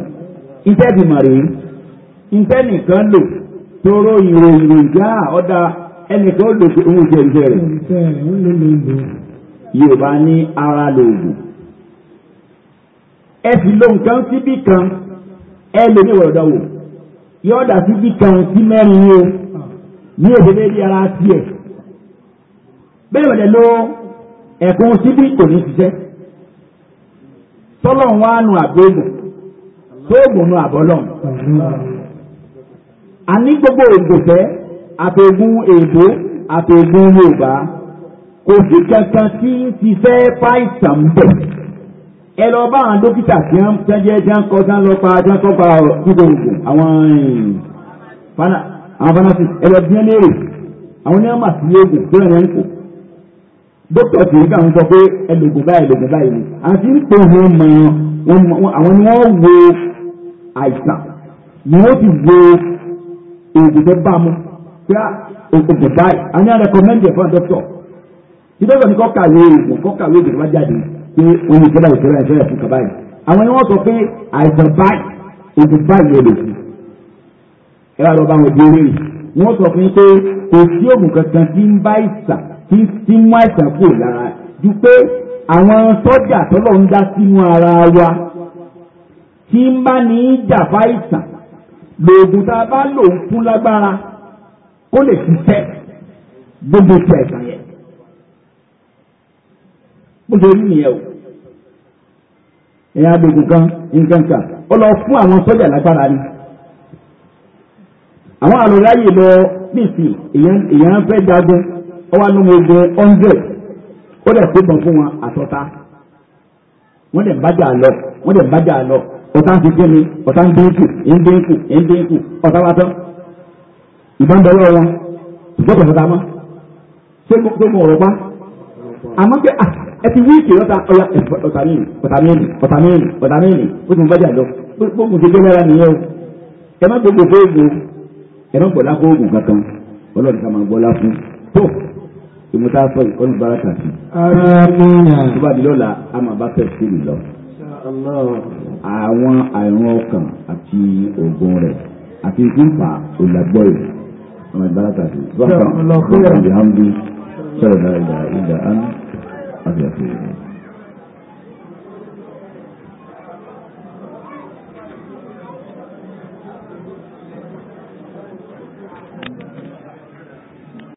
iṣẹ́ ti mọ̀ rèé iṣẹ́ nìkan lò. tóró ìròyìn ìjà ọ̀dà ẹnìkan ó lè fi ohun ìṣe ìṣe rẹ̀ yorùbá ní ara lòògùn ẹ sì lo nǹkan síbì kan ẹ lè ní ìwọ̀dọ̀ wò yọ̀ọ̀dà síbì kan sí mẹ́rin ni o ní òdèdè di ara tiẹ̀ bẹ́ẹ̀ ẹ̀kún kò ní ṣiṣẹ́ ń wá nu nu àbọ́lọ̀. a ní gbogbo ògùnfẹ́ àtẹ̀gùn èbó àtẹ̀gùn yorùbá kò sí kankan tí ti fẹ́ fáìsàn bẹ̀ ẹ lọ bá àwọn dókítà tí wọ́n jẹ́ jẹ́ ń kọ́ lọ pa jẹ́ ń kọ́ pa gbogbo ògùn àwọn fanasi ẹ lọ bí ẹ léèrè àwọn ní wọ́n mà sí oògùn tí wọ́n yẹn ń kó dókítà tí nǹkan ń sọ pé ẹlògùn báyìí ẹlògùn báyìí ni àti nípa òun mọ àwọn ni wọ́n wo àìsàn ni wọ́n ti wo oògùn tó bá mu pé oògùn báyìí a à rẹkọmẹ́ndì ẹ̀ fún dókítọ̀ tí dókítọ̀ ní kọ́ kàwé oògùn kọ́ kàwé oògùn tó bá jáde pé oyin ìfẹ́ láì fẹ́ràn ìfẹ́ràn fún kaba yìí àwọn ni wọ́n sọ pé àìsàn báyìí oògùn báyìí ló lè fi ẹ wá lọ bá wọn dé wéyìí wọ́n sọ fún pé kò sí oògùn kankan tí ń bá ìsà tí ń mú àìsàn kúrò lára ju pé àwọn sọ́jà tọ́lọ́ ń dá sínú ara wa tí ń bá ní í fáìsàn lóògùn tá a bá lò ń kú lágbára kó lè fi tẹ́ gbogbo ti ẹ̀sán yẹn bó ṣe rí nìyẹn o ẹ̀yà lóògùn kan nǹkan kan ó lọ fún àwọn sọ́jà lágbára ni àwọn àlùráyè lọ bíìsì èèyàn fẹ́ jagun ọwọ́ anú mo gbé hundred ó dẹ̀ kó bọ̀ fún wọn àtọ́ta wọ́n dẹ̀ ń bájà lọ wọ́n dẹ̀ ń bájà lọ ọ̀tá ń ti gbé mi ọ̀tá ń dínkù ń dínkù ń dínkù ọ̀tá wa tán ìbọn bẹ̀rẹ̀ ọ̀la ìjọba ìjọba mọ́ ṣé mo ọ̀rọ̀ pa àmọ́ pé ah, ẹ ti wí ìkè ọ̀tá ọ̀ya ọ̀tá mìíràn ọ̀tá mìíràn ọ̀tá mìíràn ọ̀tá mìíràn ó ti mú bọ́jà lọ bó mo ti gbé lára nìyẹn o ẹ má gbogbo fóògùn ẹ má gbọ́dá fóògùn kankan ọlọ́run ká máa gbọ́dá fún tó ìmúta sọ ìkọlù bára kàtì. ara mi nà. tó bá di lọ́la a máa bá pẹ̀ sí mi lọ àwọn àìrùn ọkàn àti oògùn rẹ̀ àti ìpínfà olùdàgbọ́ yìí ọmọ ìbára tàbí bákan ọmọ ìbára tàbí sọ̀rọ̀ dáadáa ìdá án àti àfihàn.